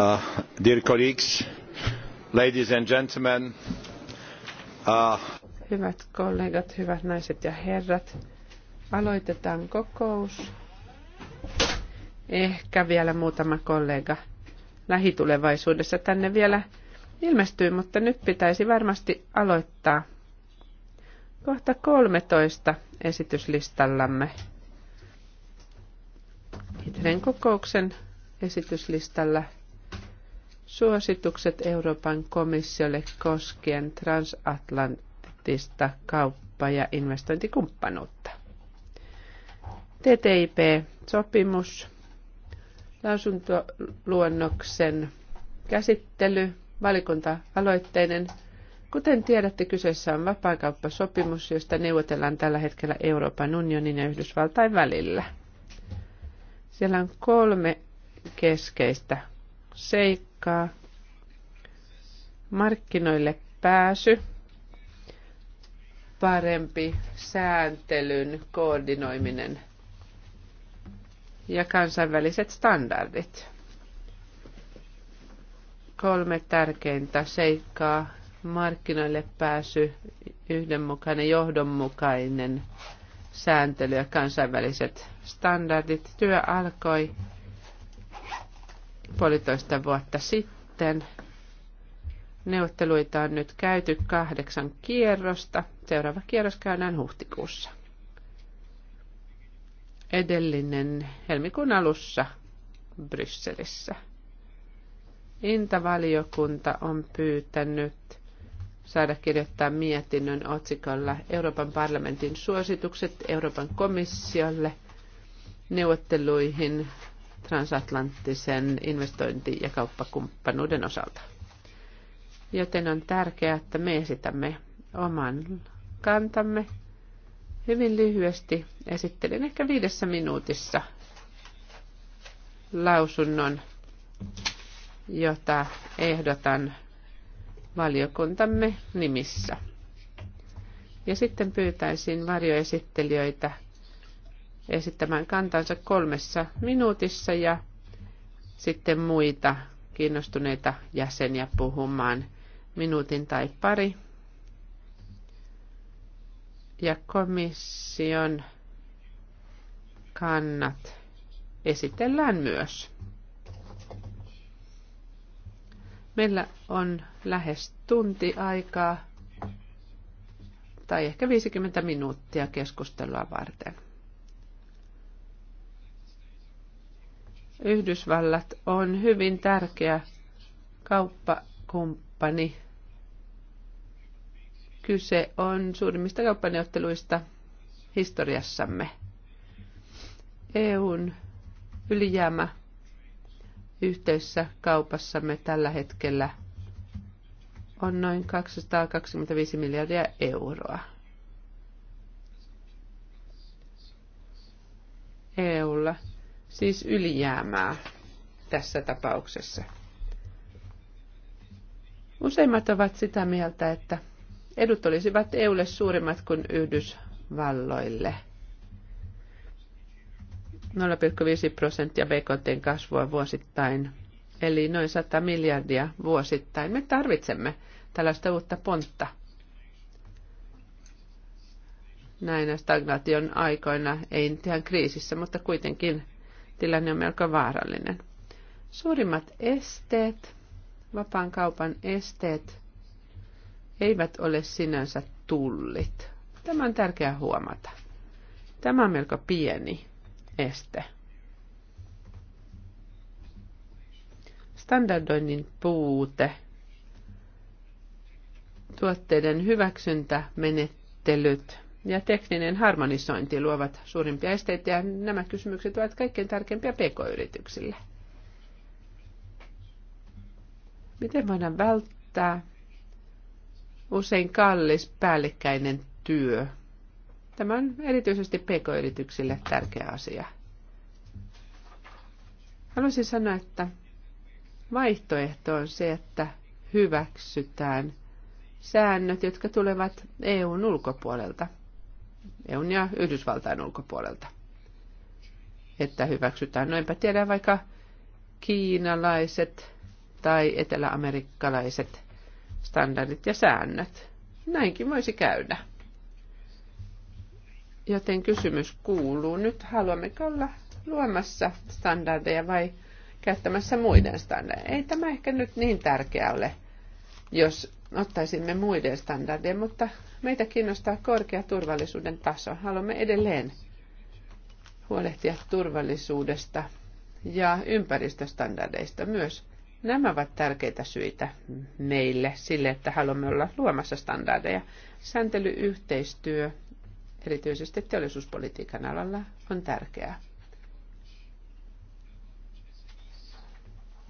Uh, dear colleagues, ladies and gentlemen. Uh, hyvät kollegat, hyvät naiset ja herrat, aloitetaan kokous. Ehkä vielä muutama kollega lähitulevaisuudessa tänne vielä ilmestyy, mutta nyt pitäisi varmasti aloittaa kohta 13 esityslistallamme. Itren kokouksen esityslistalla suositukset Euroopan komissiolle koskien transatlanttista kauppa- ja investointikumppanuutta. TTIP-sopimus, lausuntoluonnoksen käsittely, valikunta-aloitteinen. Kuten tiedätte, kyseessä on vapaakauppasopimus, josta neuvotellaan tällä hetkellä Euroopan unionin ja Yhdysvaltain välillä. Siellä on kolme keskeistä seikkaa paikkaa. markkinoille pääsy, parempi sääntelyn koordinoiminen ja kansainväliset standardit. Kolme tärkeintä seikkaa markkinoille pääsy, yhdenmukainen, johdonmukainen sääntely ja kansainväliset standardit. Työ alkoi puolitoista vuotta sitten. Neuvotteluita on nyt käyty kahdeksan kierrosta. Seuraava kierros käydään huhtikuussa. Edellinen helmikuun alussa Brysselissä. Intavaliokunta on pyytänyt saada kirjoittaa mietinnön otsikolla Euroopan parlamentin suositukset Euroopan komissiolle neuvotteluihin transatlanttisen investointi- ja kauppakumppanuuden osalta. Joten on tärkeää, että me esitämme oman kantamme hyvin lyhyesti. Esittelen ehkä viidessä minuutissa lausunnon, jota ehdotan valiokuntamme nimissä. Ja sitten pyytäisin varjoesittelijöitä esittämään kantansa kolmessa minuutissa ja sitten muita kiinnostuneita jäseniä puhumaan minuutin tai pari. Ja komission kannat esitellään myös. Meillä on lähes tunti aikaa tai ehkä 50 minuuttia keskustelua varten. Yhdysvallat on hyvin tärkeä kauppakumppani. Kyse on suurimmista kauppaneuvotteluista historiassamme. EUn ylijäämä yhteisessä kaupassamme tällä hetkellä on noin 225 miljardia euroa. EUlla siis ylijäämää tässä tapauksessa. Useimmat ovat sitä mieltä, että edut olisivat EUlle suuremmat kuin Yhdysvalloille. 0,5 prosenttia BKT kasvua vuosittain, eli noin 100 miljardia vuosittain. Me tarvitsemme tällaista uutta pontta näinä stagnaation aikoina, ei nyt ihan kriisissä, mutta kuitenkin – tilanne on melko vaarallinen. Suurimmat esteet, vapaan kaupan esteet, eivät ole sinänsä tullit. Tämä on tärkeää huomata. Tämä on melko pieni este. Standardoinnin puute, tuotteiden hyväksyntämenettelyt – ja tekninen harmonisointi luovat suurimpia esteitä ja nämä kysymykset ovat kaikkein tärkeimpiä pk-yrityksille. Miten voidaan välttää usein kallis päällekkäinen työ? Tämä on erityisesti pk-yrityksille tärkeä asia. Haluaisin sanoa, että vaihtoehto on se, että hyväksytään säännöt, jotka tulevat EUn ulkopuolelta – EUn ja Yhdysvaltain ulkopuolelta. Että hyväksytään, noinpä tiedä vaikka kiinalaiset tai eteläamerikkalaiset standardit ja säännöt. Näinkin voisi käydä. Joten kysymys kuuluu, nyt haluammeko olla luomassa standardeja vai käyttämässä muiden standardeja? Ei tämä ehkä nyt niin tärkeä ole, jos ottaisimme muiden standardeja, mutta Meitä kiinnostaa korkea turvallisuuden taso. Haluamme edelleen huolehtia turvallisuudesta ja ympäristöstandardeista myös. Nämä ovat tärkeitä syitä meille sille, että haluamme olla luomassa standardeja. Sääntelyyhteistyö, erityisesti teollisuuspolitiikan alalla, on tärkeää.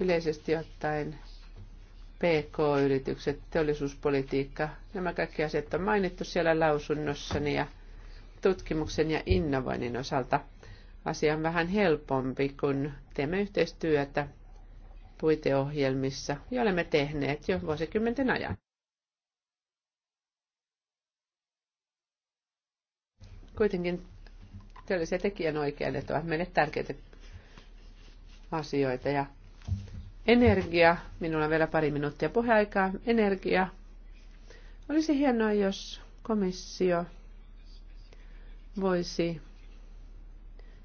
Yleisesti ottaen PK-yritykset, teollisuuspolitiikka, nämä kaikki asiat on mainittu siellä lausunnossani ja tutkimuksen ja innovoinnin osalta asia on vähän helpompi, kun teemme yhteistyötä puiteohjelmissa ja olemme tehneet jo vuosikymmenten ajan. Kuitenkin teolliset tekijänoikeudet ovat meille tärkeitä asioita ja Energia, minulla on vielä pari minuuttia puheaikaa, energia. Olisi hienoa, jos komissio voisi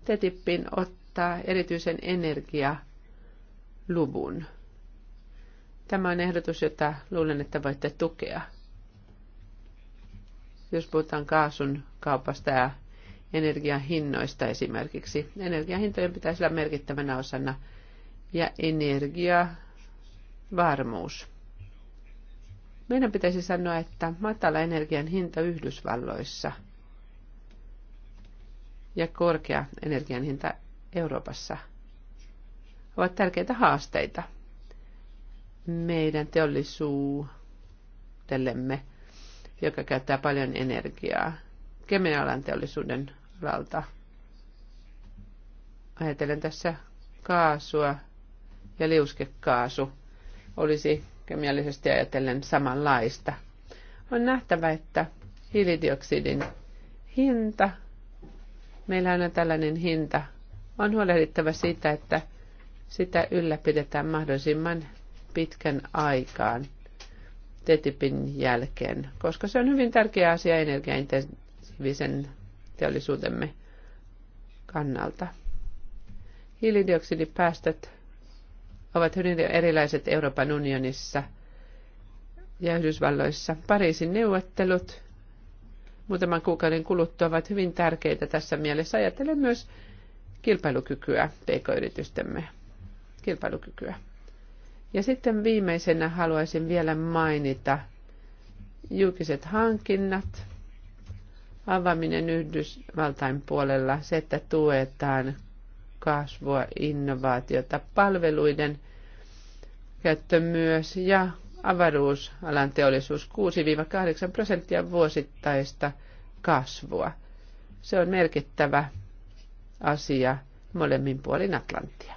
TTIPin ottaa erityisen energialuvun. Tämä on ehdotus, jota luulen, että voitte tukea. Jos puhutaan kaasun kaupasta ja energian hinnoista esimerkiksi. Energian hintojen pitäisi olla merkittävänä osana ja energia varmuus. Meidän pitäisi sanoa, että matala energian hinta Yhdysvalloissa ja korkea energian hinta Euroopassa ovat tärkeitä haasteita meidän teollisuudellemme, joka käyttää paljon energiaa. Kemianalan teollisuuden valta. ajatellen tässä kaasua, ja liuskekaasu olisi kemiallisesti ajatellen samanlaista. On nähtävä, että hiilidioksidin hinta, meillä on tällainen hinta, on huolehdittava siitä, että sitä ylläpidetään mahdollisimman pitkän aikaan TTIPin jälkeen, koska se on hyvin tärkeä asia energiaintensiivisen teollisuutemme kannalta. Hiilidioksidipäästöt ovat hyvin erilaiset Euroopan unionissa ja Yhdysvalloissa. Pariisin neuvottelut muutaman kuukauden kuluttua ovat hyvin tärkeitä tässä mielessä. Ajattelen myös kilpailukykyä pk-yritystemme kilpailukykyä. Ja sitten viimeisenä haluaisin vielä mainita julkiset hankinnat, avaaminen Yhdysvaltain puolella, se, että tuetaan kasvua, innovaatiota, palveluiden käyttö myös ja avaruusalan teollisuus 6-8 prosenttia vuosittaista kasvua. Se on merkittävä asia molemmin puolin Atlantia.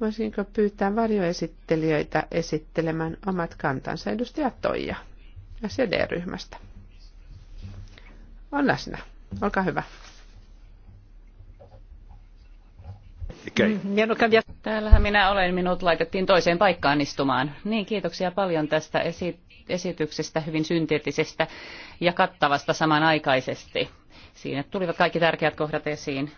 Voisinko pyytää varjoesittelijöitä esittelemään omat kantansa edustaja Toija ja ryhmästä On läsnä. Olkaa hyvä. Okay. Täällähän minä olen. Minut laitettiin toiseen paikkaan istumaan. Niin, kiitoksia paljon tästä esi- esityksestä, hyvin synteettisestä ja kattavasta samanaikaisesti. Siinä tulivat kaikki tärkeät kohdat esiin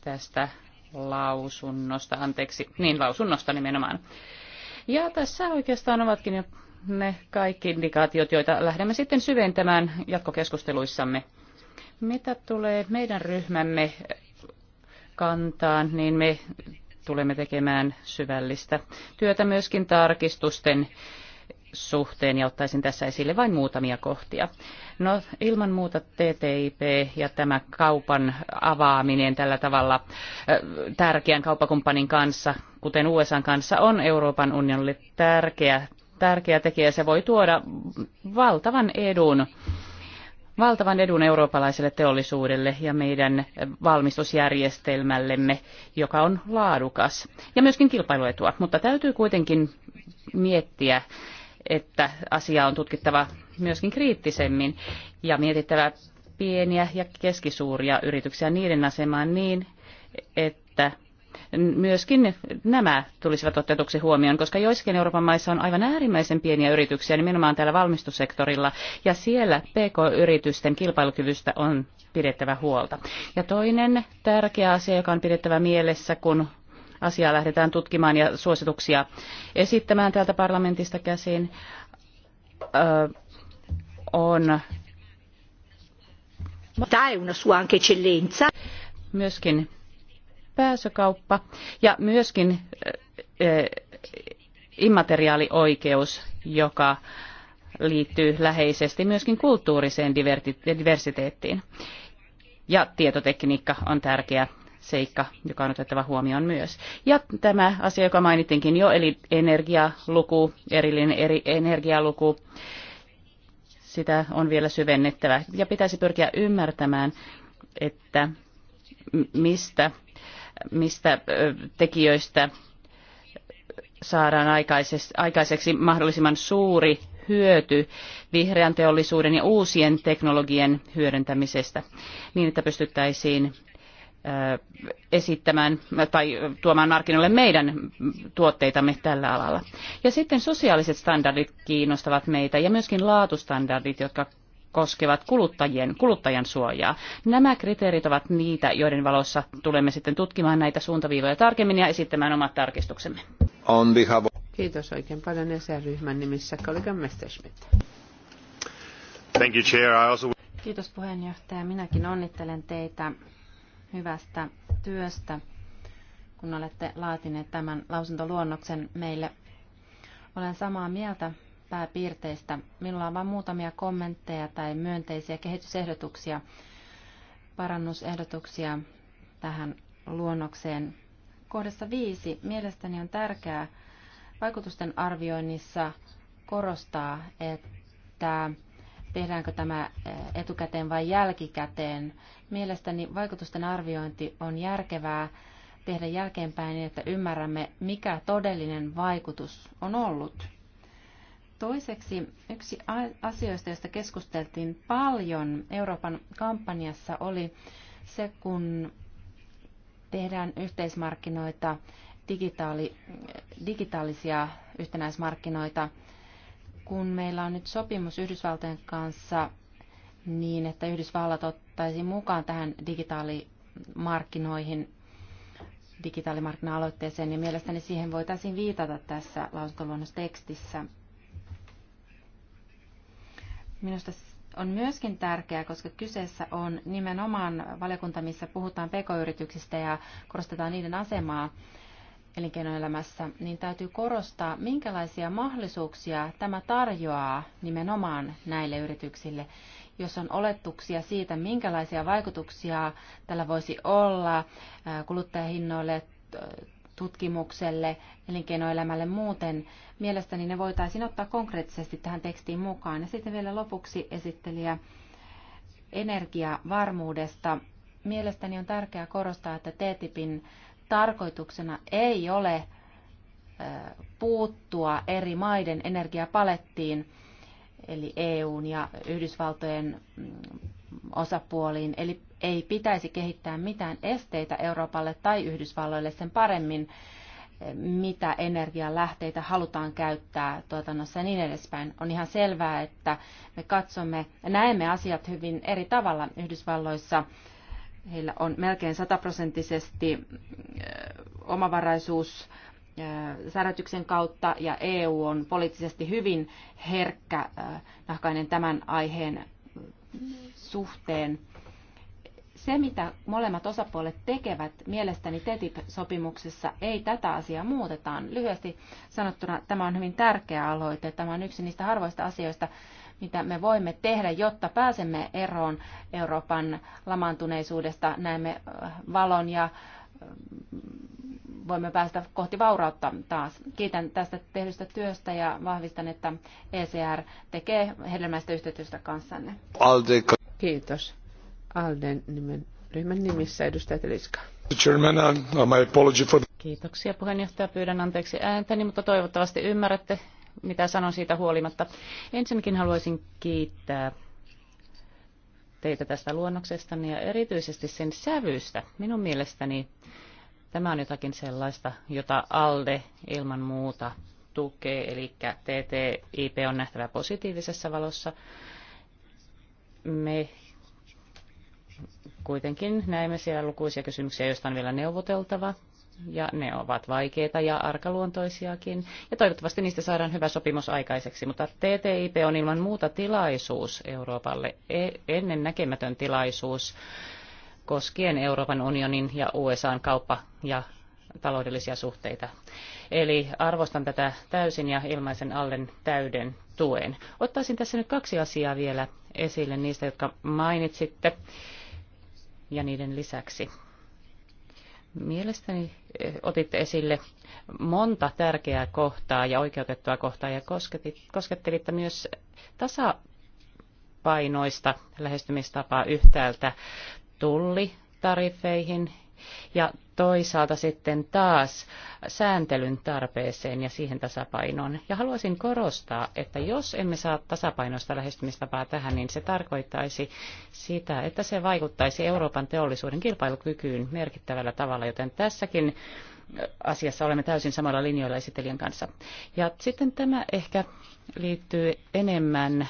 tästä lausunnosta, anteeksi, niin lausunnosta nimenomaan. Ja tässä oikeastaan ovatkin jo ne kaikki indikaatiot, joita lähdemme sitten syventämään jatkokeskusteluissamme. Mitä tulee meidän ryhmämme kantaan, niin me tulemme tekemään syvällistä työtä myöskin tarkistusten suhteen ja ottaisin tässä esille vain muutamia kohtia. No ilman muuta TTIP ja tämä kaupan avaaminen tällä tavalla tärkeän kauppakumppanin kanssa, kuten USA kanssa, on Euroopan unionille tärkeä, tärkeä tekijä. Se voi tuoda valtavan edun valtavan edun eurooppalaiselle teollisuudelle ja meidän valmistusjärjestelmällemme, joka on laadukas ja myöskin kilpailuetua. Mutta täytyy kuitenkin miettiä, että asia on tutkittava myöskin kriittisemmin ja mietittävä pieniä ja keskisuuria yrityksiä niiden asemaan niin, että myöskin nämä tulisivat otetuksi huomioon, koska joissakin Euroopan maissa on aivan äärimmäisen pieniä yrityksiä, nimenomaan täällä valmistussektorilla, ja siellä PK-yritysten kilpailukyvystä on pidettävä huolta. Ja toinen tärkeä asia, joka on pidettävä mielessä, kun asiaa lähdetään tutkimaan ja suosituksia esittämään täältä parlamentista käsin, on myöskin pääsykauppa ja myöskin eh, eh, immateriaalioikeus, joka liittyy läheisesti myöskin kulttuuriseen diversiteettiin. Ja tietotekniikka on tärkeä seikka, joka on otettava huomioon myös. Ja tämä asia, joka mainitinkin jo, eli energialuku, erillinen eri energialuku, sitä on vielä syvennettävä. Ja pitäisi pyrkiä ymmärtämään, että mistä mistä tekijöistä saadaan aikaiseksi mahdollisimman suuri hyöty vihreän teollisuuden ja uusien teknologien hyödyntämisestä niin, että pystyttäisiin esittämään tai tuomaan markkinoille meidän tuotteitamme tällä alalla. Ja sitten sosiaaliset standardit kiinnostavat meitä ja myöskin laatustandardit, jotka koskevat kuluttajien, kuluttajan suojaa. Nämä kriteerit ovat niitä, joiden valossa tulemme sitten tutkimaan näitä suuntaviivoja tarkemmin ja esittämään omat tarkistuksemme. On Kiitos oikein paljon ESR-ryhmän nimissä kollega Messerschmidt. Thank you, Chair. I also... Kiitos puheenjohtaja. Minäkin onnittelen teitä hyvästä työstä, kun olette laatineet tämän lausuntoluonnoksen meille. Olen samaa mieltä pääpiirteistä. Minulla on vain muutamia kommentteja tai myönteisiä kehitysehdotuksia, parannusehdotuksia tähän luonnokseen. Kohdassa viisi mielestäni on tärkeää vaikutusten arvioinnissa korostaa, että tehdäänkö tämä etukäteen vai jälkikäteen. Mielestäni vaikutusten arviointi on järkevää tehdä jälkeenpäin niin, että ymmärrämme, mikä todellinen vaikutus on ollut. Toiseksi yksi asioista, joista keskusteltiin paljon Euroopan kampanjassa, oli se, kun tehdään yhteismarkkinoita, digitaali, digitaalisia yhtenäismarkkinoita. Kun meillä on nyt sopimus Yhdysvaltojen kanssa niin, että Yhdysvallat ottaisi mukaan tähän digitaalimarkkinoihin, digitaalimarkkina-aloitteeseen, niin mielestäni siihen voitaisiin viitata tässä lausuntoluonnostekstissä. tekstissä minusta on myöskin tärkeää, koska kyseessä on nimenomaan valiokunta, missä puhutaan pk-yrityksistä ja korostetaan niiden asemaa elinkeinoelämässä, niin täytyy korostaa, minkälaisia mahdollisuuksia tämä tarjoaa nimenomaan näille yrityksille, jos on oletuksia siitä, minkälaisia vaikutuksia tällä voisi olla äh, kuluttajahinnoille, tutkimukselle, elinkeinoelämälle muuten. Mielestäni ne voitaisiin ottaa konkreettisesti tähän tekstiin mukaan. Ja sitten vielä lopuksi esittelijä energiavarmuudesta. Mielestäni on tärkeää korostaa, että TTIPin tarkoituksena ei ole puuttua eri maiden energiapalettiin, eli EUn ja Yhdysvaltojen mm, osapuoliin. Eli ei pitäisi kehittää mitään esteitä Euroopalle tai Yhdysvalloille sen paremmin, mitä energialähteitä halutaan käyttää tuotannossa ja niin edespäin. On ihan selvää, että me katsomme ja näemme asiat hyvin eri tavalla Yhdysvalloissa. Heillä on melkein sataprosenttisesti omavaraisuus särätyksen kautta ja EU on poliittisesti hyvin herkkä nahkainen tämän aiheen suhteen. Se, mitä molemmat osapuolet tekevät, mielestäni TTIP-sopimuksessa ei tätä asiaa muutetaan. Lyhyesti sanottuna tämä on hyvin tärkeä aloite. Tämä on yksi niistä harvoista asioista, mitä me voimme tehdä, jotta pääsemme eroon Euroopan lamaantuneisuudesta. Näemme äh, valon ja äh, voimme päästä kohti vaurautta taas. Kiitän tästä tehdystä työstä ja vahvistan, että ECR tekee hedelmäistä yhteistyöstä kanssanne. Kiitos. Alden nimen, ryhmän nimissä edustaja Teliska. Uh, uh, Kiitoksia puheenjohtaja. Pyydän anteeksi ääntäni, mutta toivottavasti ymmärrätte, mitä sanon siitä huolimatta. Ensinnäkin haluaisin kiittää teitä tästä luonnoksesta ja erityisesti sen sävystä. Minun mielestäni tämä on jotakin sellaista, jota ALDE ilman muuta tukee, eli TTIP on nähtävä positiivisessa valossa. Me kuitenkin näemme siellä lukuisia kysymyksiä, joista on vielä neuvoteltava. Ja ne ovat vaikeita ja arkaluontoisiakin. Ja toivottavasti niistä saadaan hyvä sopimus aikaiseksi. Mutta TTIP on ilman muuta tilaisuus Euroopalle, e, ennen näkemätön tilaisuus koskien Euroopan unionin ja USAn kauppa- ja taloudellisia suhteita. Eli arvostan tätä täysin ja ilmaisen allen täyden tuen. Ottaisin tässä nyt kaksi asiaa vielä esille niistä, jotka mainitsitte ja niiden lisäksi. Mielestäni eh, otitte esille monta tärkeää kohtaa ja oikeutettua kohtaa ja koskettelitte myös tasapainoista lähestymistapaa yhtäältä tullitarifeihin ja toisaalta sitten taas sääntelyn tarpeeseen ja siihen tasapainoon. Ja haluaisin korostaa, että jos emme saa tasapainoista lähestymistapaa tähän, niin se tarkoittaisi sitä, että se vaikuttaisi Euroopan teollisuuden kilpailukykyyn merkittävällä tavalla, joten tässäkin asiassa olemme täysin samalla linjoilla esittelijän kanssa. Ja sitten tämä ehkä liittyy enemmän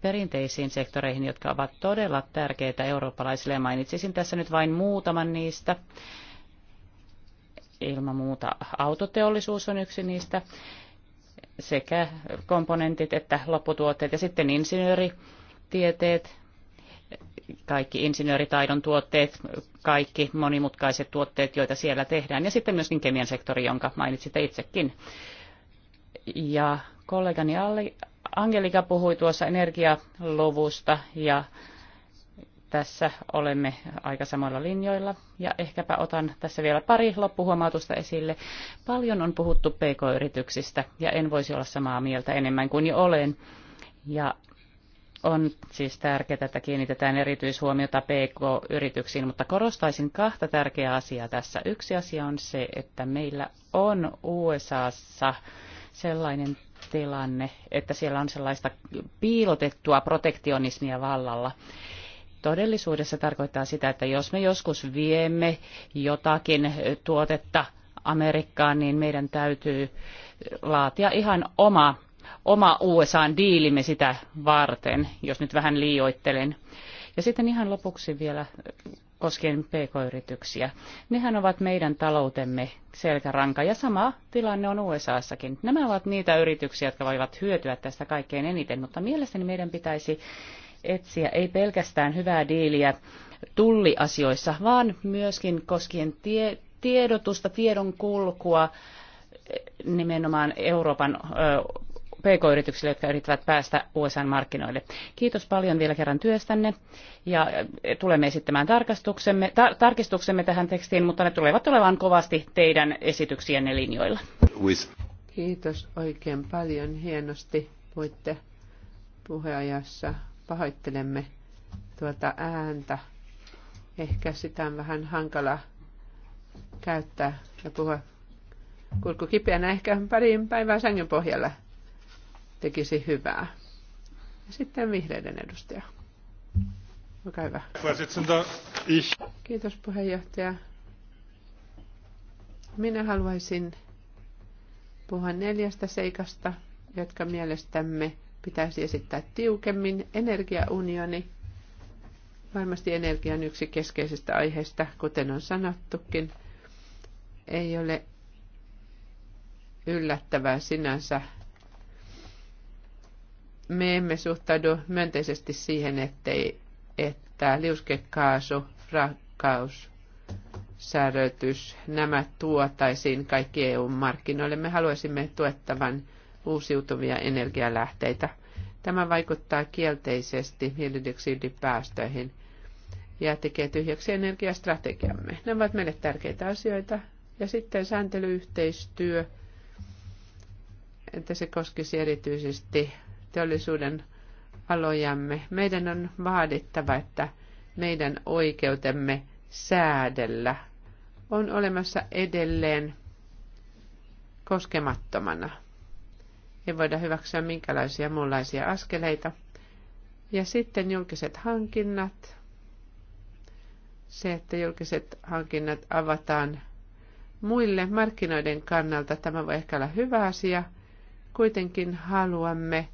perinteisiin sektoreihin, jotka ovat todella tärkeitä eurooppalaisille. Mainitsisin tässä nyt vain muutaman niistä. Ilman muuta autoteollisuus on yksi niistä, sekä komponentit että lopputuotteet ja sitten insinööritieteet, kaikki insinööritaidon tuotteet, kaikki monimutkaiset tuotteet, joita siellä tehdään, ja sitten myöskin kemian sektori, jonka mainitsit itsekin. Ja kollegani Angelika puhui tuossa energialuvusta ja tässä olemme aika samoilla linjoilla ja ehkäpä otan tässä vielä pari loppuhuomautusta esille. Paljon on puhuttu pk-yrityksistä ja en voisi olla samaa mieltä enemmän kuin jo olen. Ja on siis tärkeää, että kiinnitetään erityishuomiota PK-yrityksiin, mutta korostaisin kahta tärkeää asiaa tässä. Yksi asia on se, että meillä on USAssa sellainen tilanne, että siellä on sellaista piilotettua protektionismia vallalla todellisuudessa tarkoittaa sitä, että jos me joskus viemme jotakin tuotetta Amerikkaan, niin meidän täytyy laatia ihan oma, oma USA-diilimme sitä varten, jos nyt vähän liioittelen. Ja sitten ihan lopuksi vielä koskien pk-yrityksiä. Nehän ovat meidän taloutemme selkäranka ja sama tilanne on USAssakin. Nämä ovat niitä yrityksiä, jotka voivat hyötyä tästä kaikkein eniten, mutta mielestäni meidän pitäisi etsiä ei pelkästään hyvää diiliä tulliasioissa, vaan myöskin koskien tie, tiedotusta, tiedon kulkua eh, nimenomaan Euroopan PK-yrityksille, jotka yrittävät päästä USA-markkinoille. Kiitos paljon vielä kerran työstänne ja eh, tulemme esittämään tarkastuksemme, tar- tarkistuksemme tähän tekstiin, mutta ne tulevat olevan kovasti teidän esityksienne linjoilla. Kiitos oikein paljon. Hienosti voitte puheajassa Pahoittelemme tuota ääntä. Ehkä sitä on vähän hankala käyttää ja puhua kurkku kipeänä. Ehkä pariin päivää sängyn pohjalla tekisi hyvää. Ja sitten vihreiden edustaja. Olkaa hyvä. Kiitos puheenjohtaja. Minä haluaisin puhua neljästä seikasta, jotka mielestämme pitäisi esittää tiukemmin. Energiaunioni, varmasti energia on yksi keskeisistä aiheista, kuten on sanottukin. Ei ole yllättävää sinänsä. Me emme suhtaudu myönteisesti siihen, ettei, että liuskekaasu, rakkaus, säädötys, nämä tuotaisiin kaikki EU-markkinoille. Me haluaisimme tuettavan uusiutuvia energialähteitä. Tämä vaikuttaa kielteisesti hiilidioksidipäästöihin ja tekee tyhjäksi energiastrategiamme. Nämä ovat meille tärkeitä asioita. Ja sitten sääntelyyhteistyö, että se koskisi erityisesti teollisuuden alojamme. Meidän on vaadittava, että meidän oikeutemme säädellä on olemassa edelleen koskemattomana ei voida hyväksyä minkälaisia muunlaisia askeleita. Ja sitten julkiset hankinnat. Se, että julkiset hankinnat avataan muille markkinoiden kannalta, tämä voi ehkä olla hyvä asia. Kuitenkin haluamme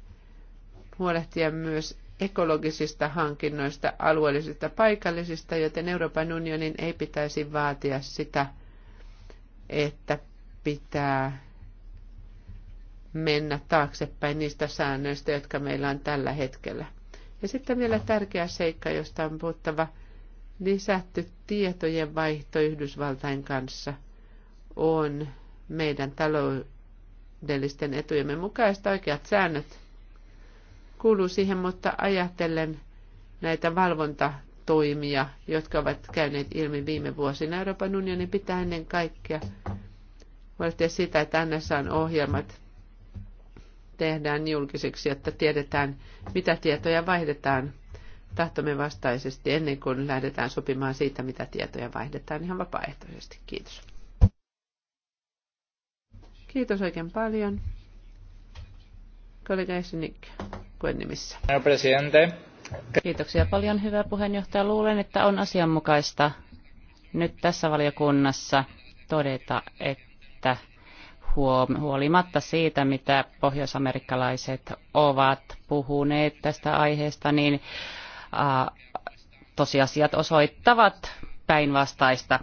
huolehtia myös ekologisista hankinnoista, alueellisista, paikallisista, joten Euroopan unionin ei pitäisi vaatia sitä, että pitää mennä taaksepäin niistä säännöistä, jotka meillä on tällä hetkellä. Ja sitten vielä tärkeä seikka, josta on puhuttava lisätty niin tietojen vaihto Yhdysvaltain kanssa on meidän taloudellisten etujemme mukaista oikeat säännöt kuuluu siihen, mutta ajatellen näitä valvontatoimia, jotka ovat käyneet ilmi viime vuosina. Euroopan unionin pitää ennen kaikkea huolehtia sitä, että on ohjelmat tehdään julkiseksi, jotta tiedetään, mitä tietoja vaihdetaan tahtomme vastaisesti ennen kuin lähdetään sopimaan siitä, mitä tietoja vaihdetaan ihan vapaaehtoisesti. Kiitos. Kiitos oikein paljon. Kollega Esinik, kuen nimissä. Kiitoksia paljon, hyvä puheenjohtaja. Luulen, että on asianmukaista nyt tässä valiokunnassa todeta, että huolimatta siitä, mitä pohjoisamerikkalaiset ovat puhuneet tästä aiheesta, niin tosiasiat osoittavat päinvastaista.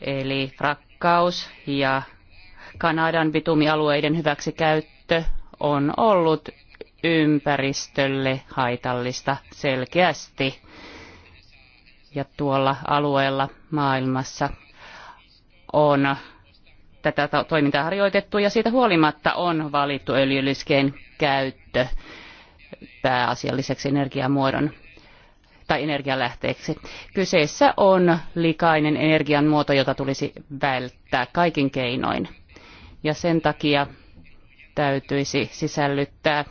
Eli rakkaus ja Kanadan bitumialueiden hyväksikäyttö on ollut ympäristölle haitallista selkeästi. Ja tuolla alueella maailmassa on tätä toimintaa harjoitettu ja siitä huolimatta on valittu öljyliskeen käyttö pääasialliseksi energiamuodon tai energialähteeksi. Kyseessä on likainen energianmuoto, jota tulisi välttää kaikin keinoin. Ja sen takia täytyisi sisällyttää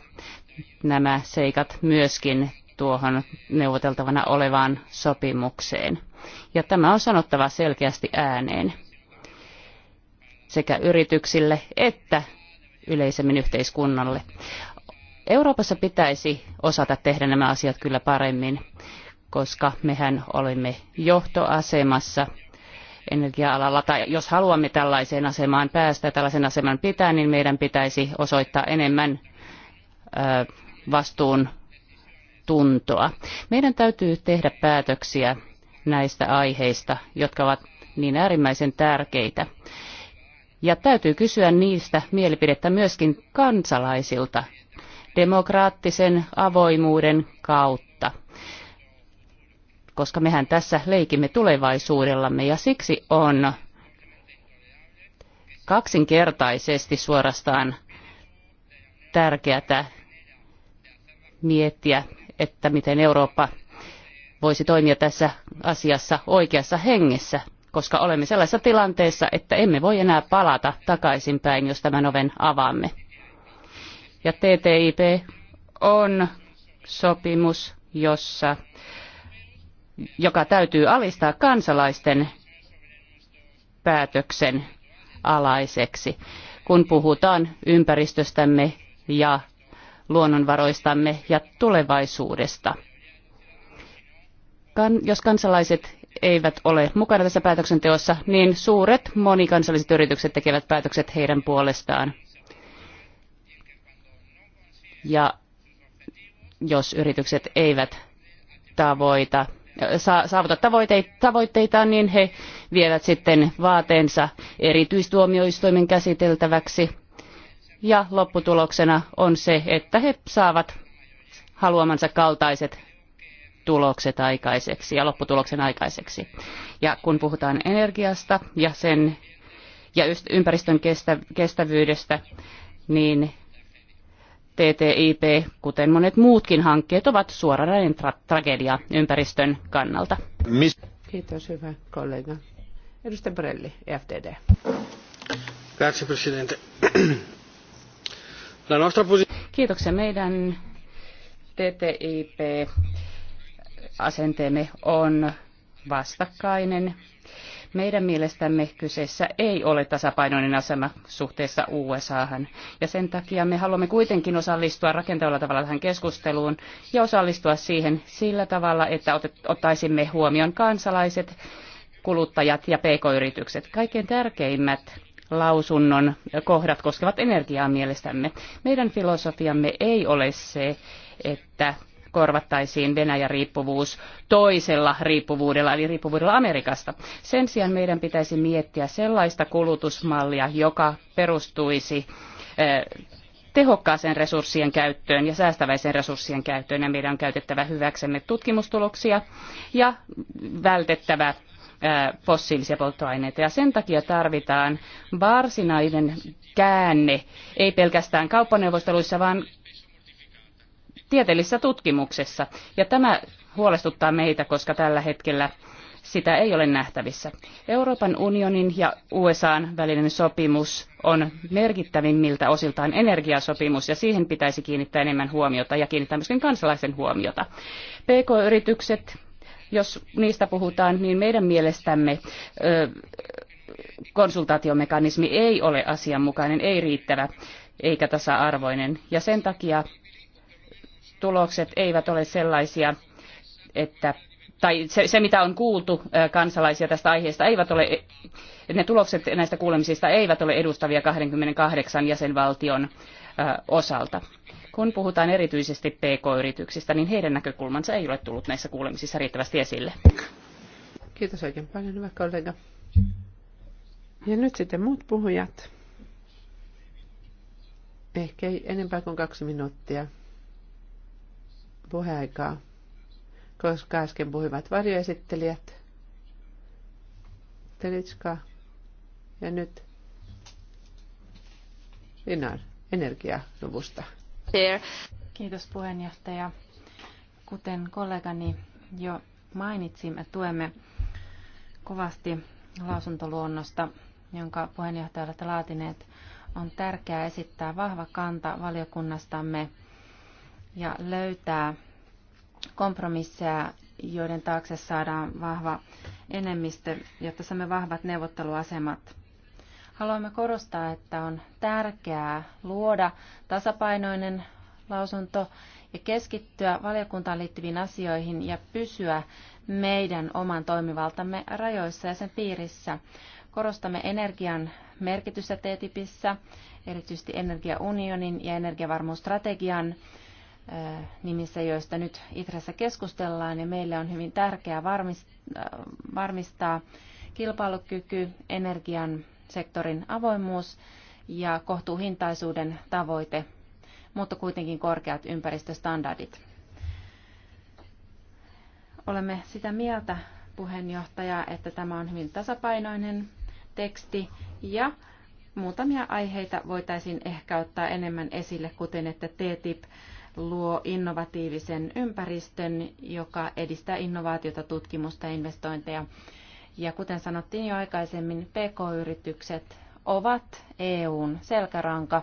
nämä seikat myöskin tuohon neuvoteltavana olevaan sopimukseen. Ja tämä on sanottava selkeästi ääneen sekä yrityksille että yleisemmin yhteiskunnalle. Euroopassa pitäisi osata tehdä nämä asiat kyllä paremmin, koska mehän olemme johtoasemassa energia-alalla, tai jos haluamme tällaiseen asemaan päästä ja tällaisen aseman pitää, niin meidän pitäisi osoittaa enemmän ö, vastuun tuntoa. Meidän täytyy tehdä päätöksiä näistä aiheista, jotka ovat niin äärimmäisen tärkeitä. Ja täytyy kysyä niistä mielipidettä myöskin kansalaisilta demokraattisen avoimuuden kautta koska mehän tässä leikimme tulevaisuudellamme ja siksi on kaksinkertaisesti suorastaan tärkeää miettiä, että miten Eurooppa voisi toimia tässä asiassa oikeassa hengessä koska olemme sellaisessa tilanteessa, että emme voi enää palata takaisinpäin, jos tämän oven avaamme. Ja TTIP on sopimus, jossa, joka täytyy alistaa kansalaisten päätöksen alaiseksi, kun puhutaan ympäristöstämme ja luonnonvaroistamme ja tulevaisuudesta. Kan, jos kansalaiset eivät ole mukana tässä päätöksenteossa, niin suuret monikansalliset yritykset tekevät päätökset heidän puolestaan. Ja jos yritykset eivät tavoita, saavuta tavoitteitaan, niin he vievät sitten vaateensa erityistuomioistuimen käsiteltäväksi. Ja lopputuloksena on se, että he saavat haluamansa kaltaiset tulokset aikaiseksi ja lopputuloksen aikaiseksi. Ja kun puhutaan energiasta ja sen ja ympäristön kestä, kestävyydestä, niin TTIP, kuten monet muutkin hankkeet, ovat suoranainen tra- tragedia ympäristön kannalta. Mis- Kiitos, hyvä kollega. Edustaja Brelli, EFTD. Grazie, Presidente. La nostra posi- Kiitoksia. Meidän TTIP asenteemme on vastakkainen. Meidän mielestämme kyseessä ei ole tasapainoinen asema suhteessa USAhan, ja sen takia me haluamme kuitenkin osallistua rakentavalla tavalla tähän keskusteluun ja osallistua siihen sillä tavalla, että ottaisimme huomioon kansalaiset, kuluttajat ja pk-yritykset. Kaikkein tärkeimmät lausunnon kohdat koskevat energiaa mielestämme. Meidän filosofiamme ei ole se, että korvattaisiin Venäjä-riippuvuus toisella riippuvuudella, eli riippuvuudella Amerikasta. Sen sijaan meidän pitäisi miettiä sellaista kulutusmallia, joka perustuisi eh, tehokkaaseen resurssien käyttöön ja säästäväiseen resurssien käyttöön ja meidän on käytettävä hyväksemme tutkimustuloksia ja vältettävä eh, fossiilisia polttoaineita. Ja sen takia tarvitaan varsinainen käänne, ei pelkästään kauppaneuvosteluissa, vaan tieteellisessä tutkimuksessa. Ja tämä huolestuttaa meitä, koska tällä hetkellä sitä ei ole nähtävissä. Euroopan unionin ja USAn välinen sopimus on merkittävimmiltä osiltaan energiasopimus ja siihen pitäisi kiinnittää enemmän huomiota ja kiinnittää myöskin kansalaisen huomiota. PK-yritykset, jos niistä puhutaan, niin meidän mielestämme ö, konsultaatiomekanismi ei ole asianmukainen, ei riittävä eikä tasa-arvoinen ja sen takia tulokset eivät ole sellaisia, että tai se, se mitä on kuultu kansalaisia tästä aiheesta, eivät ole, ne tulokset näistä kuulemisista eivät ole edustavia 28 jäsenvaltion osalta. Kun puhutaan erityisesti PK-yrityksistä, niin heidän näkökulmansa ei ole tullut näissä kuulemisissa riittävästi esille. Kiitos oikein paljon, hyvä kollega. Ja nyt sitten muut puhujat. Ehkä ei enempää kuin kaksi minuuttia puheaikaa, koska äsken puhuivat varjoesittelijät. Telitska ja nyt Linar energialuvusta. Kiitos puheenjohtaja. Kuten kollegani jo mainitsi, me tuemme kovasti lausuntoluonnosta, jonka puheenjohtaja olette laatineet. On tärkeää esittää vahva kanta valiokunnastamme ja löytää kompromisseja, joiden taakse saadaan vahva enemmistö, jotta saamme vahvat neuvotteluasemat. Haluamme korostaa, että on tärkeää luoda tasapainoinen lausunto ja keskittyä valiokuntaan liittyviin asioihin ja pysyä meidän oman toimivaltamme rajoissa ja sen piirissä. Korostamme energian merkitystä TTIPissä, erityisesti energiaunionin ja energiavarmuusstrategian nimissä, joista nyt Itressä keskustellaan, ja meille on hyvin tärkeää varmistaa kilpailukyky, energian sektorin avoimuus ja kohtuuhintaisuuden tavoite, mutta kuitenkin korkeat ympäristöstandardit. Olemme sitä mieltä, puheenjohtaja, että tämä on hyvin tasapainoinen teksti ja muutamia aiheita voitaisiin ehkä ottaa enemmän esille, kuten että TTIP luo innovatiivisen ympäristön, joka edistää innovaatiota, tutkimusta ja investointeja. Ja kuten sanottiin jo aikaisemmin, PK-yritykset ovat EUn selkäranka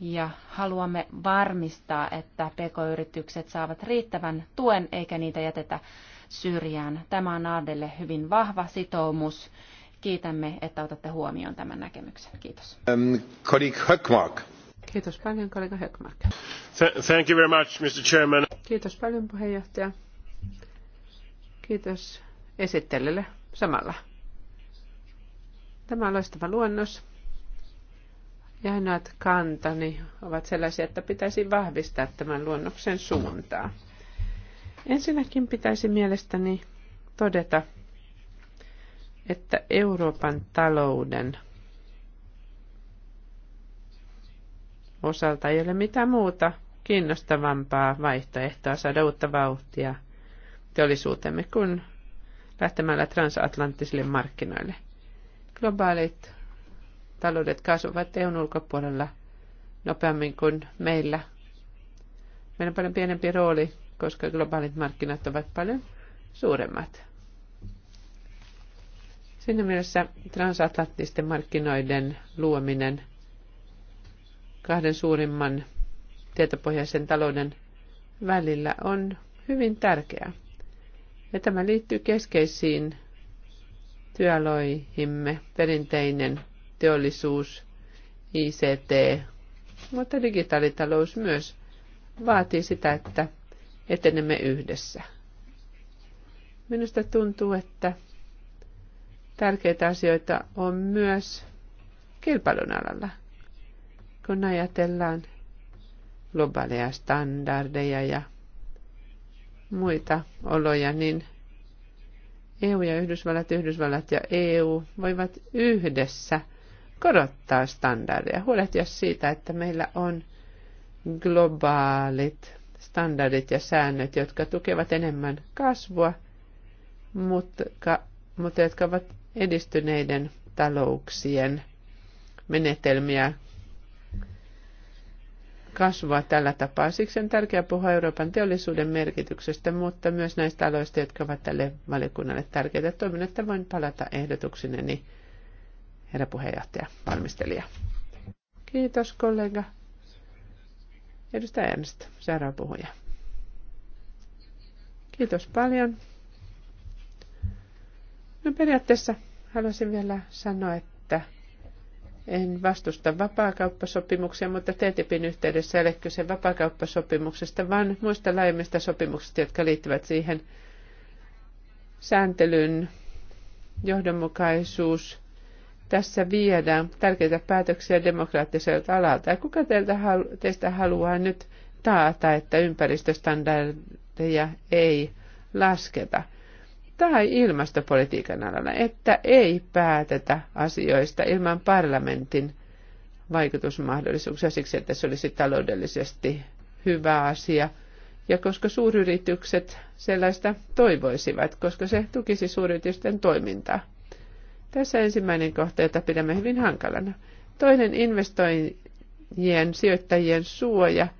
ja haluamme varmistaa, että PK-yritykset saavat riittävän tuen eikä niitä jätetä syrjään. Tämä on Aardelle hyvin vahva sitoumus. Kiitämme, että otatte huomioon tämän näkemyksen. Kiitos. Um, Kiitos paljon, kollega Höckmark. Thank you very much, Mr. Chairman. Kiitos paljon, puheenjohtaja. Kiitos esittelylle samalla. Tämä on loistava luonnos. Ja ainoat kantani ovat sellaisia, että pitäisi vahvistaa tämän luonnoksen suuntaa. Ensinnäkin pitäisi mielestäni todeta, että Euroopan talouden – osalta ei ole mitään muuta kiinnostavampaa vaihtoehtoa saada uutta vauhtia teollisuutemme kuin lähtemällä transatlanttisille markkinoille. Globaalit taloudet kasvavat EUn ulkopuolella nopeammin kuin meillä. Meillä on paljon pienempi rooli, koska globaalit markkinat ovat paljon suuremmat. Siinä mielessä transatlanttisten markkinoiden luominen kahden suurimman tietopohjaisen talouden välillä on hyvin tärkeä. Ja tämä liittyy keskeisiin työaloihimme, perinteinen teollisuus, ICT, mutta digitaalitalous myös vaatii sitä, että etenemme yhdessä. Minusta tuntuu, että tärkeitä asioita on myös kilpailun alalla kun ajatellaan globaaleja standardeja ja muita oloja, niin EU ja Yhdysvallat, Yhdysvallat ja EU voivat yhdessä korottaa standardeja, huolehtia siitä, että meillä on globaalit standardit ja säännöt, jotka tukevat enemmän kasvua, mutta, mutta jotka ovat edistyneiden talouksien menetelmiä kasvua tällä tapaa. Siksi on tärkeää puhua Euroopan teollisuuden merkityksestä, mutta myös näistä aloista, jotka ovat tälle valiokunnalle tärkeitä. Toivon, että voin palata ehdotuksineni, herra puheenjohtaja, valmistelija. Kiitos kollega. Edustaja Ernst, seuraava puhuja. Kiitos paljon. No periaatteessa haluaisin vielä sanoa, että en vastusta vapaakauppasopimuksia, mutta TTIPin yhteydessä ei ole kyse vapaakauppasopimuksesta, vaan muista laajemmista sopimuksista, jotka liittyvät siihen sääntelyn johdonmukaisuus. Tässä viedään tärkeitä päätöksiä demokraattiselta alalta. Ja kuka teiltä, teistä haluaa nyt taata, että ympäristöstandardeja ei lasketa? tai ilmastopolitiikan alalla, että ei päätetä asioista ilman parlamentin vaikutusmahdollisuuksia siksi, että se olisi taloudellisesti hyvä asia. Ja koska suuryritykset sellaista toivoisivat, koska se tukisi suuryritysten toimintaa. Tässä ensimmäinen kohta, jota pidämme hyvin hankalana. Toinen investoijien sijoittajien suoja –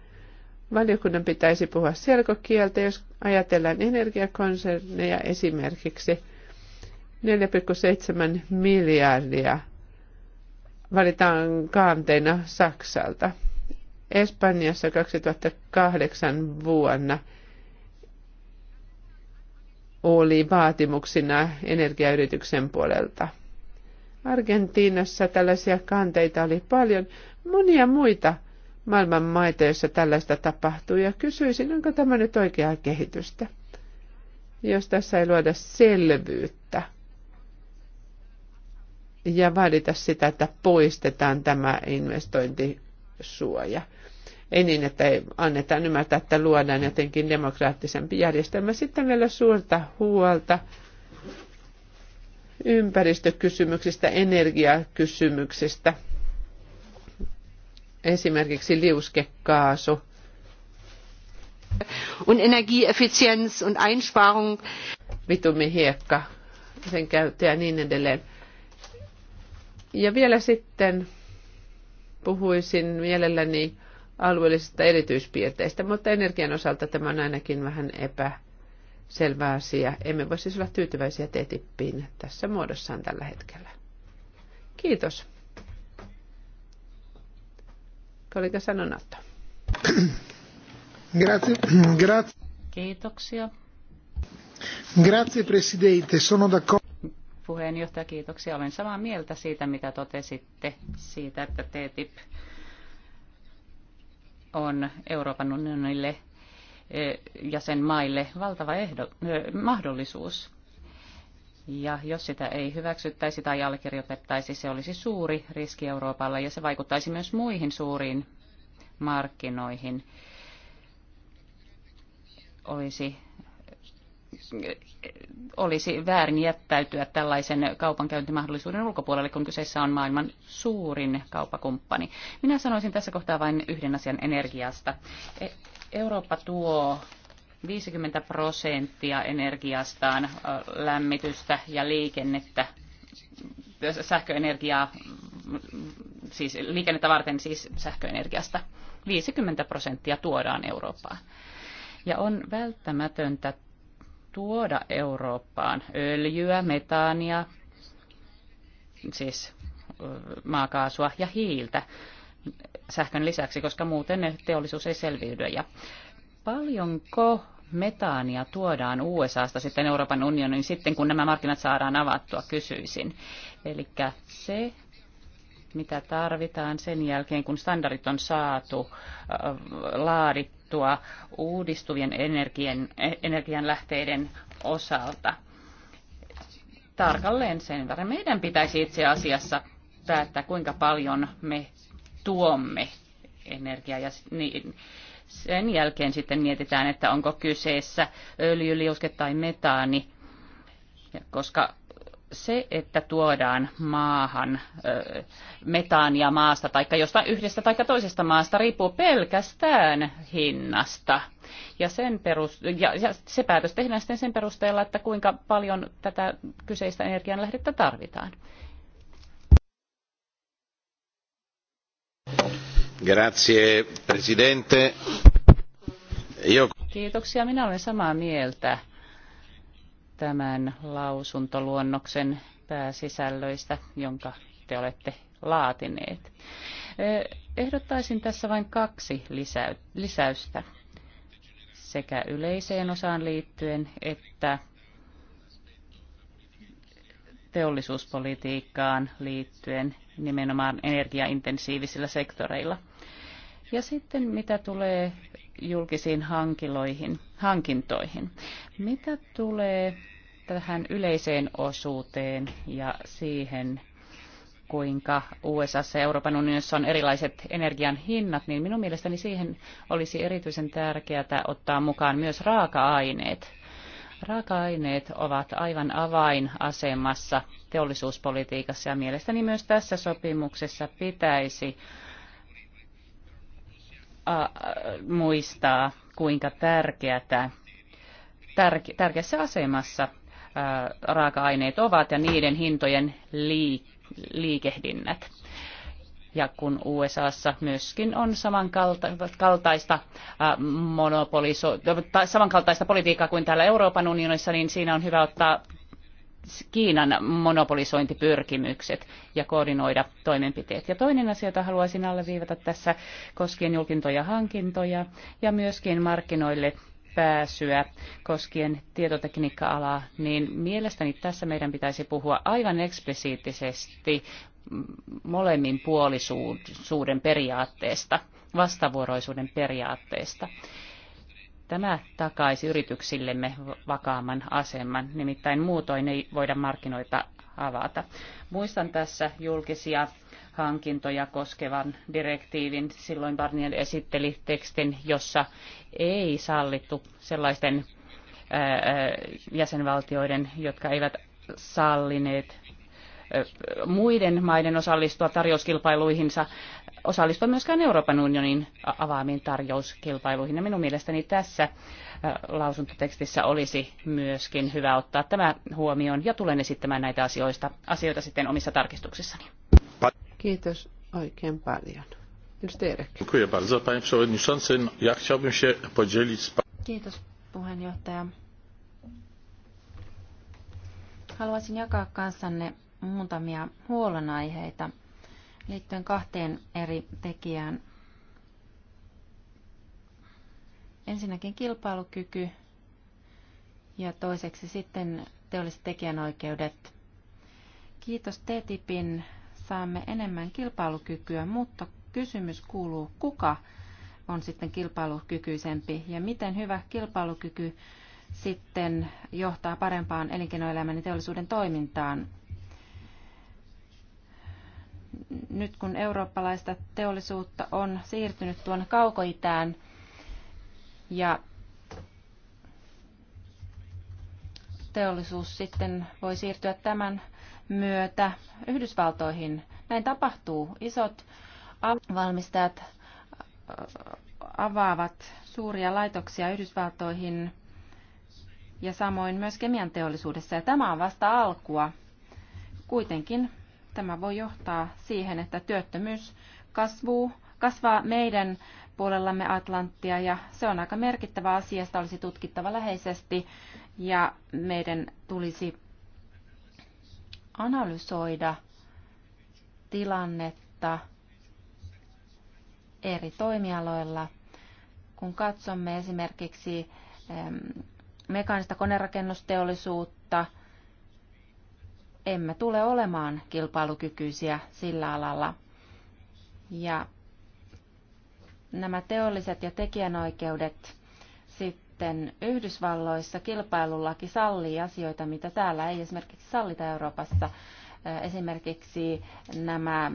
Valiokunnan pitäisi puhua selkokieltä, jos ajatellaan energiakonserneja esimerkiksi. 4,7 miljardia valitaan kaanteina Saksalta. Espanjassa 2008 vuonna oli vaatimuksina energiayrityksen puolelta. Argentiinassa tällaisia kanteita oli paljon. Monia muita maailman maita, joissa tällaista tapahtuu, ja kysyisin, onko tämä nyt oikeaa kehitystä, jos tässä ei luoda selvyyttä ja vaadita sitä, että poistetaan tämä investointisuoja. Ei niin, että ei anneta ymmärtää, että luodaan jotenkin demokraattisempi järjestelmä. Sitten vielä suurta huolta ympäristökysymyksistä, energiakysymyksistä – esimerkiksi liuskekaasu. Und Energieeffizienz und Einsparung. Vitumihiekka, sen käyttö ja niin edelleen. Ja vielä sitten puhuisin mielelläni alueellisista erityispiirteistä, mutta energian osalta tämä on ainakin vähän epäselvä asia. Emme voi siis olla tyytyväisiä TTIPiin tässä muodossaan tällä hetkellä. Kiitos kollega Sanonatto. Grazie. Grazie. Kiitoksia. Grazie Presidente, sono d'accordo. Puheenjohtaja, kiitoksia. Olen samaa mieltä siitä, mitä totesitte siitä, että TTIP on Euroopan unionille eh, maille valtava ehdo, eh, mahdollisuus. Ja jos sitä ei hyväksyttäisi tai allekirjoitettaisi, se olisi suuri riski Euroopalle ja se vaikuttaisi myös muihin suuriin markkinoihin. Olisi, olisi väärin jättäytyä tällaisen kaupankäyntimahdollisuuden ulkopuolelle, kun kyseessä on maailman suurin kauppakumppani. Minä sanoisin tässä kohtaa vain yhden asian energiasta. E- Eurooppa tuo 50 prosenttia energiastaan lämmitystä ja liikennettä, sähköenergiaa, siis liikennettä varten siis sähköenergiasta. 50 prosenttia tuodaan Eurooppaan. Ja on välttämätöntä tuoda Eurooppaan öljyä, metaania, siis maakaasua ja hiiltä sähkön lisäksi, koska muuten teollisuus ei selviydy. Ja Paljonko metaania tuodaan USAsta sitten Euroopan unionin sitten, kun nämä markkinat saadaan avattua, kysyisin. Eli se, mitä tarvitaan sen jälkeen, kun standardit on saatu laadittua uudistuvien energian, e, energianlähteiden osalta. Tarkalleen sen verran. Meidän pitäisi itse asiassa päättää, kuinka paljon me tuomme energiaa ja niin, sen jälkeen sitten mietitään, että onko kyseessä öljyliuske tai metaani, koska se, että tuodaan maahan ö, metaania maasta tai jostain yhdestä tai toisesta maasta, riippuu pelkästään hinnasta. Ja, sen perus, ja, ja se päätös tehdään sitten sen perusteella, että kuinka paljon tätä kyseistä energianlähdettä tarvitaan. Grazie, presidente. Kiitoksia. Minä olen samaa mieltä tämän lausuntoluonnoksen pääsisällöistä, jonka te olette laatineet. E, ehdottaisin tässä vain kaksi lisäystä sekä yleiseen osaan liittyen että teollisuuspolitiikkaan liittyen nimenomaan energiaintensiivisillä sektoreilla – ja sitten mitä tulee julkisiin hankiloihin, hankintoihin. Mitä tulee tähän yleiseen osuuteen ja siihen, kuinka USA ja Euroopan unionissa on erilaiset energian hinnat, niin minun mielestäni siihen olisi erityisen tärkeää ottaa mukaan myös raaka-aineet. Raaka-aineet ovat aivan avainasemassa teollisuuspolitiikassa ja mielestäni myös tässä sopimuksessa pitäisi muistaa, kuinka tärkeätä, tärke, tärkeässä asemassa raaka-aineet ovat ja niiden hintojen liikehdinnät. Ja kun USAssa myöskin on samankaltaista, monopoliso- samankaltaista politiikkaa kuin täällä Euroopan unionissa, niin siinä on hyvä ottaa Kiinan monopolisointipyrkimykset ja koordinoida toimenpiteet. Ja toinen asia, jota haluaisin alleviivata tässä koskien julkintoja hankintoja ja myöskin markkinoille pääsyä koskien tietotekniikka-alaa, niin mielestäni tässä meidän pitäisi puhua aivan eksplisiittisesti molemmin puolisuuden periaatteesta, vastavuoroisuuden periaatteesta. Tämä takaisi yrityksillemme vakaamman aseman, nimittäin muutoin ei voida markkinoita avata. Muistan tässä julkisia hankintoja koskevan direktiivin. Silloin Barnier esitteli tekstin, jossa ei sallittu sellaisten jäsenvaltioiden, jotka eivät sallineet muiden maiden osallistua tarjouskilpailuihinsa, osallistua myöskään Euroopan unionin avaamiin tarjouskilpailuihin. Ja minun mielestäni tässä lausuntotekstissä olisi myöskin hyvä ottaa tämä huomioon ja tulen esittämään näitä asioista, asioita sitten omissa tarkistuksissani. Kiitos oikein paljon. Dziękuję bardzo. Panie Przewodniczący, ja chciałbym się podzielić Kiitos puheenjohtaja. Haluaisin jakaa kanssanne muutamia huolenaiheita liittyen kahteen eri tekijään. Ensinnäkin kilpailukyky ja toiseksi sitten teolliset tekijänoikeudet. Kiitos TTIPin, saamme enemmän kilpailukykyä, mutta kysymys kuuluu, kuka on sitten kilpailukykyisempi ja miten hyvä kilpailukyky sitten johtaa parempaan elinkeinoelämän ja teollisuuden toimintaan nyt kun eurooppalaista teollisuutta on siirtynyt tuon kaukoitään ja teollisuus sitten voi siirtyä tämän myötä Yhdysvaltoihin. Näin tapahtuu. Isot valmistajat avaavat suuria laitoksia Yhdysvaltoihin ja samoin myös kemian teollisuudessa. Ja tämä on vasta alkua. Kuitenkin Tämä voi johtaa siihen, että työttömyys kasvuu, kasvaa meidän puolellamme Atlanttia ja se on aika merkittävä asia, sitä olisi tutkittava läheisesti ja meidän tulisi analysoida tilannetta eri toimialoilla. Kun katsomme esimerkiksi mekaanista konerakennusteollisuutta – emme tule olemaan kilpailukykyisiä sillä alalla. Ja nämä teolliset ja tekijänoikeudet sitten Yhdysvalloissa kilpailullakin sallii asioita, mitä täällä ei esimerkiksi sallita Euroopassa. Äh, esimerkiksi nämä äh,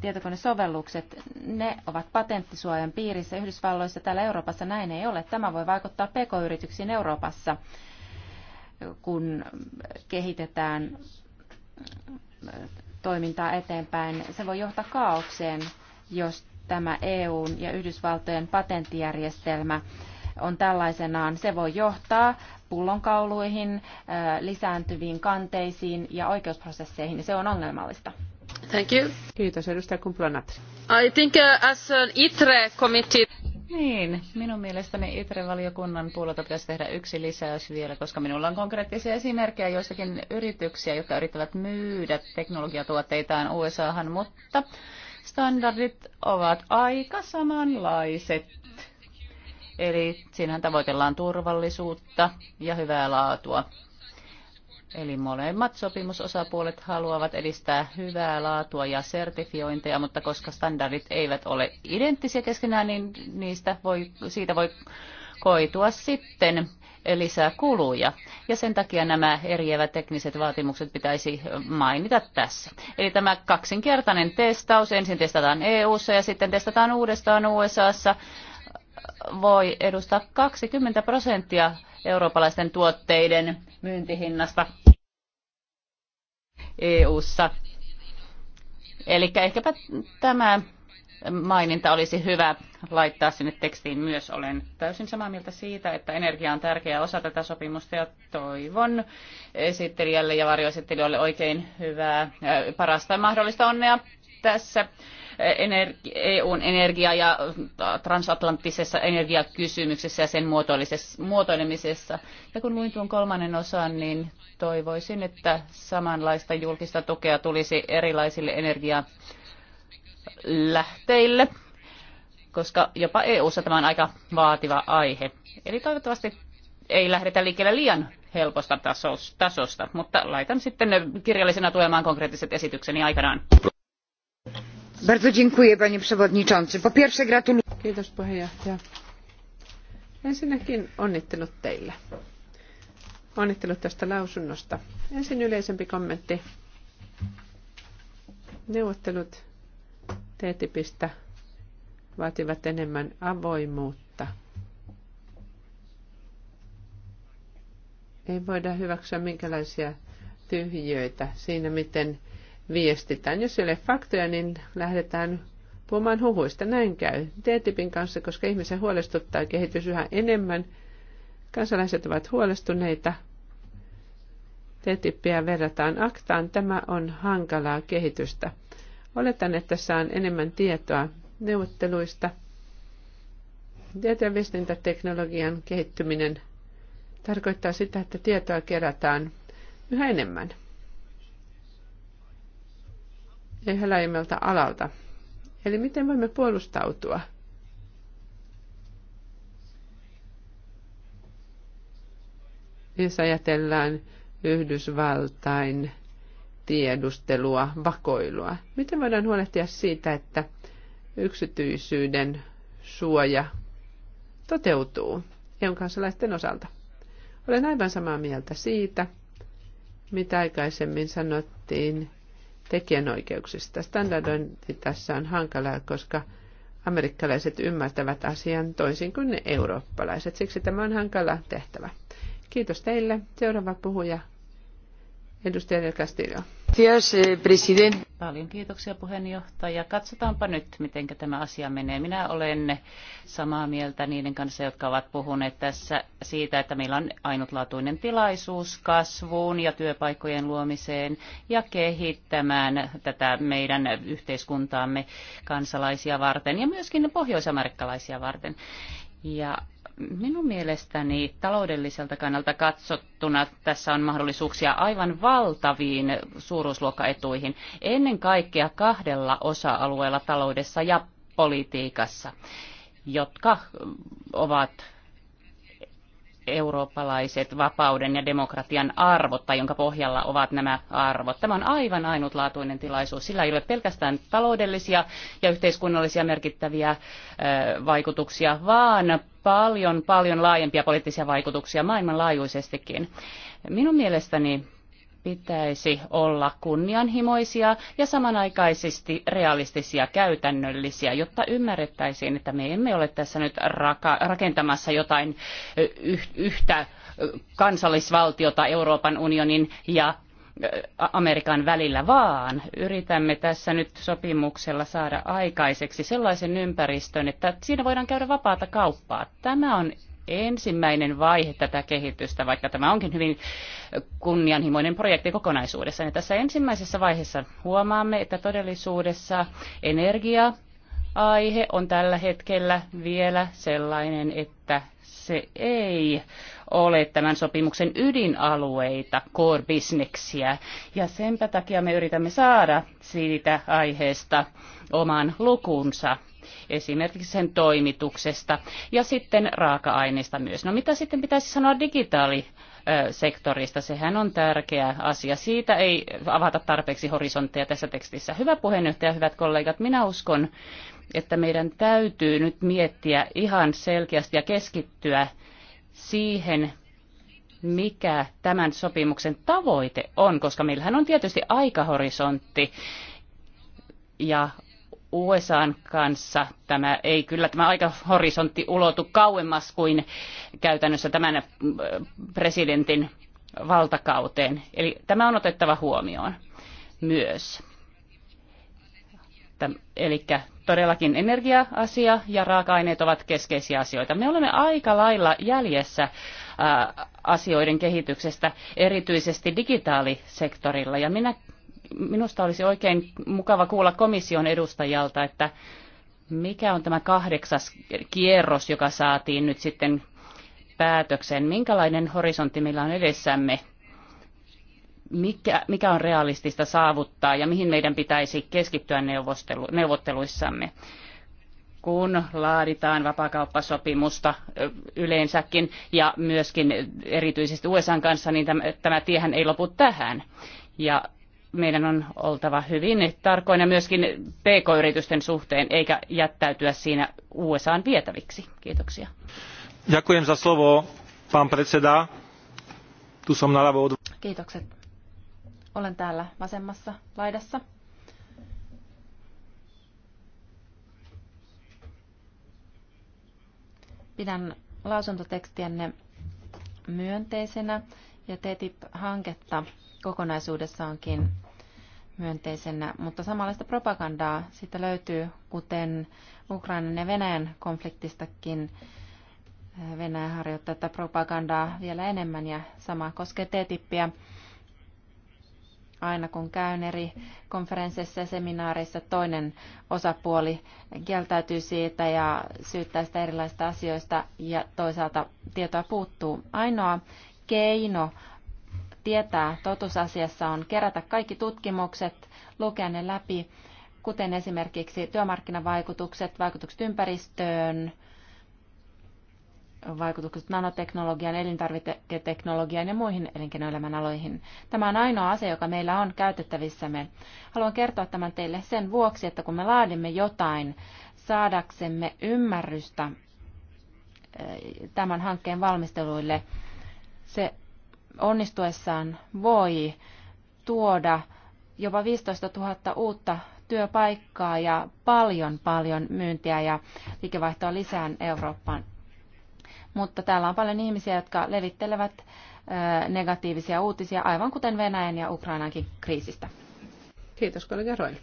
tietokonesovellukset, ne ovat patenttisuojan piirissä Yhdysvalloissa. Täällä Euroopassa näin ei ole. Tämä voi vaikuttaa pk-yrityksiin Euroopassa kun kehitetään toimintaa eteenpäin. Se voi johtaa kaaukseen, jos tämä EUn ja Yhdysvaltojen patenttijärjestelmä on tällaisenaan. Se voi johtaa pullonkauluihin, äh, lisääntyviin kanteisiin ja oikeusprosesseihin, ja se on ongelmallista. Thank you. Kiitos, edustaja Kumpula-Natri. I think uh, as an ITRE committee... Niin, minun mielestäni ITRE-valiokunnan puolelta pitäisi tehdä yksi lisäys vielä, koska minulla on konkreettisia esimerkkejä joistakin yrityksiä, jotka yrittävät myydä teknologiatuotteitaan USAhan, mutta standardit ovat aika samanlaiset. Eli siinähän tavoitellaan turvallisuutta ja hyvää laatua. Eli molemmat sopimusosapuolet haluavat edistää hyvää laatua ja sertifiointeja, mutta koska standardit eivät ole identtisiä keskenään, niin niistä voi, siitä voi koitua sitten lisää kuluja. Ja sen takia nämä eriävät tekniset vaatimukset pitäisi mainita tässä. Eli tämä kaksinkertainen testaus, ensin testataan EU:ssa ja sitten testataan uudestaan USAssa, voi edustaa 20 prosenttia eurooppalaisten tuotteiden myyntihinnasta EU-ssa. Eli ehkäpä tämä maininta olisi hyvä laittaa sinne tekstiin myös. Olen täysin samaa mieltä siitä, että energia on tärkeä osa tätä sopimusta ja toivon esittelijälle ja varjoesittelijöille oikein hyvää, äh, parasta mahdollista onnea tässä energi- EUn energia- ja transatlanttisessa energiakysymyksessä ja sen muotoilemisessa. Ja kun luin tuon kolmannen osan, niin toivoisin, että samanlaista julkista tukea tulisi erilaisille energialähteille, koska jopa EUssa tämä on aika vaativa aihe. Eli toivottavasti ei lähdetä liikkeelle liian helposta tasosta, mutta laitan sitten kirjallisena tulemaan konkreettiset esitykseni aikanaan. Po pierwsze Ensinnäkin onnittelut teille. Onnittelut tästä lausunnosta. Ensin yleisempi kommentti. Neuvottelut TTIPistä vaativat enemmän avoimuutta. Ei voida hyväksyä minkälaisia tyhjiöitä siinä, miten viestitään. Jos ei ole faktoja, niin lähdetään puhumaan huhuista. Näin käy TTIPin kanssa, koska ihmisen huolestuttaa kehitys yhä enemmän. Kansalaiset ovat huolestuneita. TTIPiä verrataan aktaan. Tämä on hankalaa kehitystä. Oletan, että saan enemmän tietoa neuvotteluista. Tieto- ja viestintäteknologian kehittyminen tarkoittaa sitä, että tietoa kerätään yhä enemmän – laajemmalta alalta. Eli miten voimme puolustautua? Jos ajatellaan Yhdysvaltain tiedustelua, vakoilua, miten voidaan huolehtia siitä, että yksityisyyden suoja toteutuu EUn kansalaisten osalta? Olen aivan samaa mieltä siitä, mitä aikaisemmin sanottiin tekijänoikeuksista. Standardointi tässä on hankalaa, koska amerikkalaiset ymmärtävät asian toisin kuin ne eurooppalaiset. Siksi tämä on hankala tehtävä. Kiitos teille. Seuraava puhuja Edustaja Del eh, Paljon kiitoksia puheenjohtaja. Katsotaanpa nyt, miten tämä asia menee. Minä olen samaa mieltä niiden kanssa, jotka ovat puhuneet tässä siitä, että meillä on ainutlaatuinen tilaisuus kasvuun ja työpaikkojen luomiseen ja kehittämään tätä meidän yhteiskuntaamme kansalaisia varten ja myöskin pohjoisamerikkalaisia varten. Ja Minun mielestäni taloudelliselta kannalta katsottuna tässä on mahdollisuuksia aivan valtaviin suuruusluokkaetuihin, ennen kaikkea kahdella osa-alueella taloudessa ja politiikassa, jotka ovat eurooppalaiset vapauden ja demokratian arvot tai jonka pohjalla ovat nämä arvot. Tämä on aivan ainutlaatuinen tilaisuus. Sillä ei ole pelkästään taloudellisia ja yhteiskunnallisia merkittäviä vaikutuksia, vaan paljon, paljon laajempia poliittisia vaikutuksia maailmanlaajuisestikin. Minun mielestäni pitäisi olla kunnianhimoisia ja samanaikaisesti realistisia käytännöllisiä, jotta ymmärrettäisiin, että me emme ole tässä nyt rakentamassa jotain yhtä kansallisvaltiota Euroopan unionin ja Amerikan välillä, vaan yritämme tässä nyt sopimuksella saada aikaiseksi sellaisen ympäristön, että siinä voidaan käydä vapaata kauppaa. Tämä on ensimmäinen vaihe tätä kehitystä, vaikka tämä onkin hyvin kunnianhimoinen projekti kokonaisuudessaan. Ja tässä ensimmäisessä vaiheessa huomaamme, että todellisuudessa energia aihe on tällä hetkellä vielä sellainen, että se ei ole tämän sopimuksen ydinalueita, core businessia. Ja senpä takia me yritämme saada siitä aiheesta oman lukunsa esimerkiksi sen toimituksesta ja sitten raaka-aineista myös. No mitä sitten pitäisi sanoa digitaali sektorista. Sehän on tärkeä asia. Siitä ei avata tarpeeksi horisontteja tässä tekstissä. Hyvä puheenjohtaja, hyvät kollegat, minä uskon, että meidän täytyy nyt miettiä ihan selkeästi ja keskittyä siihen, mikä tämän sopimuksen tavoite on, koska meillähän on tietysti aikahorisontti ja USAn kanssa tämä ei kyllä tämä aikahorisontti ulotu kauemmas kuin käytännössä tämän äh, presidentin valtakauteen. Eli tämä on otettava huomioon myös. Eli todellakin energia-asia ja raaka-aineet ovat keskeisiä asioita. Me olemme aika lailla jäljessä äh, asioiden kehityksestä, erityisesti digitaalisektorilla. Ja minä, minusta olisi oikein mukava kuulla komission edustajalta, että mikä on tämä kahdeksas kierros, joka saatiin nyt sitten päätökseen? Minkälainen horisontti meillä on edessämme mikä, mikä on realistista saavuttaa ja mihin meidän pitäisi keskittyä neuvostelu, neuvotteluissamme. Kun laaditaan vapakauppasopimusta yleensäkin ja myöskin erityisesti USA kanssa, niin tämä, tämä tiehän ei lopu tähän. Ja meidän on oltava hyvin tarkoina myöskin pk-yritysten suhteen, eikä jättäytyä siinä USAan vietäviksi. Kiitoksia. Jakujem za slovo, pan predseda. Tu som od... Kiitokset olen täällä vasemmassa laidassa. Pidän lausuntotekstienne myönteisenä ja TTIP-hanketta kokonaisuudessaankin myönteisenä, mutta samanlaista propagandaa sitä löytyy, kuten Ukrainan ja Venäjän konfliktistakin. Venäjä harjoittaa tätä propagandaa vielä enemmän ja sama koskee TTIPiä aina kun käyn eri konferensseissa ja seminaareissa, toinen osapuoli kieltäytyy siitä ja syyttää sitä erilaisista asioista ja toisaalta tietoa puuttuu. Ainoa keino tietää totusasiassa on kerätä kaikki tutkimukset, lukea ne läpi, kuten esimerkiksi työmarkkinavaikutukset, vaikutukset ympäristöön, vaikutukset nanoteknologian, elintarviketeknologian ja muihin elinkeinoelämän aloihin. Tämä on ainoa asia, joka meillä on käytettävissämme. Haluan kertoa tämän teille sen vuoksi, että kun me laadimme jotain saadaksemme ymmärrystä eh, tämän hankkeen valmisteluille, se onnistuessaan voi tuoda jopa 15 000 uutta työpaikkaa ja paljon paljon myyntiä ja liikevaihtoa lisään Eurooppaan mutta täällä on paljon ihmisiä, jotka levittelevät negatiivisia uutisia, aivan kuten Venäjän ja Ukrainankin kriisistä. Kiitos kollega Roil.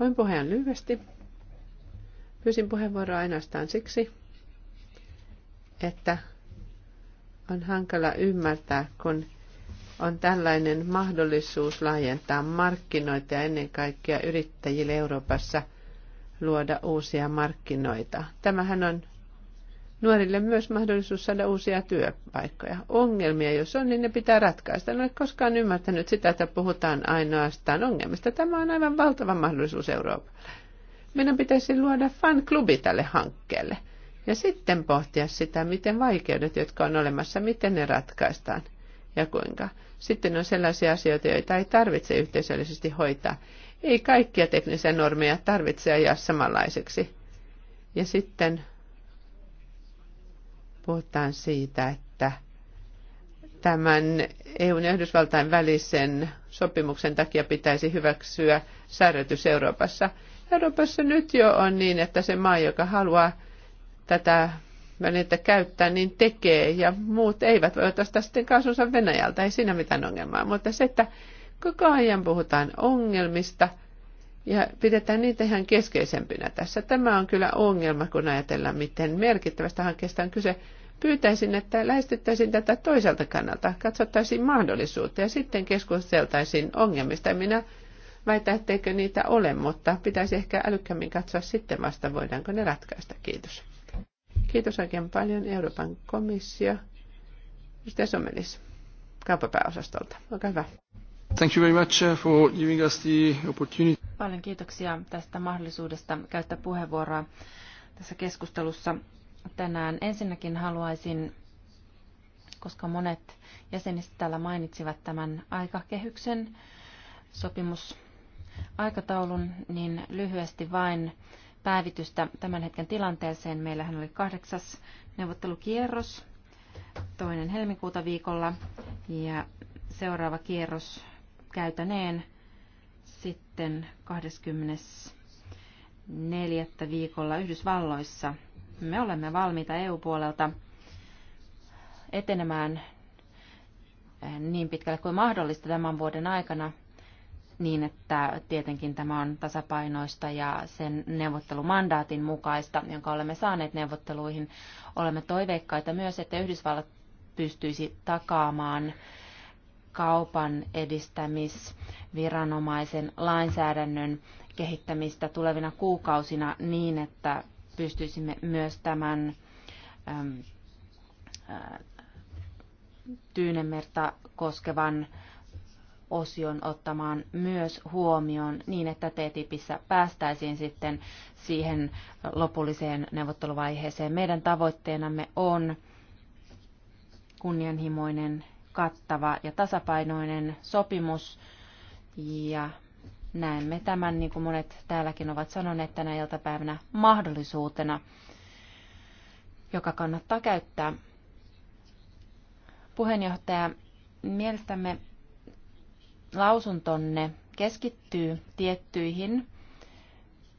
Voin puheen lyhyesti. Pyysin puheenvuoroa ainoastaan siksi, että on hankala ymmärtää, kun on tällainen mahdollisuus laajentaa markkinoita ja ennen kaikkea yrittäjille Euroopassa luoda uusia markkinoita. Tämähän on nuorille myös mahdollisuus saada uusia työpaikkoja. Ongelmia jos on, niin ne pitää ratkaista. En ole koskaan ymmärtänyt sitä, että puhutaan ainoastaan ongelmista. Tämä on aivan valtava mahdollisuus Euroopalle. Meidän pitäisi luoda fan-klubi tälle hankkeelle. Ja sitten pohtia sitä, miten vaikeudet, jotka on olemassa, miten ne ratkaistaan ja kuinka. Sitten on sellaisia asioita, joita ei tarvitse yhteisöllisesti hoitaa. Ei kaikkia teknisiä normeja tarvitse ajaa samanlaiseksi. Ja sitten puhutaan siitä, että tämän EUn ja Yhdysvaltain välisen sopimuksen takia pitäisi hyväksyä säädötys Euroopassa. Euroopassa nyt jo on niin, että se maa, joka haluaa tätä välineitä käyttää, niin tekee ja muut eivät voi ottaa sitten kaasunsa Venäjältä. Ei siinä mitään ongelmaa, mutta se, että koko ajan puhutaan ongelmista – ja pidetään niitä ihan keskeisempinä tässä. Tämä on kyllä ongelma, kun ajatellaan, miten merkittävästä hankkeesta on kyse. Pyytäisin, että lähestyttäisiin tätä toiselta kannalta, katsottaisiin mahdollisuutta ja sitten keskusteltaisiin ongelmista. Minä väitän, etteikö niitä ole, mutta pitäisi ehkä älykkämmin katsoa sitten vasta, voidaanko ne ratkaista. Kiitos. Kiitos oikein paljon Euroopan komissio. Sitten Somelis, kauppapääosastolta. Olkaa hyvä. Thank you very much uh, for giving us the opportunity. Paljon kiitoksia tästä mahdollisuudesta käyttää puheenvuoroa tässä keskustelussa tänään. Ensinnäkin haluaisin, koska monet jäsenistä täällä mainitsivat tämän aikakehyksen sopimusaikataulun, niin lyhyesti vain päivitystä tämän hetken tilanteeseen. Meillähän oli kahdeksas neuvottelukierros toinen helmikuuta viikolla ja seuraava kierros käytäneen sitten 24. viikolla Yhdysvalloissa. Me olemme valmiita EU-puolelta etenemään eh, niin pitkälle kuin mahdollista tämän vuoden aikana niin, että tietenkin tämä on tasapainoista ja sen neuvottelumandaatin mukaista, jonka olemme saaneet neuvotteluihin. Olemme toiveikkaita myös, että Yhdysvallat pystyisi takaamaan kaupan edistämisviranomaisen lainsäädännön kehittämistä tulevina kuukausina niin, että pystyisimme myös tämän ähm, Tyynemerta koskevan osion ottamaan myös huomioon niin, että TTIPissä päästäisiin sitten siihen lopulliseen neuvotteluvaiheeseen. Meidän tavoitteenamme on kunnianhimoinen kattava ja tasapainoinen sopimus. Ja näemme tämän, niin kuin monet täälläkin ovat sanoneet tänä iltapäivänä, mahdollisuutena, joka kannattaa käyttää. Puheenjohtaja, mielestämme lausuntonne keskittyy tiettyihin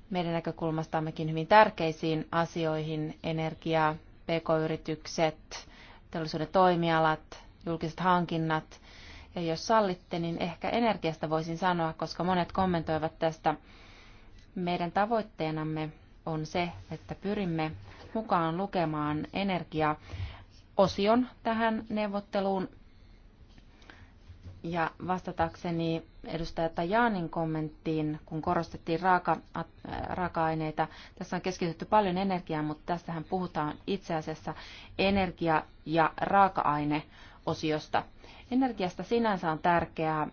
meidän näkökulmastammekin hyvin tärkeisiin asioihin, energia, pk-yritykset, teollisuuden toimialat, julkiset hankinnat. Ja jos sallitte, niin ehkä energiasta voisin sanoa, koska monet kommentoivat tästä. Meidän tavoitteenamme on se, että pyrimme mukaan lukemaan energiaosion tähän neuvotteluun. Ja vastatakseni edustaja Tajanin kommenttiin, kun korostettiin raaka, äh, raaka-aineita, tässä on keskitytty paljon energiaan, mutta tästähän puhutaan itse asiassa energia- ja raaka-aine osiosta. Energiasta sinänsä on tärkeää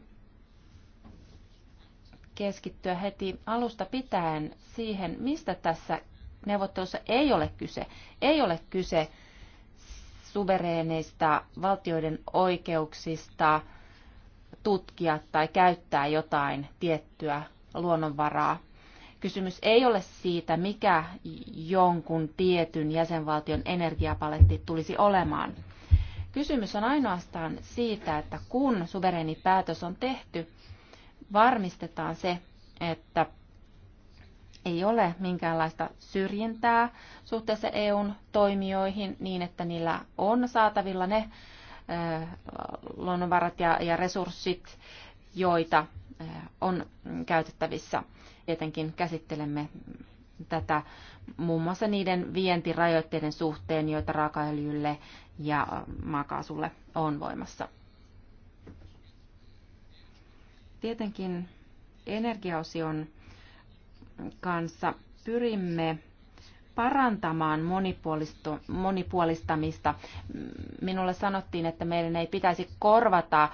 keskittyä heti alusta pitäen siihen, mistä tässä neuvottelussa ei ole kyse. Ei ole kyse suvereeneista valtioiden oikeuksista tutkia tai käyttää jotain tiettyä luonnonvaraa. Kysymys ei ole siitä, mikä jonkun tietyn jäsenvaltion energiapaletti tulisi olemaan. Kysymys on ainoastaan siitä, että kun suvereeni päätös on tehty, varmistetaan se, että ei ole minkäänlaista syrjintää suhteessa EUn toimijoihin niin, että niillä on saatavilla ne luonnonvarat ja, resurssit, joita on käytettävissä. Tietenkin käsittelemme tätä muun muassa niiden vientirajoitteiden suhteen, joita raakaöljylle ja maakaasulle on voimassa. Tietenkin energiaosion kanssa pyrimme parantamaan monipuolistamista. Minulle sanottiin, että meidän ei pitäisi korvata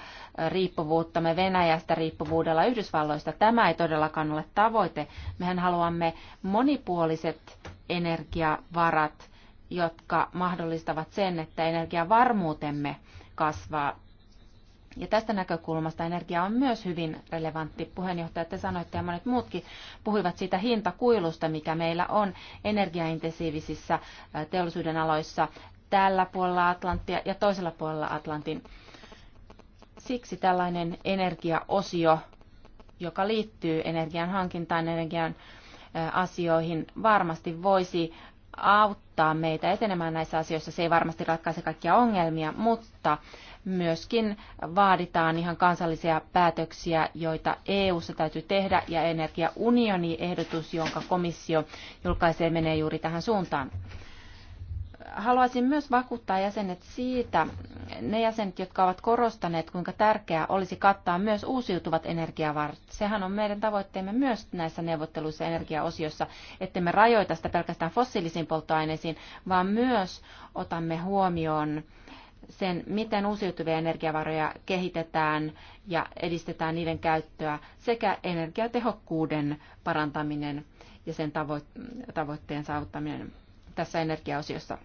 riippuvuuttamme Venäjästä riippuvuudella Yhdysvalloista. Tämä ei todellakaan ole tavoite. Mehän haluamme monipuoliset energiavarat jotka mahdollistavat sen, että energiavarmuutemme kasvaa. Ja tästä näkökulmasta energia on myös hyvin relevantti. Puheenjohtaja, te sanoitte ja monet muutkin puhuivat siitä hintakuilusta, mikä meillä on energiaintensiivisissä teollisuuden aloissa tällä puolella Atlanttia ja toisella puolella Atlantin. Siksi tällainen energiaosio, joka liittyy energian hankintaan, energian asioihin, varmasti voisi auttaa meitä etenemään näissä asioissa. Se ei varmasti ratkaise kaikkia ongelmia, mutta myöskin vaaditaan ihan kansallisia päätöksiä, joita EU-ssa täytyy tehdä, ja energiaunioni ehdotus, jonka komissio julkaisee, menee juuri tähän suuntaan haluaisin myös vakuuttaa jäsenet siitä, ne jäsenet, jotka ovat korostaneet, kuinka tärkeää olisi kattaa myös uusiutuvat energiavarat. Sehän on meidän tavoitteemme myös näissä neuvotteluissa energiaosiossa, että me rajoita sitä pelkästään fossiilisiin polttoaineisiin, vaan myös otamme huomioon sen, miten uusiutuvia energiavaroja kehitetään ja edistetään niiden käyttöä sekä energiatehokkuuden parantaminen ja sen tavoitteen saavuttaminen tässä energiaosiossa.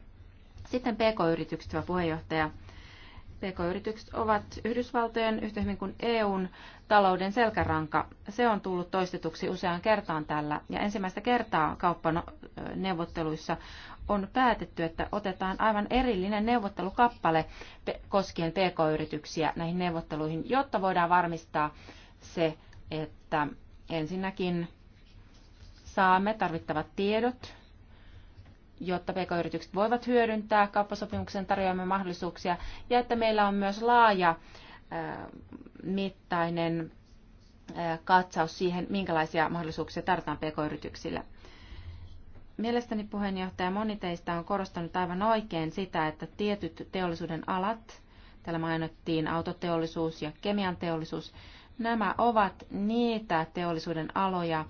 Sitten PK-yritykset, hyvä puheenjohtaja. PK-yritykset ovat Yhdysvaltojen yhtä hyvin kuin EUn talouden selkäranka. Se on tullut toistetuksi useaan kertaan tällä. Ja ensimmäistä kertaa kauppaneuvotteluissa on päätetty, että otetaan aivan erillinen neuvottelukappale koskien PK-yrityksiä näihin neuvotteluihin, jotta voidaan varmistaa se, että ensinnäkin saamme tarvittavat tiedot jotta pk-yritykset voivat hyödyntää kauppasopimuksen tarjoamia mahdollisuuksia ja että meillä on myös laaja mittainen katsaus siihen, minkälaisia mahdollisuuksia tarvitaan pk yrityksille Mielestäni puheenjohtaja moni teistä on korostanut aivan oikein sitä, että tietyt teollisuuden alat, täällä mainittiin autoteollisuus ja kemian teollisuus, nämä ovat niitä teollisuuden aloja,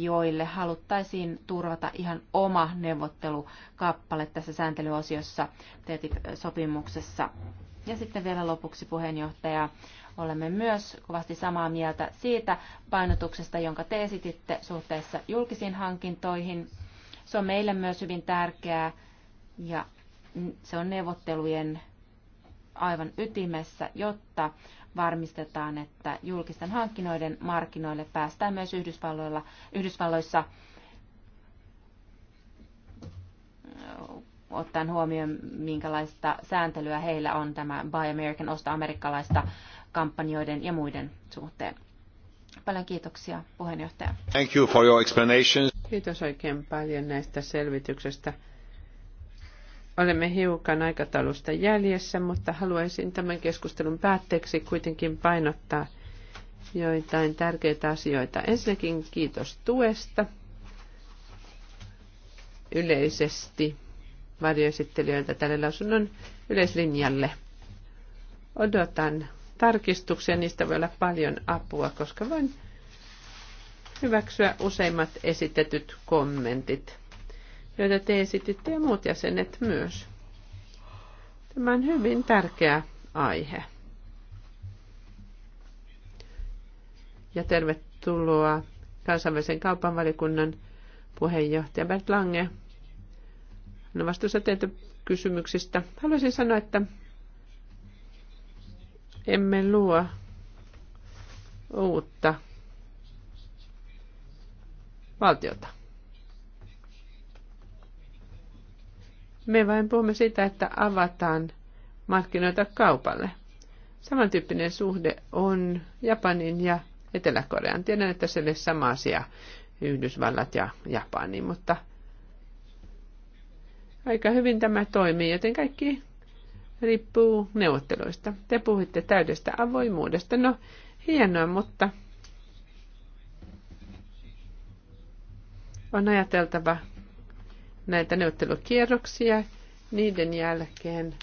joille haluttaisiin turvata ihan oma neuvottelukappale tässä sääntelyosiossa TTIP-sopimuksessa. Ja sitten vielä lopuksi puheenjohtaja, olemme myös kovasti samaa mieltä siitä painotuksesta, jonka te esititte suhteessa julkisiin hankintoihin. Se on meille myös hyvin tärkeää ja se on neuvottelujen aivan ytimessä, jotta varmistetaan, että julkisten hankkinoiden markkinoille päästään myös Yhdysvalloilla, Yhdysvalloissa ottaen huomioon, minkälaista sääntelyä heillä on tämä Buy American, osta amerikkalaista kampanjoiden ja muiden suhteen. Paljon kiitoksia puheenjohtaja. Thank you for your Kiitos oikein paljon näistä selvityksestä. Olemme hiukan aikataulusta jäljessä, mutta haluaisin tämän keskustelun päätteeksi kuitenkin painottaa joitain tärkeitä asioita. Ensinnäkin kiitos tuesta yleisesti varjoesittelijöiltä tälle lausunnon yleislinjalle. Odotan tarkistuksia, niistä voi olla paljon apua, koska voin hyväksyä useimmat esitetyt kommentit joita te esititte ja muut jäsenet myös. Tämä on hyvin tärkeä aihe. Ja tervetuloa kansainvälisen kaupan valikunnan puheenjohtaja Bert Lange. No vastuussa teiltä kysymyksistä. Haluaisin sanoa, että emme luo uutta valtiota. Me vain puhumme sitä, että avataan markkinoita kaupalle. Samantyyppinen suhde on Japanin ja Etelä-Korean. Tiedän, että se ei ole sama asia Yhdysvallat ja Japani, mutta aika hyvin tämä toimii, joten kaikki riippuu neuvotteluista. Te puhuitte täydestä avoimuudesta. No, hienoa, mutta on ajateltava näitä neuvottelukierroksia. Niiden jälkeen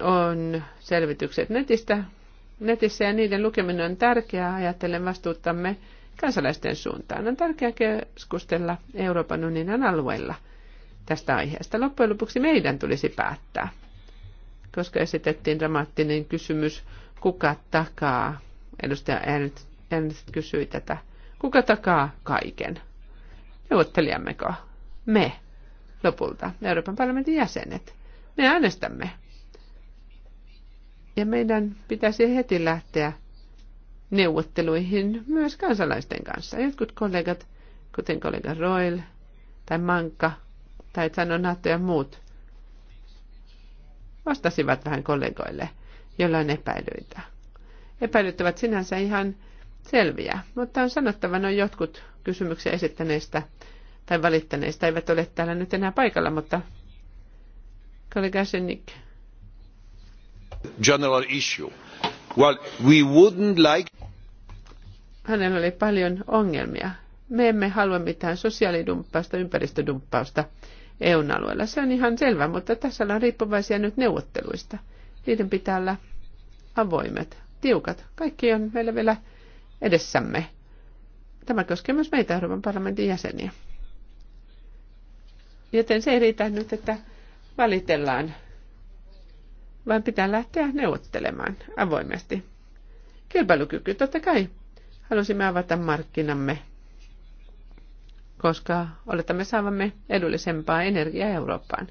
on selvitykset netistä, netissä ja niiden lukeminen on tärkeää ajatellen vastuuttamme kansalaisten suuntaan. On tärkeää keskustella Euroopan unionin alueella tästä aiheesta. Loppujen lopuksi meidän tulisi päättää, koska esitettiin dramaattinen kysymys, kuka takaa. Edustaja Ernst, Ernst kysyi tätä. Kuka takaa kaiken? Neuvottelijammeko? Me. Lopulta Euroopan parlamentin jäsenet. Me äänestämme. Ja meidän pitäisi heti lähteä neuvotteluihin myös kansalaisten kanssa. Jotkut kollegat, kuten kollega Royal tai Manka tai Sanonato ja muut, vastasivat vähän kollegoille, joilla on epäilyitä. Epäilyt ovat sinänsä ihan selviä. Mutta on sanottava, no jotkut kysymyksiä esittäneistä tai välittäneistä eivät ole täällä nyt enää paikalla, mutta Koligasenik. General issue. Well, we wouldn't like... Hänellä oli paljon ongelmia. Me emme halua mitään sosiaalidumppausta, ympäristödumppausta EUn alueella. Se on ihan selvä, mutta tässä ollaan riippuvaisia nyt neuvotteluista. Niiden pitää olla avoimet, tiukat. Kaikki on meillä vielä edessämme. Tämä koskee myös meitä Euroopan parlamentin jäseniä. Joten se ei riitä nyt, että valitellaan, vaan pitää lähteä neuvottelemaan avoimesti. Kilpailukyky, totta kai. Halusimme avata markkinamme, koska oletamme saavamme edullisempaa energiaa Eurooppaan.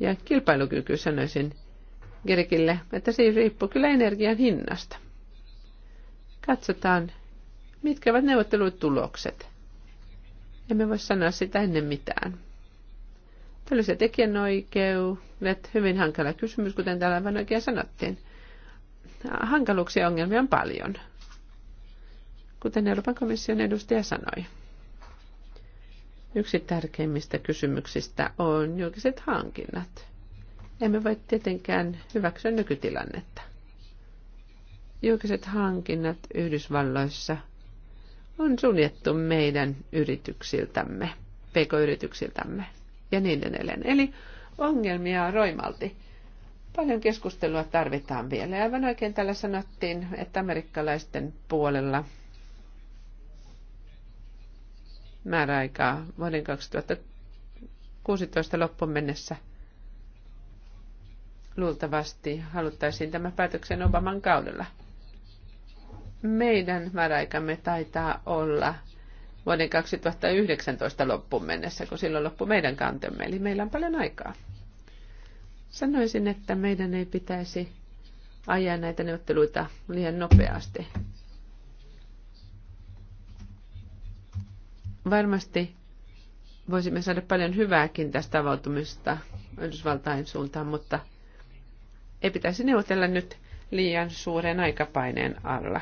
Ja kilpailukyky, sanoisin Gerikille, että se riippuu kyllä energian hinnasta katsotaan, mitkä ovat neuvottelutulokset. Emme voi sanoa sitä ennen mitään. Tällaiset tekijänoikeudet, hyvin hankala kysymys, kuten täällä aivan oikein sanottiin. Hankaluuksia ongelmia on paljon, kuten Euroopan komission edustaja sanoi. Yksi tärkeimmistä kysymyksistä on julkiset hankinnat. Emme voi tietenkään hyväksyä nykytilannetta julkiset hankinnat Yhdysvalloissa on suljettu meidän yrityksiltämme, pk-yrityksiltämme ja niin edelleen. Eli ongelmia on roimalti. Paljon keskustelua tarvitaan vielä. Ja aivan oikein täällä sanottiin, että amerikkalaisten puolella määräaikaa vuoden 2016 loppuun mennessä luultavasti haluttaisiin tämä päätöksen Obaman kaudella – meidän määräaikamme taitaa olla vuoden 2019 loppuun mennessä, kun silloin loppu meidän kantemme, eli meillä on paljon aikaa. Sanoisin, että meidän ei pitäisi ajaa näitä neuvotteluita liian nopeasti. Varmasti voisimme saada paljon hyvääkin tästä avautumista Yhdysvaltain suuntaan, mutta ei pitäisi neuvotella nyt liian suuren aikapaineen alla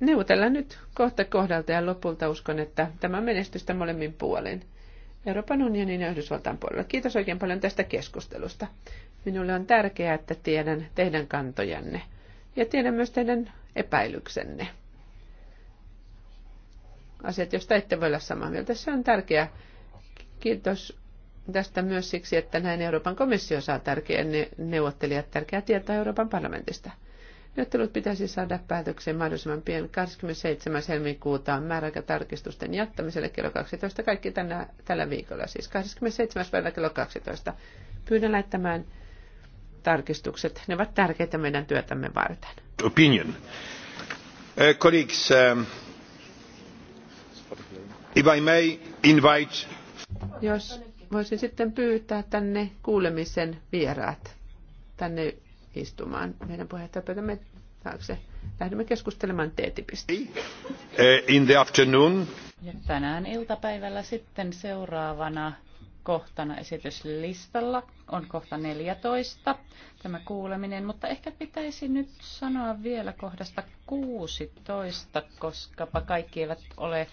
neuvotellaan nyt kohta kohdalta ja lopulta uskon, että tämä on menestystä molemmin puolin. Euroopan unionin ja Yhdysvaltain puolella. Kiitos oikein paljon tästä keskustelusta. Minulle on tärkeää, että tiedän teidän kantojanne ja tiedän myös teidän epäilyksenne. Asiat, joista ette voi olla samaa mieltä, se on tärkeää. Kiitos tästä myös siksi, että näin Euroopan komissio saa tärkeän neuvottelijat tärkeää tietoa Euroopan parlamentista. Neuvottelut pitäisi saada päätökseen mahdollisimman pian 27. helmikuuta määräaikatarkistusten tarkistusten jättämiselle kello 12, kaikki tänä, tällä viikolla, siis 27. päivä kello 12. Pyydän laittamaan tarkistukset. Ne ovat tärkeitä meidän työtämme varten. Opinion. Uh, colleagues, um, if I may invite... Jos voisin sitten pyytää tänne kuulemisen vieraat tänne istumaan meidän puheenjohtajapöytämme taakse. Lähdemme keskustelemaan TTIPistä. Eh, in the afternoon. Ja tänään iltapäivällä sitten seuraavana kohtana esityslistalla on kohta 14 tämä kuuleminen, mutta ehkä pitäisi nyt sanoa vielä kohdasta 16, koska kaikki eivät ole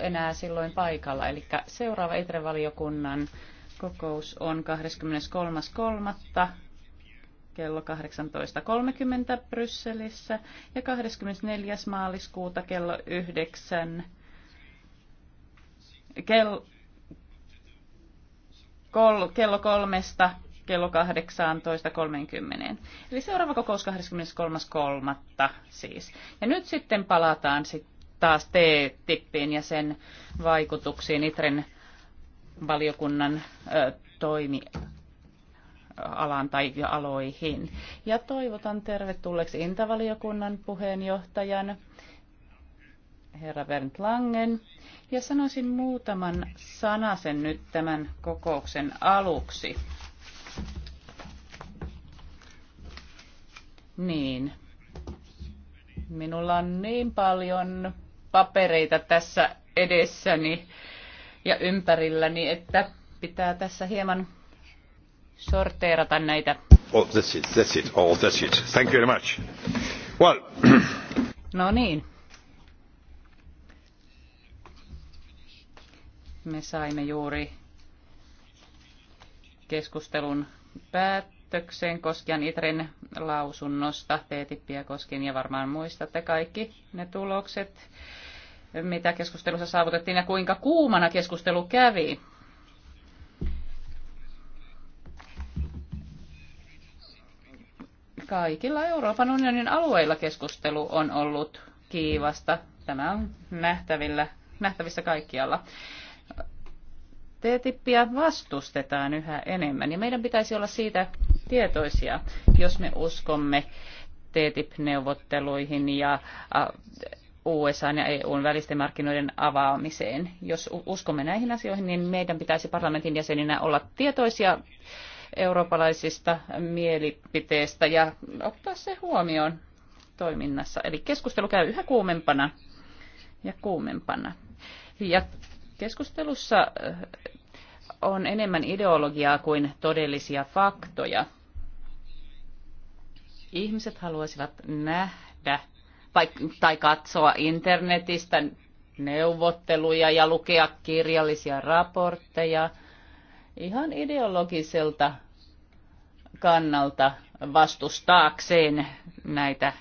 enää silloin paikalla. Eli seuraava Itrevaliokunnan kokous on kello 18.30 Brysselissä ja 24. maaliskuuta kello 9 kello, kol, kello kolmesta kello 18.30. Eli seuraava kokous 23.3. siis. Ja nyt sitten palataan sit taas T-tippiin ja sen vaikutuksiin Itren valiokunnan ö, toimi alaan tai aloihin. Ja toivotan tervetulleeksi Intavaliokunnan puheenjohtajan herra Bernd Langen. Ja sanoisin muutaman sanasen nyt tämän kokouksen aluksi. Niin. Minulla on niin paljon papereita tässä edessäni ja ympärilläni, että pitää tässä hieman sorteerata näitä. Oh, that's it, that's it, oh, that's it. Thank you very much. Well. No niin. Me saimme juuri keskustelun päätökseen koskien Itrin lausunnosta TTIPiä koskien ja varmaan muistatte kaikki ne tulokset, mitä keskustelussa saavutettiin ja kuinka kuumana keskustelu kävi. Kaikilla Euroopan unionin alueilla keskustelu on ollut kiivasta. Tämä on nähtävillä, nähtävissä kaikkialla. TTIPiä vastustetaan yhä enemmän ja meidän pitäisi olla siitä tietoisia, jos me uskomme TTIP-neuvotteluihin ja USA ja EUn välisten markkinoiden avaamiseen. Jos uskomme näihin asioihin, niin meidän pitäisi parlamentin jäseninä olla tietoisia eurooppalaisista mielipiteistä ja ottaa se huomioon toiminnassa. Eli keskustelu käy yhä kuumempana ja kuumempana. Ja keskustelussa eh, on enemmän ideologiaa kuin todellisia faktoja. Ihmiset haluaisivat nähdä tai katsoa internetistä neuvotteluja ja lukea kirjallisia raportteja – ihan ideologiselta kannalta vastustaakseen näitä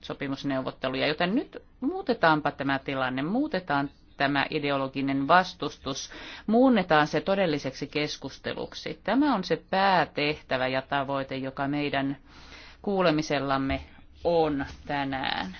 sopimusneuvotteluja. Joten nyt muutetaanpa tämä tilanne, muutetaan tämä ideologinen vastustus, muunnetaan se todelliseksi keskusteluksi. Tämä on se päätehtävä ja tavoite, joka meidän kuulemisellamme on tänään.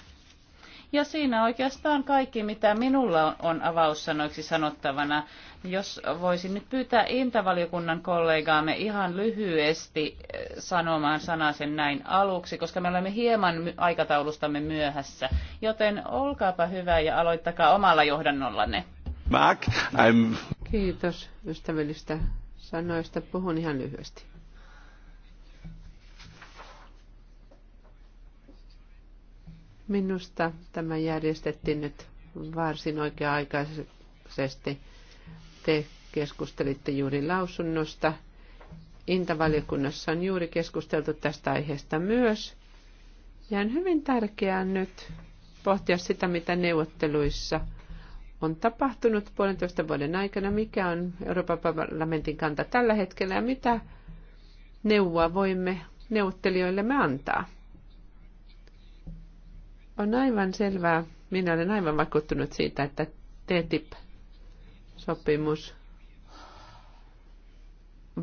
Ja siinä oikeastaan kaikki, mitä minulla on avaussanoiksi sanottavana. Jos voisin nyt pyytää Intavaliokunnan kollegaamme ihan lyhyesti eh, sanomaan sanasen näin aluksi, koska me olemme hieman aikataulustamme myöhässä. Joten olkaapa hyvä ja aloittakaa omalla johdannollanne. Mark, I'm... Kiitos ystävällistä sanoista. Puhun ihan lyhyesti. Minusta tämä järjestettiin nyt varsin oikea-aikaisesti. Te keskustelitte juuri lausunnosta. Intavaliokunnassa on juuri keskusteltu tästä aiheesta myös. Ja on hyvin tärkeää nyt pohtia sitä, mitä neuvotteluissa on tapahtunut puolentoista vuoden aikana, mikä on Euroopan parlamentin kanta tällä hetkellä ja mitä neuvoa voimme neuvottelijoillemme antaa. On aivan selvää, minä olen aivan vakuuttunut siitä, että TTIP-sopimus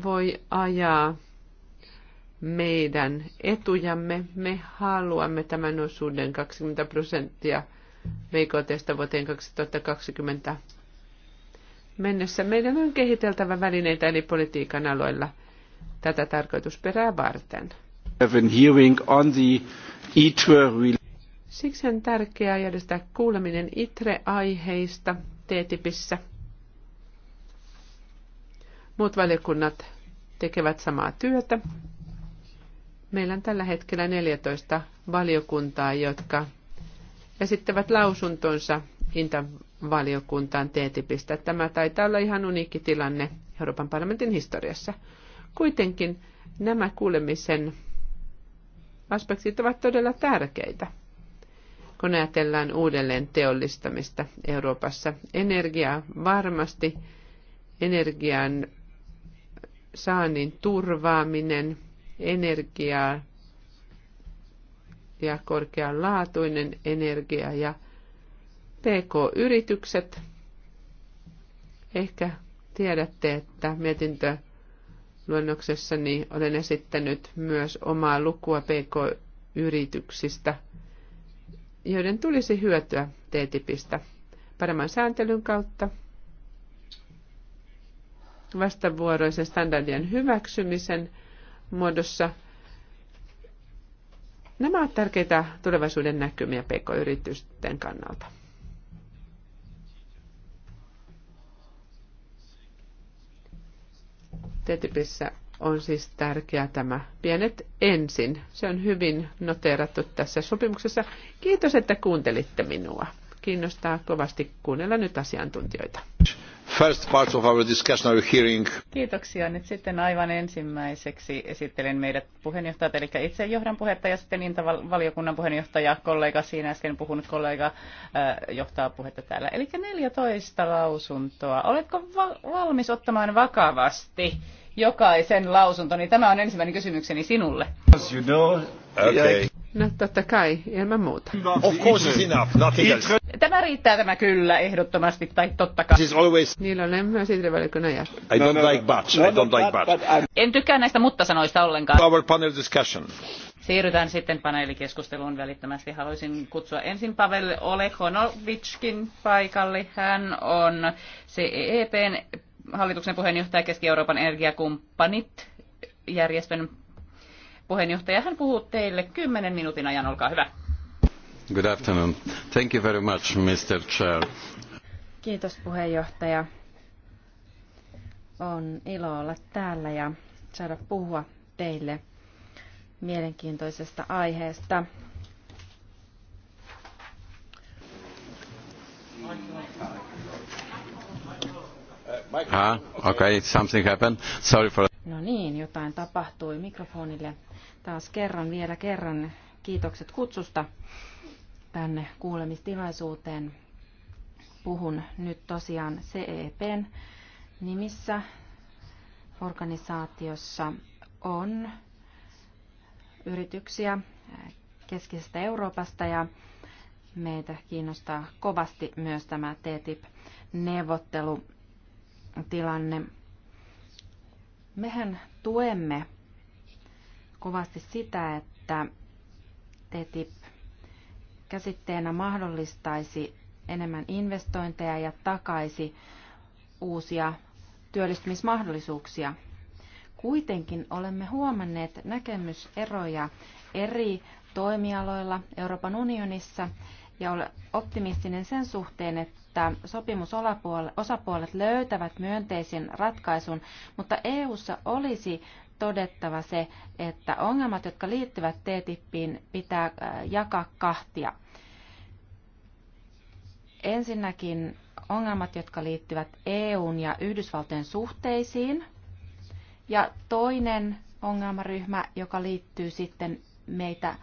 voi ajaa meidän etujamme. Me haluamme tämän osuuden 20 prosenttia VKTstä vuoteen 2020 mennessä. Meidän on kehiteltävä välineitä eli politiikan aloilla tätä tarkoitusperää varten. Have hearing on the e Siksi on tärkeää järjestää kuuleminen ITRE-aiheista TTIPissä. Muut valiokunnat tekevät samaa työtä. Meillä on tällä hetkellä 14 valiokuntaa, jotka esittävät lausuntonsa Inta-valiokuntaan TTIPistä. Tämä taitaa olla ihan uniikki tilanne Euroopan parlamentin historiassa. Kuitenkin nämä kuulemisen aspektit ovat todella tärkeitä kun ajatellaan uudelleen teollistamista Euroopassa. Energiaa varmasti, energian saannin turvaaminen, energiaa ja korkealaatuinen energia ja PK-yritykset. Ehkä tiedätte, että mietintö luonnoksessani olen esittänyt myös omaa lukua PK-yrityksistä – joiden tulisi hyötyä TTIPistä paremman sääntelyn kautta, vastavuoroisen standardien hyväksymisen muodossa. Nämä ovat tärkeitä tulevaisuuden näkymiä pk-yritysten kannalta. TTIPissä on siis tärkeää tämä pienet ensin. Se on hyvin noteerattu tässä sopimuksessa. Kiitos, että kuuntelitte minua. Kiinnostaa kovasti kuunnella nyt asiantuntijoita first part of our discussion, our hearing. Kiitoksia. Nyt sitten aivan ensimmäiseksi esittelen meidät puheenjohtajat, eli itse johdan puhetta ja sitten Inta-valiokunnan puheenjohtaja, kollega siinä äsken puhunut kollega äh, johtaa puhetta täällä. Eli 14 lausuntoa. Oletko va- valmis ottamaan vakavasti jokaisen lausuntoni? Niin tämä on ensimmäinen kysymykseni sinulle. As you know, okay. E No totta kai, ilman muuta. Of course it's enough, nothing else. Tämä riittää tämä kyllä ehdottomasti, tai totta kai. Siis always... Niillä on myös itrevälikön jäsen. I don't no, no, no. like buts, no, I no, don't like buts. En tykkää näistä mutta-sanoista ollenkaan. Our panel discussion. Siirrytään sitten paneelikeskusteluun välittömästi. Haluaisin kutsua ensin Pavel Olehonovitskin paikalle. Hän on CEEPn hallituksen puheenjohtaja Keski-Euroopan energiakumppanit järjestön puheenjohtaja. Hän puhuu teille 10 minuutin ajan. Olkaa hyvä. Good afternoon. Thank you very much, Mr. Chair. Kiitos puheenjohtaja. On ilo olla täällä ja saada puhua teille mielenkiintoisesta aiheesta. Ah, okay, something happened. Sorry for... No niin, jotain tapahtui mikrofonille taas kerran, vielä kerran kiitokset kutsusta tänne kuulemistilaisuuteen. Puhun nyt tosiaan CEPn nimissä organisaatiossa on yrityksiä keskisestä Euroopasta ja meitä kiinnostaa kovasti myös tämä TTIP-neuvottelutilanne. E Mehän tuemme kovasti sitä, että TTIP käsitteenä mahdollistaisi enemmän investointeja ja takaisi uusia työllistymismahdollisuuksia. Kuitenkin olemme huomanneet näkemyseroja eri toimialoilla Euroopan unionissa ja olen optimistinen sen suhteen, että sopimusosapuolet löytävät myönteisen ratkaisun, mutta EU:ssa olisi todettava se, että ongelmat, jotka liittyvät TTIPiin, pitää äh, jakaa kahtia. Ensinnäkin ongelmat, jotka liittyvät EUn ja Yhdysvaltojen suhteisiin. Ja toinen ongelmaryhmä, joka liittyy sitten meitä,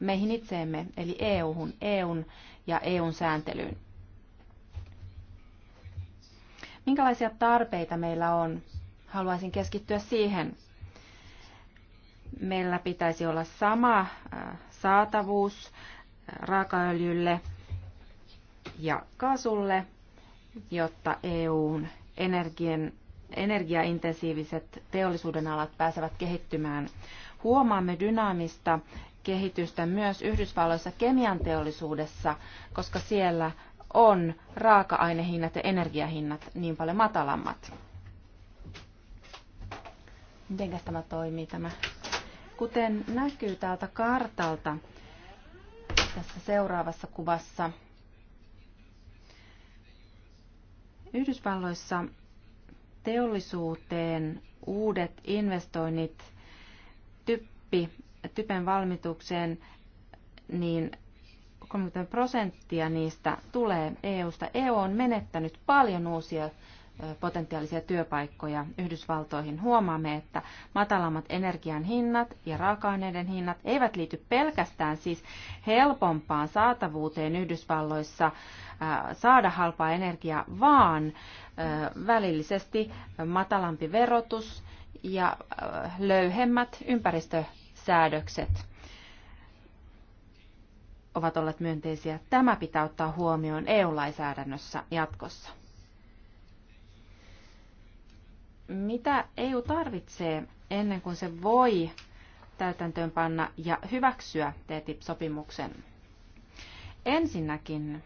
meihin itseemme, eli EUhun, EUn ja EUn sääntelyyn. Minkälaisia tarpeita meillä on? Haluaisin keskittyä siihen meillä pitäisi olla sama äh, saatavuus äh, raakaöljylle ja kaasulle, jotta EUn energian, energiaintensiiviset teollisuuden alat pääsevät kehittymään. Huomaamme dynaamista kehitystä myös Yhdysvalloissa kemian teollisuudessa, koska siellä on raaka-ainehinnat ja energiahinnat niin paljon matalammat. Miten tämä toimii tämä Kuten näkyy täältä kartalta tässä seuraavassa kuvassa, Yhdysvalloissa teollisuuteen uudet investoinnit typpi, typen valmitukseen, niin 30 prosenttia niistä tulee EUsta. EU on menettänyt paljon uusia potentiaalisia työpaikkoja Yhdysvaltoihin, huomaamme, että matalammat energian hinnat ja raaka-aineiden hinnat eivät liity pelkästään siis helpompaan saatavuuteen Yhdysvalloissa äh, saada halpaa energiaa, vaan äh, välillisesti matalampi verotus ja äh, löyhemmät ympäristösäädökset ovat olleet myönteisiä. Tämä pitää ottaa huomioon EU-lainsäädännössä jatkossa mitä EU tarvitsee ennen kuin se voi täytäntöönpanna ja hyväksyä TTIP-sopimuksen? Ensinnäkin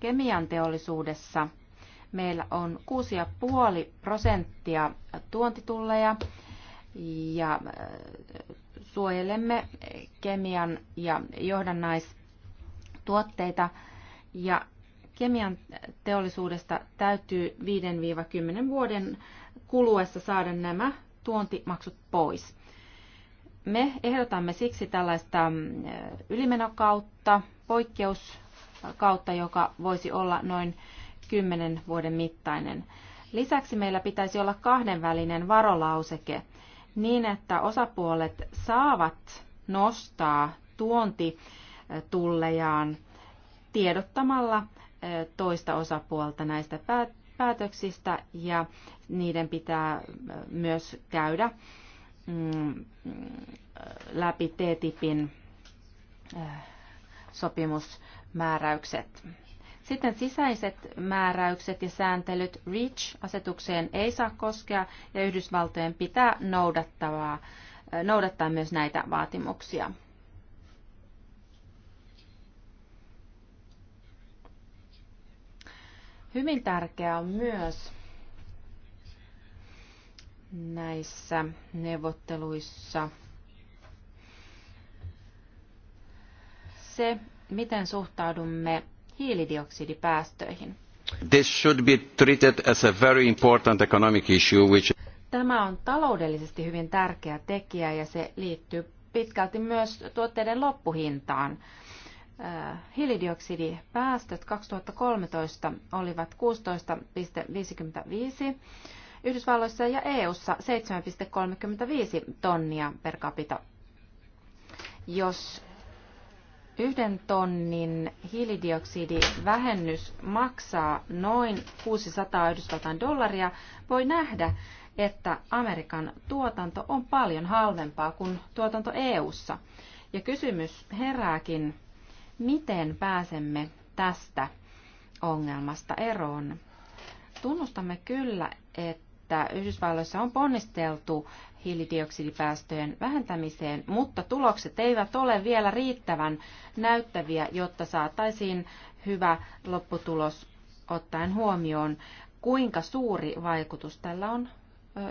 kemian teollisuudessa meillä on 6,5 prosenttia tuontitulleja ja äh, suojelemme kemian ja johdannaistuotteita ja kemian teollisuudesta täytyy 5-10 vuoden kuluessa saada nämä tuontimaksut pois. Me ehdotamme siksi tällaista mm, ylimenokautta, poikkeuskautta, joka voisi olla noin 10 vuoden mittainen. Lisäksi meillä pitäisi olla kahdenvälinen varolauseke niin, että osapuolet saavat nostaa tuontitullejaan tiedottamalla toista osapuolta näistä päät- päätöksistä ja niiden pitää myös käydä mm, läpi TTIPin äh, sopimusmääräykset. Sitten sisäiset määräykset ja sääntelyt REACH-asetukseen ei saa koskea ja Yhdysvaltojen pitää äh, noudattaa myös näitä vaatimuksia. Hyvin tärkeää on myös näissä neuvotteluissa se, miten suhtaudumme hiilidioksidipäästöihin. This should be treated as a very important economic issue which Tämä on taloudellisesti hyvin tärkeä tekijä ja se liittyy pitkälti myös tuotteiden loppuhintaan. Äh, hiilidioksidipäästöt 2013 olivat 16,55 Yhdysvalloissa ja EU:ssa 7,35 tonnia per capita. Jos yhden tonnin hiilidioksidivähennys maksaa noin 600 Yhdysvaltain dollaria, voi nähdä, että Amerikan tuotanto on paljon halvempaa kuin tuotanto EU:ssa. Ja kysymys herääkin, miten pääsemme tästä ongelmasta eroon. Tunnustamme kyllä, että Yhdysvalloissa on ponnisteltu hiilidioksidipäästöjen vähentämiseen, mutta tulokset eivät ole vielä riittävän näyttäviä, jotta saataisiin hyvä lopputulos ottaen huomioon, kuinka suuri vaikutus tällä on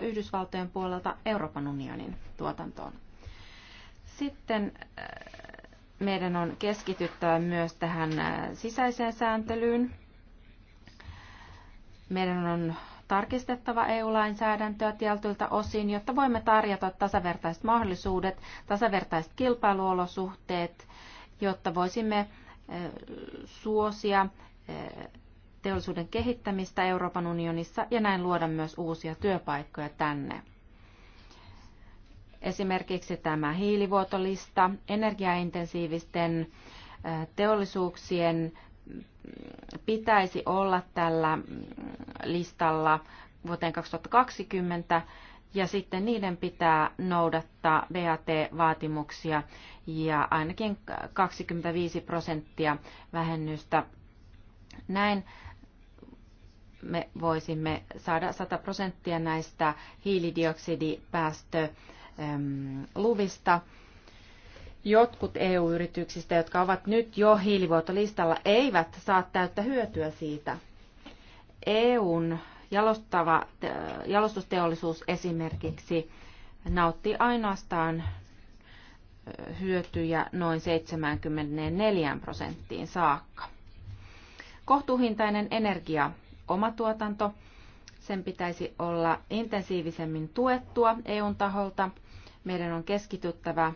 Yhdysvaltojen puolelta Euroopan unionin tuotantoon. Sitten meidän on keskityttävä myös tähän äh, sisäiseen sääntelyyn. Meidän on tarkistettava EU-lainsäädäntöä tietyiltä osin, jotta voimme tarjota tasavertaiset mahdollisuudet, tasavertaiset kilpailuolosuhteet, jotta voisimme äh, suosia äh, teollisuuden kehittämistä Euroopan unionissa ja näin luoda myös uusia työpaikkoja tänne. Esimerkiksi tämä hiilivuotolista, energiaintensiivisten teollisuuksien mm, pitäisi olla tällä mm, listalla vuoteen 2020 ja sitten niiden pitää noudattaa BAT-vaatimuksia ja ainakin 25 prosenttia vähennystä. Näin me voisimme saada 100 prosenttia näistä hiilidioksidipäästöistä luvista. Jotkut EU-yrityksistä, jotka ovat nyt jo hiilivuotolistalla, eivät saa täyttä hyötyä siitä. EUn jalostava, jalostusteollisuus esimerkiksi nautti ainoastaan hyötyjä noin 74 prosenttiin saakka. Kohtuuhintainen energia, omatuotanto, sen pitäisi olla intensiivisemmin tuettua EUn taholta – meidän on keskityttävä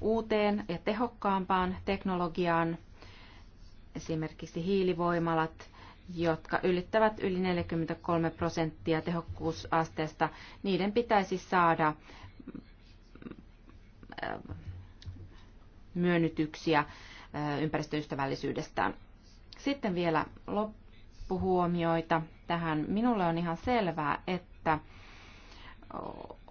uuteen ja tehokkaampaan teknologiaan, esimerkiksi hiilivoimalat, jotka ylittävät yli 43 prosenttia tehokkuusasteesta, niiden pitäisi saada äh, myönnytyksiä äh, ympäristöystävällisyydestään. Sitten vielä loppuhuomioita tähän. Minulle on ihan selvää, että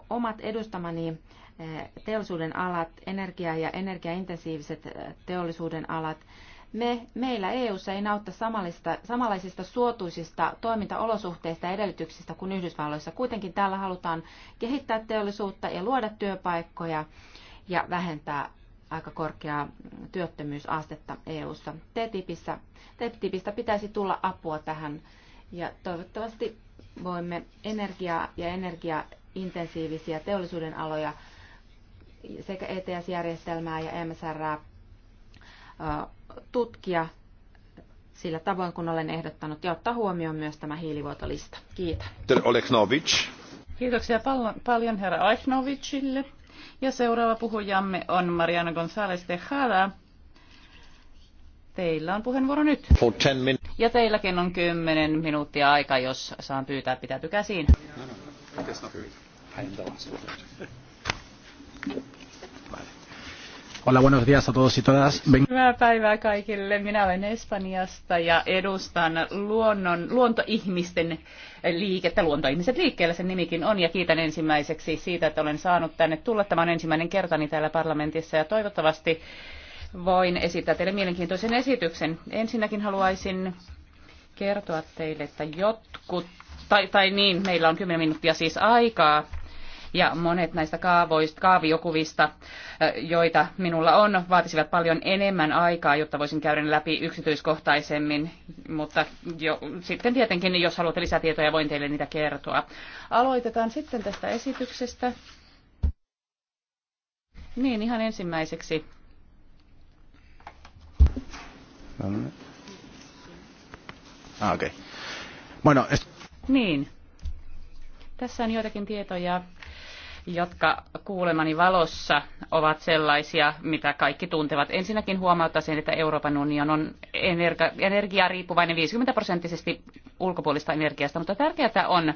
omat edustamani eh, teollisuuden alat, energia- ja energiaintensiiviset eh, teollisuuden alat, me, meillä EU:ssa ei nautta samanlaisista, samanlaisista suotuisista toimintaolosuhteista ja edellytyksistä kuin Yhdysvalloissa. Kuitenkin täällä halutaan kehittää teollisuutta ja luoda työpaikkoja ja vähentää aika korkeaa työttömyysastetta EU:ssa. TTIPissä, TTIPistä pitäisi tulla apua tähän ja toivottavasti voimme energiaa ja energia intensiivisiä teollisuuden aloja sekä ETS-järjestelmää ja MSR tutkia sillä tavoin, kun olen ehdottanut, ja ottaa huomioon myös tämä hiilivuotolista. Kiitos. Kiitoksia pal- paljon herra Aichnovicille. Ja seuraava puhujamme on Mariana González Tejada. Teillä on puheenvuoro nyt. ja teilläkin on 10 minuuttia aika, jos saan pyytää pitäytykää siinä. No, no. Hola, buenos días a todos y todas. Hyvää päivää kaikille. Minä olen Espanjasta ja edustan luonnon, luontoihmisten liikettä. Luontoihmiset liikkeellä sen nimikin on ja kiitän ensimmäiseksi siitä, että olen saanut tänne tulla. Tämä on ensimmäinen kertani täällä parlamentissa ja toivottavasti voin esittää teille mielenkiintoisen esityksen. Ensinnäkin haluaisin kertoa teille, että jotkut tai, tai niin, meillä on 10 minuuttia siis aikaa. Ja monet näistä kaavoista, kaaviokuvista, joita minulla on, vaatisivat paljon enemmän aikaa, jotta voisin käydä ne läpi yksityiskohtaisemmin. Mutta jo, sitten tietenkin, jos haluatte lisätietoja, voin teille niitä kertoa. Aloitetaan sitten tästä esityksestä. Niin, ihan ensimmäiseksi. No niin. Ah, okay. Bueno, niin, tässä on joitakin tietoja, jotka kuulemani valossa ovat sellaisia, mitä kaikki tuntevat. Ensinnäkin huomauttaisin, että Euroopan union on energia, riippuvainen 50 prosenttisesti ulkopuolista energiasta, mutta tärkeää on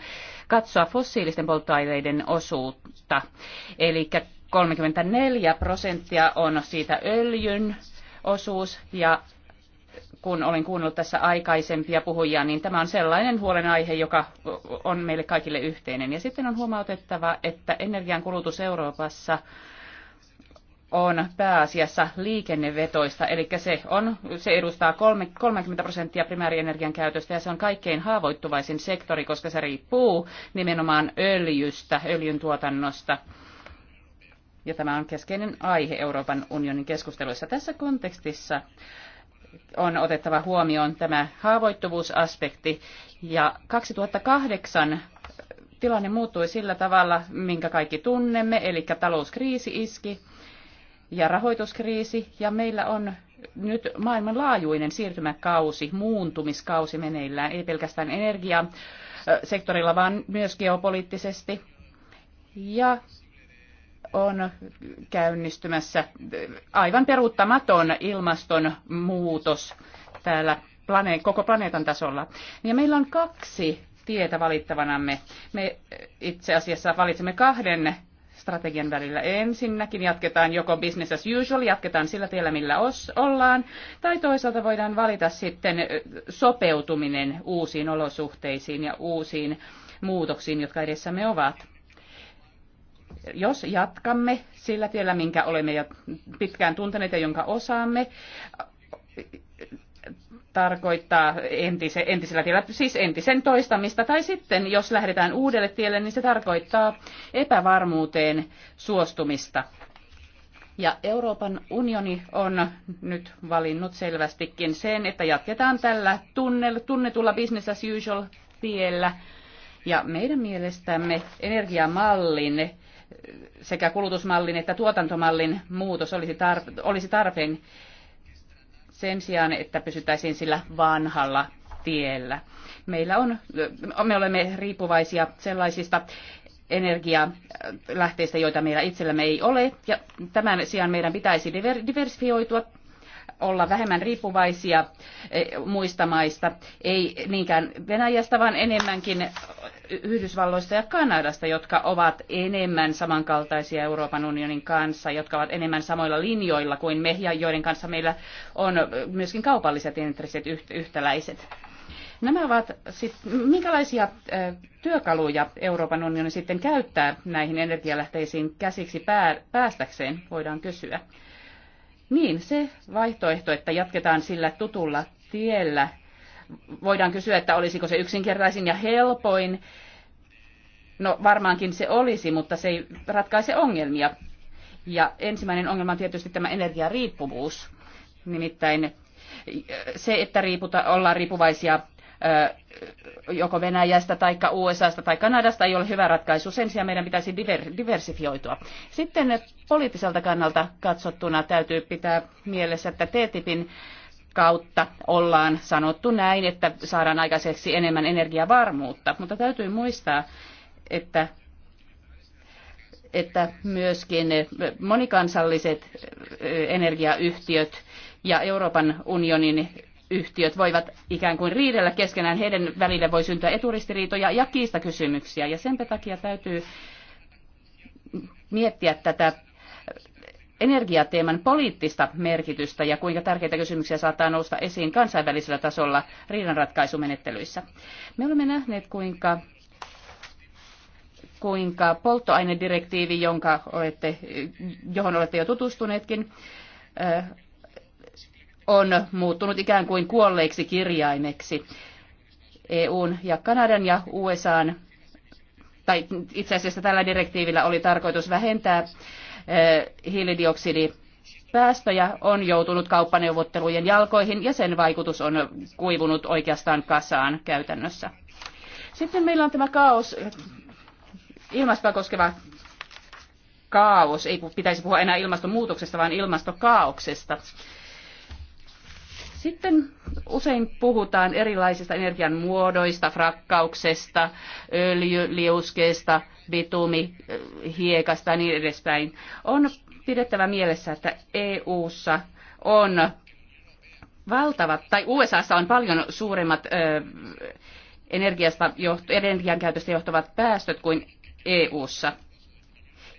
katsoa fossiilisten polttoaineiden osuutta. Eli 34 prosenttia on siitä öljyn osuus ja kun olen kuunnellut tässä aikaisempia puhujia, niin tämä on sellainen huolenaihe, joka on meille kaikille yhteinen. Ja sitten on huomautettava, että energian kulutus Euroopassa on pääasiassa liikennevetoista, eli se, on, se edustaa 30 prosenttia primäärienergian käytöstä ja se on kaikkein haavoittuvaisin sektori, koska se riippuu nimenomaan öljystä, öljyn tuotannosta. Ja tämä on keskeinen aihe Euroopan unionin keskusteluissa. Tässä kontekstissa on otettava huomioon tämä haavoittuvuusaspekti. Ja 2008 tilanne muuttui sillä tavalla, minkä kaikki tunnemme, eli talouskriisi iski ja rahoituskriisi, ja meillä on nyt maailmanlaajuinen siirtymäkausi, muuntumiskausi meneillään, ei pelkästään energiasektorilla, vaan myös geopoliittisesti. Ja on käynnistymässä aivan peruuttamaton ilmastonmuutos täällä plane- koko planeetan tasolla. Ja meillä on kaksi tietä valittavanamme. Me itse asiassa valitsemme kahden strategian välillä. Ensinnäkin jatketaan joko business as usual, jatketaan sillä tiellä, millä os, ollaan, tai toisaalta voidaan valita sitten sopeutuminen uusiin olosuhteisiin ja uusiin muutoksiin, jotka edessämme ovat. Jos jatkamme sillä tiellä, minkä olemme jo pitkään tunteneet ja jonka osaamme, tarkoittaa entise, entisellä tiellä, siis entisen toistamista, tai sitten jos lähdetään uudelle tielle, niin se tarkoittaa epävarmuuteen suostumista. Ja Euroopan unioni on nyt valinnut selvästikin sen, että jatketaan tällä tunnetulla business as usual tiellä. Ja meidän mielestämme energiamallin sekä kulutusmallin että tuotantomallin muutos olisi, tarpe- olisi tarpeen sen sijaan, että pysyttäisiin sillä vanhalla tiellä. Meillä on, me olemme riippuvaisia sellaisista energialähteistä, joita meillä itsellämme ei ole. Ja tämän sijaan meidän pitäisi diversifioitua olla vähemmän riippuvaisia e, muista maista, ei niinkään Venäjästä, vaan enemmänkin Yhdysvalloista ja Kanadasta, jotka ovat enemmän samankaltaisia Euroopan unionin kanssa, jotka ovat enemmän samoilla linjoilla kuin me ja joiden kanssa meillä on myöskin kaupalliset intressit yhtäläiset. Nämä ovat sit, minkälaisia e, työkaluja Euroopan unioni sitten käyttää näihin energialähteisiin käsiksi päästäkseen, voidaan kysyä. Niin, se vaihtoehto, että jatketaan sillä tutulla tiellä, voidaan kysyä, että olisiko se yksinkertaisin ja helpoin. No varmaankin se olisi, mutta se ei ratkaise ongelmia. Ja ensimmäinen ongelma on tietysti tämä energiariippuvuus. Nimittäin se, että riiputa, ollaan riippuvaisia joko Venäjästä tai USAsta tai Kanadasta ei ole hyvä ratkaisu. Sen sijaan meidän pitäisi diver, diversifioitua. Sitten poliittiselta kannalta katsottuna täytyy pitää mielessä, että TTIPin kautta ollaan sanottu näin, että saadaan aikaiseksi enemmän energiavarmuutta. Mutta täytyy muistaa, että että myöskin monikansalliset energiayhtiöt ja Euroopan unionin yhtiöt voivat ikään kuin riidellä keskenään, heidän välille voi syntyä eturistiriitoja ja kiistakysymyksiä. Ja sen takia täytyy miettiä tätä energiateeman poliittista merkitystä ja kuinka tärkeitä kysymyksiä saattaa nousta esiin kansainvälisellä tasolla riidanratkaisumenettelyissä. Me olemme nähneet, kuinka kuinka polttoainedirektiivi, jonka olette, johon olette jo tutustuneetkin, on muuttunut ikään kuin kuolleiksi kirjaimeksi. EUn ja Kanadan ja USAn, tai itse asiassa tällä direktiivillä oli tarkoitus vähentää eh, hiilidioksidi päästöjä on joutunut kauppaneuvottelujen jalkoihin ja sen vaikutus on kuivunut oikeastaan kasaan käytännössä. Sitten meillä on tämä kaos, ilmastoa koskeva kaos, ei pitäisi puhua enää ilmastonmuutoksesta, vaan ilmastokaauksesta. Sitten usein puhutaan erilaisista energian muodoista, frakkauksesta, öljyliuskeesta, bitumi, hiekasta ja niin edespäin. On pidettävä mielessä, että EU:ssa on valtavat, tai USAssa on paljon suuremmat ö, energiasta johtu, energian käytöstä johtuvat päästöt kuin EU:ssa.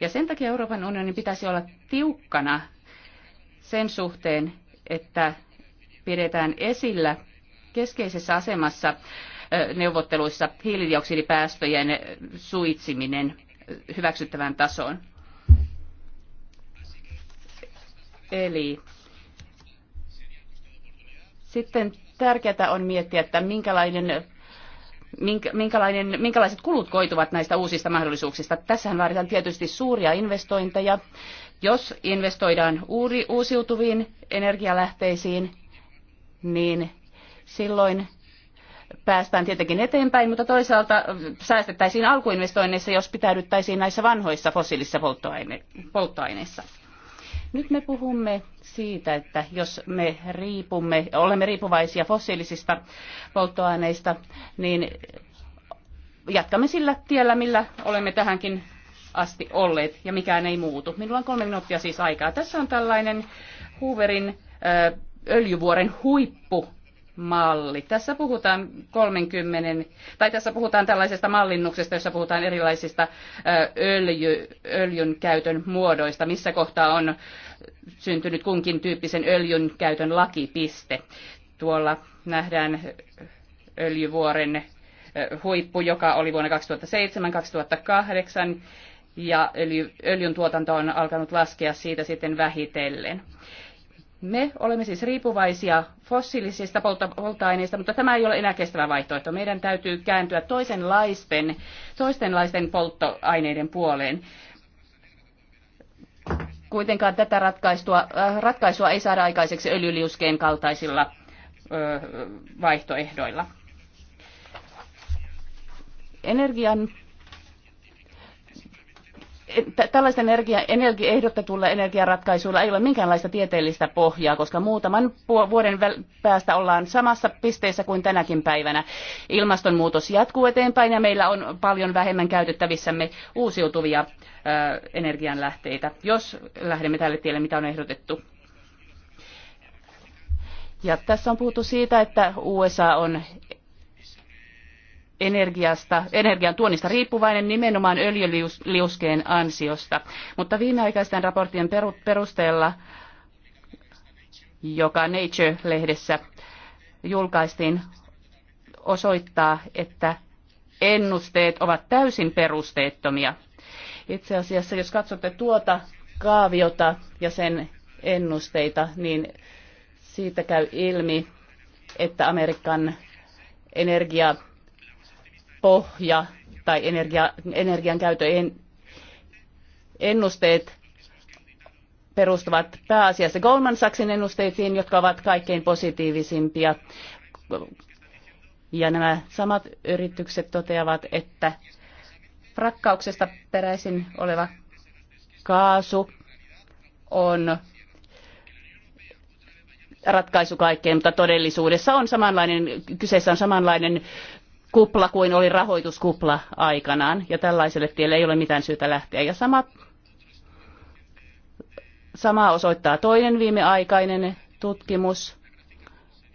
Ja sen takia Euroopan unionin pitäisi olla tiukkana sen suhteen, että pidetään esillä keskeisessä asemassa neuvotteluissa hiilidioksidipäästöjen suitsiminen hyväksyttävään tasoon. Eli sitten tärkeää on miettiä, että minkälainen, minkälainen, minkälaiset kulut koituvat näistä uusista mahdollisuuksista. Tässähän vaaditaan tietysti suuria investointeja. Jos investoidaan uusiutuviin energialähteisiin, niin silloin päästään tietenkin eteenpäin, mutta toisaalta säästettäisiin alkuinvestoinneissa, jos pitäydyttäisiin näissä vanhoissa fossiilisissa polttoaine- polttoaineissa. Nyt me puhumme siitä, että jos me riipumme, olemme riippuvaisia fossiilisista polttoaineista, niin jatkamme sillä tiellä, millä olemme tähänkin asti olleet ja mikään ei muutu. Minulla on kolme minuuttia siis aikaa. Tässä on tällainen Hooverin öljyvuoren huippumalli. Tässä puhutaan 30, tai tässä puhutaan tällaisesta mallinnuksesta, jossa puhutaan erilaisista öljy, öljyn käytön muodoista, missä kohtaa on syntynyt kunkin tyyppisen öljyn käytön lakipiste. Tuolla nähdään öljyvuoren huippu, joka oli vuonna 2007-2008, ja öljy, öljyn tuotanto on alkanut laskea siitä sitten vähitellen. Me olemme siis riippuvaisia fossiilisista polta-aineista, mutta tämä ei ole enää kestävä vaihtoehto. Meidän täytyy kääntyä toisenlaisten, toistenlaisten polttoaineiden puoleen. Kuitenkaan tätä ratkaisua, äh, ratkaisua ei saada aikaiseksi öljyliuskeen kaltaisilla äh, vaihtoehdoilla. Energian tällaisten energia, energi, ehdotetulla energiaratkaisuilla ei ole minkäänlaista tieteellistä pohjaa, koska muutaman vuoden päästä ollaan samassa pisteessä kuin tänäkin päivänä. Ilmastonmuutos jatkuu eteenpäin ja meillä on paljon vähemmän käytettävissämme uusiutuvia ö, energianlähteitä, jos lähdemme tälle tielle, mitä on ehdotettu. Ja tässä on puhuttu siitä, että USA on energiasta, energian tuonnista riippuvainen nimenomaan öljyliuskeen ansiosta. Mutta viimeaikaisten raporttien perusteella, joka Nature-lehdessä julkaistiin, osoittaa, että ennusteet ovat täysin perusteettomia. Itse asiassa, jos katsotte tuota kaaviota ja sen ennusteita, niin siitä käy ilmi, että Amerikan energia pohja tai energia, energian käytön ennusteet perustuvat pääasiassa Goldman Sachsin ennusteisiin, jotka ovat kaikkein positiivisimpia. Ja nämä samat yritykset toteavat, että rakkauksesta peräisin oleva kaasu on ratkaisu kaikkeen, mutta todellisuudessa on samanlainen, kyseessä on samanlainen kupla kuin oli rahoituskupla aikanaan. Ja tällaiselle tielle ei ole mitään syytä lähteä. Ja sama, samaa osoittaa toinen viimeaikainen tutkimus,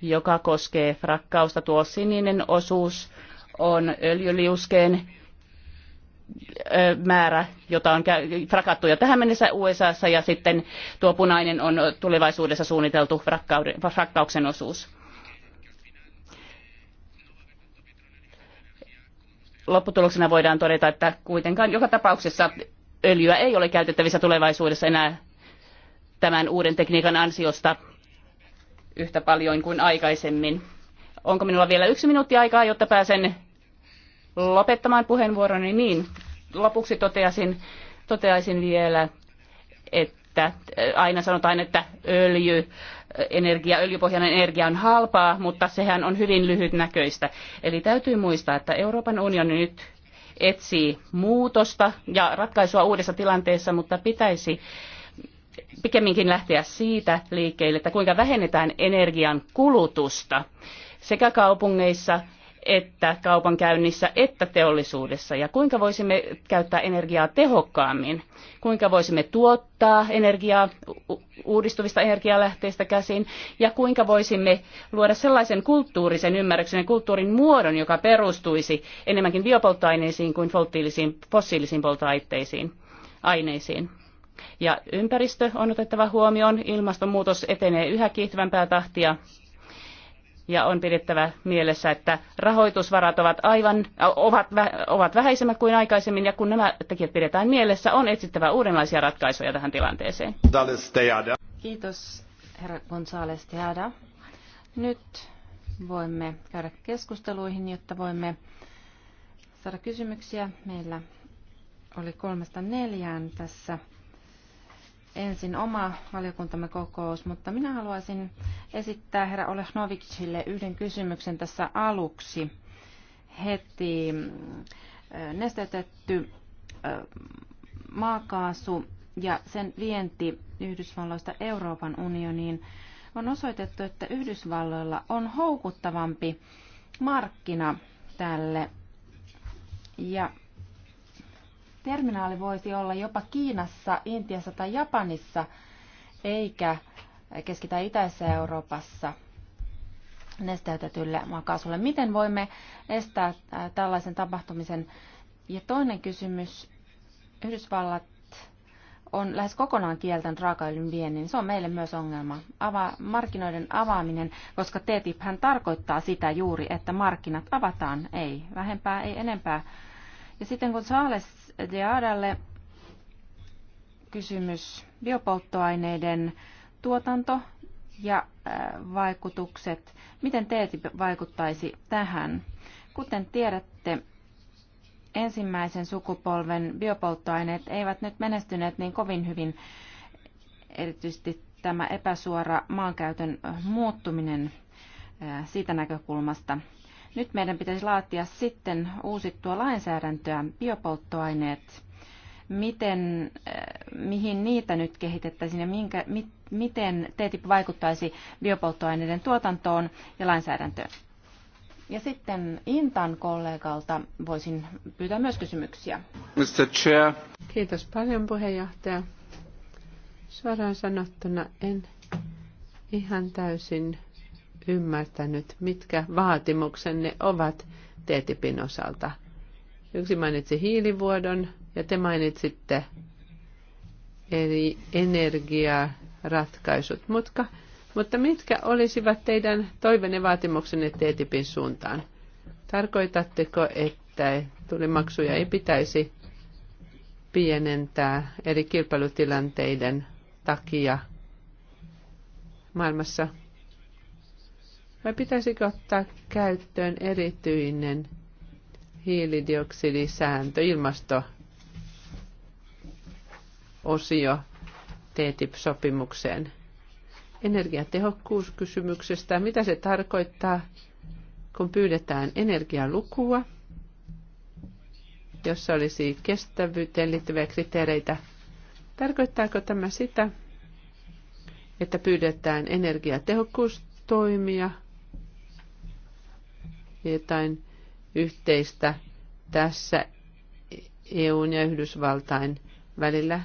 joka koskee frakkausta. Tuo sininen osuus on öljyliuskeen määrä, jota on frakattu jo tähän mennessä USAssa ja sitten tuo punainen on tulevaisuudessa suunniteltu frakkauksen osuus. lopputuloksena voidaan todeta, että kuitenkaan joka tapauksessa öljyä ei ole käytettävissä tulevaisuudessa enää tämän uuden tekniikan ansiosta yhtä paljon kuin aikaisemmin. Onko minulla vielä yksi minuutti aikaa, jotta pääsen lopettamaan puheenvuoroni? Niin, lopuksi toteaisin, toteaisin vielä, että aina sanotaan, että öljy energia, öljypohjainen energia on halpaa, mutta sehän on hyvin lyhytnäköistä. Eli täytyy muistaa, että Euroopan unioni nyt etsii muutosta ja ratkaisua uudessa tilanteessa, mutta pitäisi pikemminkin lähteä siitä liikkeelle, että kuinka vähennetään energian kulutusta sekä kaupungeissa että kaupankäynnissä että teollisuudessa ja kuinka voisimme käyttää energiaa tehokkaammin, kuinka voisimme tuottaa energiaa uudistuvista energialähteistä käsin ja kuinka voisimme luoda sellaisen kulttuurisen ymmärryksen ja kulttuurin muodon, joka perustuisi enemmänkin biopolttoaineisiin kuin fossiilisiin polttoaineisiin. Aineisiin. Ja ympäristö on otettava huomioon. Ilmastonmuutos etenee yhä kiihtyvämpää tahtia ja on pidettävä mielessä, että rahoitusvarat ovat, aivan, ovat, ovat vähäisemmät kuin aikaisemmin ja kun nämä tekijät pidetään mielessä, on etsittävä uudenlaisia ratkaisuja tähän tilanteeseen. Kiitos herra González Teada. Nyt voimme käydä keskusteluihin, jotta voimme saada kysymyksiä. Meillä oli kolmesta neljään tässä ensin oma valiokuntamme kokous, mutta minä haluaisin esittää herra Olehnovicille yhden kysymyksen tässä aluksi. Heti mm, nestetetty maakaasu ja sen vienti Yhdysvalloista Euroopan unioniin on osoitettu, että Yhdysvalloilla on houkuttavampi markkina tälle ja terminaali voisi olla jopa Kiinassa, Intiassa tai Japanissa, eikä Keski- tai Itäisessä Euroopassa nesteytetylle maakaasulle. Miten voimme estää äh, tällaisen tapahtumisen? Ja toinen kysymys. Yhdysvallat on lähes kokonaan kieltänyt raakaöljyn viennin. Se on meille myös ongelma. Ava, markkinoiden avaaminen, koska TTIP hän tarkoittaa sitä juuri, että markkinat avataan. Ei vähempää, ei enempää. Ja sitten kun Saales Dearalle kysymys biopolttoaineiden tuotanto ja äh, vaikutukset. Miten TTIP vaikuttaisi tähän? Kuten tiedätte, ensimmäisen sukupolven biopolttoaineet eivät nyt menestyneet niin kovin hyvin, erityisesti tämä epäsuora maankäytön muuttuminen äh, siitä näkökulmasta. Nyt meidän pitäisi laatia sitten uusittua lainsäädäntöä, biopolttoaineet, miten, eh, mihin niitä nyt kehitettäisiin ja minkä, mit, miten TTIP vaikuttaisi biopolttoaineiden tuotantoon ja lainsäädäntöön. Ja sitten Intan kollegalta voisin pyytää myös kysymyksiä. Mr. Chair. Kiitos paljon puheenjohtaja. Suoraan sanottuna en ihan täysin ymmärtänyt, mitkä vaatimuksenne ovat TTIPin osalta. Yksi mainitsi hiilivuodon ja te mainitsitte eri energiaratkaisut, mutta, mutta mitkä olisivat teidän toivenne vaatimuksenne TTIPin suuntaan? Tarkoitatteko, että tulimaksuja ei pitäisi pienentää eri kilpailutilanteiden takia maailmassa vai pitäisikö ottaa käyttöön erityinen hiilidioksidisääntö, ilmastoosio TTIP-sopimukseen? Energiatehokkuuskysymyksestä, mitä se tarkoittaa, kun pyydetään energialukua, jossa olisi kestävyyteen liittyviä kriteereitä. Tarkoittaako tämä sitä, että pyydetään energiatehokkuustoimia – jotain yhteistä tässä EUn ja Yhdysvaltain välillä.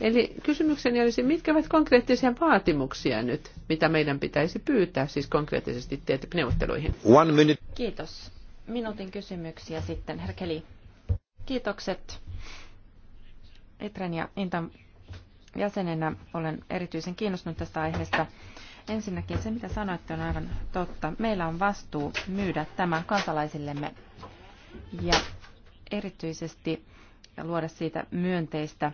Eli kysymykseni olisi, mitkä ovat konkreettisia vaatimuksia nyt, mitä meidän pitäisi pyytää siis konkreettisesti TTIP-neuvotteluihin? One minute. Kiitos. Minuutin kysymyksiä sitten, Herkeli. Kiitokset. Etren ja Intan jäsenenä olen erityisen kiinnostunut tästä aiheesta. Ensinnäkin se, mitä sanoitte, on aivan totta. Meillä on vastuu myydä tämä kansalaisillemme ja erityisesti luoda siitä myönteistä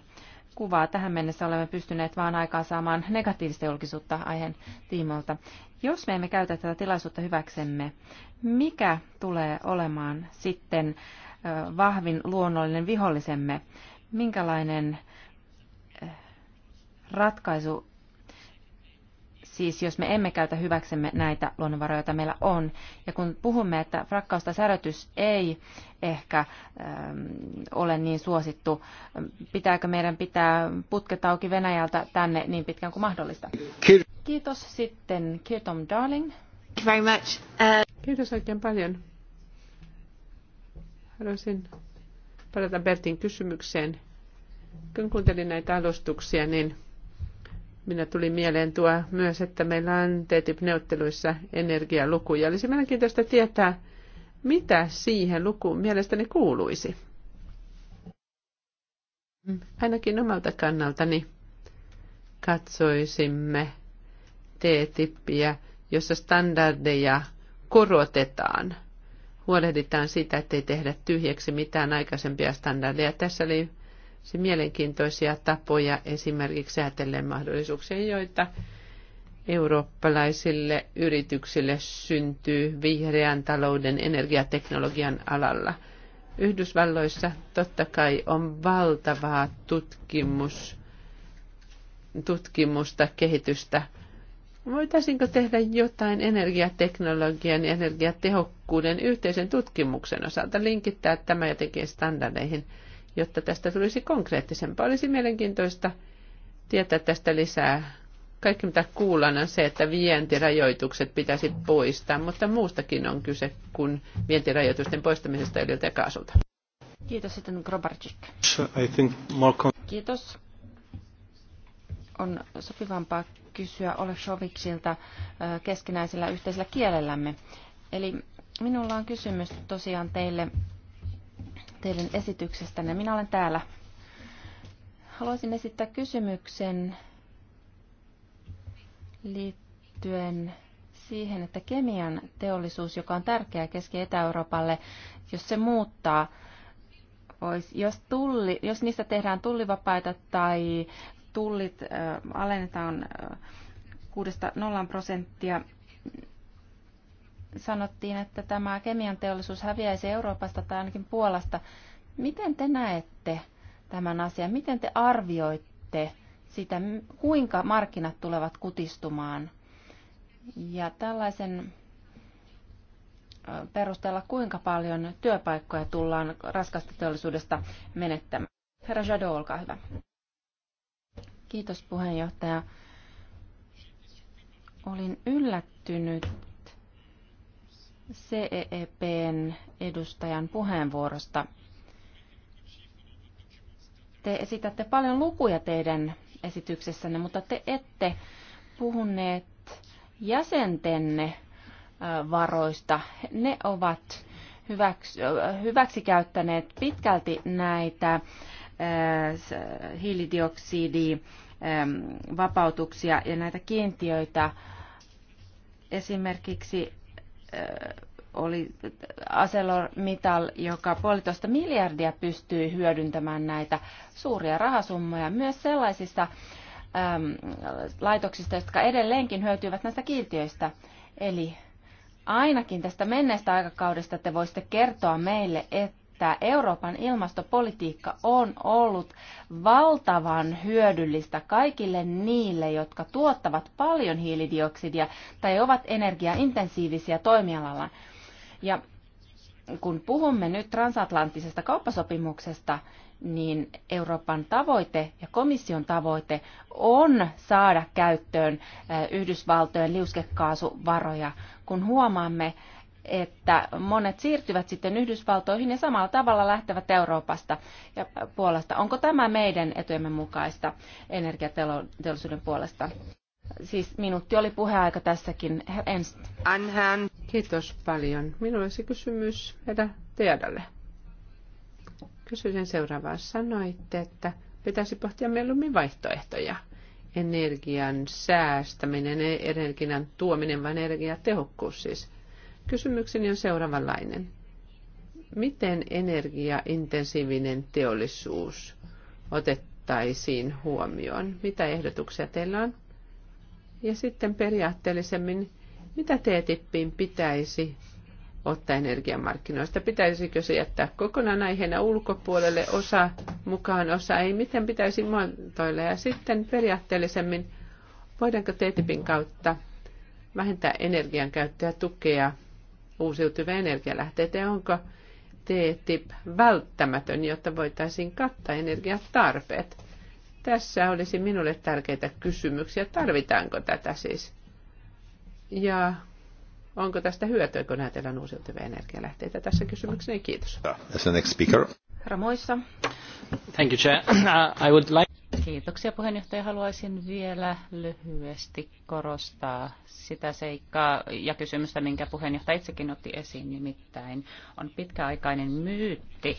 kuvaa. Tähän mennessä olemme pystyneet vain aikaan saamaan negatiivista julkisuutta aiheen tiimolta. Jos me emme käytä tätä tilaisuutta hyväksemme, mikä tulee olemaan sitten vahvin luonnollinen vihollisemme? Minkälainen ratkaisu Siis jos me emme käytä hyväksemme näitä luonnonvaroja, joita meillä on. Ja kun puhumme, että frakkausta särötys ei ehkä ähm, ole niin suosittu, ähm, pitääkö meidän pitää putket auki Venäjältä tänne niin pitkään kuin mahdollista? Kiitos sitten Kirtom Darling. Very much. Uh... Kiitos oikein paljon. Haluaisin palata Bertin kysymykseen. Kun kuuntelin näitä alustuksia, niin minä tuli mieleen tuo myös, että meillä on TTIP-neuvotteluissa energialukuja. Olisi mielenkiintoista tietää, mitä siihen lukuun mielestäni kuuluisi. Ainakin omalta kannaltani katsoisimme TTIPiä, jossa standardeja korotetaan. Huolehditaan sitä, ettei tehdä tyhjäksi mitään aikaisempia standardeja. Tässä oli mielenkiintoisia tapoja esimerkiksi ajatellen mahdollisuuksia, joita eurooppalaisille yrityksille syntyy vihreän talouden energiateknologian alalla. Yhdysvalloissa totta kai on valtavaa tutkimus, tutkimusta, kehitystä. Voitaisinko tehdä jotain energiateknologian ja energiatehokkuuden yhteisen tutkimuksen osalta, linkittää tämä jotenkin standardeihin – jotta tästä tulisi konkreettisempaa. Olisi mielenkiintoista tietää tästä lisää. Kaikki mitä kuullaan on se, että vientirajoitukset pitäisi poistaa, mutta muustakin on kyse kuin vientirajoitusten poistamisesta öljyltä ja kaasulta. Kiitos sitten Grobarczyk. Kiitos. On sopivampaa kysyä Oleshoviksilta keskinäisellä yhteisellä kielellämme. Eli minulla on kysymys tosiaan teille teidän esityksestänne. Minä olen täällä. Haluaisin esittää kysymyksen liittyen siihen, että kemian teollisuus, joka on tärkeä Keski- etä euroopalle jos se muuttaa, pois. Jos, tulli, jos niistä tehdään tullivapaita tai tullit äh, alennetaan äh, 6-0 prosenttia, sanottiin, että tämä kemian teollisuus häviäisi Euroopasta tai ainakin Puolasta. Miten te näette tämän asian? Miten te arvioitte sitä, kuinka markkinat tulevat kutistumaan? Ja tällaisen perusteella, kuinka paljon työpaikkoja tullaan raskasta teollisuudesta menettämään. Herra Jadot, olkaa hyvä. Kiitos puheenjohtaja. Olin yllättynyt CEEPn edustajan puheenvuorosta. Te esitätte paljon lukuja teidän esityksessänne, mutta te ette puhuneet jäsentenne varoista. Ne ovat hyväksi, hyväksikäyttäneet pitkälti näitä hiilidioksidivapautuksia ja näitä kiintiöitä esimerkiksi oli Aselor Mittal, joka puolitoista miljardia pystyi hyödyntämään näitä suuria rahasummoja myös sellaisista äm, laitoksista, jotka edelleenkin hyötyvät näistä kiintiöistä. Eli ainakin tästä menneestä aikakaudesta te voisitte kertoa meille, että että Euroopan ilmastopolitiikka on ollut valtavan hyödyllistä kaikille niille, jotka tuottavat paljon hiilidioksidia tai ovat energiaintensiivisiä toimialalla. Ja kun puhumme nyt transatlanttisesta kauppasopimuksesta, niin Euroopan tavoite ja komission tavoite on saada käyttöön Yhdysvaltojen liuskekaasuvaroja. Kun huomaamme, että monet siirtyvät sitten Yhdysvaltoihin ja samalla tavalla lähtevät Euroopasta ja Puolasta. Onko tämä meidän etujemme mukaista energiateollisuuden puolesta? Siis minuutti oli puheaika tässäkin. Anhan. Kiitos paljon. Minulla olisi kysymys Eda Teadalle. Kysyisin seuraavaa. Sanoitte, että pitäisi pohtia mieluummin vaihtoehtoja. Energian säästäminen, ei energian tuominen, vaan energiatehokkuus siis Kysymykseni on seuraavanlainen. Miten energiaintensiivinen teollisuus otettaisiin huomioon? Mitä ehdotuksia teillä on? Ja sitten periaatteellisemmin, mitä TTIPin pitäisi ottaa energiamarkkinoista? Pitäisikö se jättää kokonaan aiheena ulkopuolelle, osa mukaan, osa ei? Miten pitäisi muotoilla? Ja sitten periaatteellisemmin, voidaanko TTIPin kautta vähentää energian käyttöä, tukea uusiutuvia energialähteitä ja onko TTIP välttämätön, jotta voitaisiin kattaa energiatarpeet? Tässä olisi minulle tärkeitä kysymyksiä. Tarvitaanko tätä siis? Ja onko tästä hyötyä, kun ajatellaan uusiutuvia energialähteitä? Tässä kysymyksessä kiitos. As the next speaker. Ramoissa. Thank you, Chair. Uh, I would like... Kiitoksia puheenjohtaja. Haluaisin vielä lyhyesti korostaa sitä seikkaa ja kysymystä, minkä puheenjohtaja itsekin otti esiin. Nimittäin on pitkäaikainen myytti,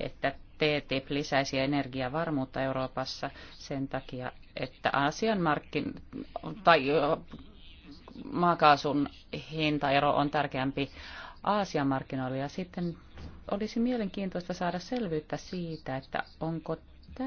että TTIP lisäisi energiavarmuutta Euroopassa sen takia, että Aasian markkin, tai maakaasun hintaero on tärkeämpi Aasian markkinoilla. Ja sitten olisi mielenkiintoista saada selvyyttä siitä, että onko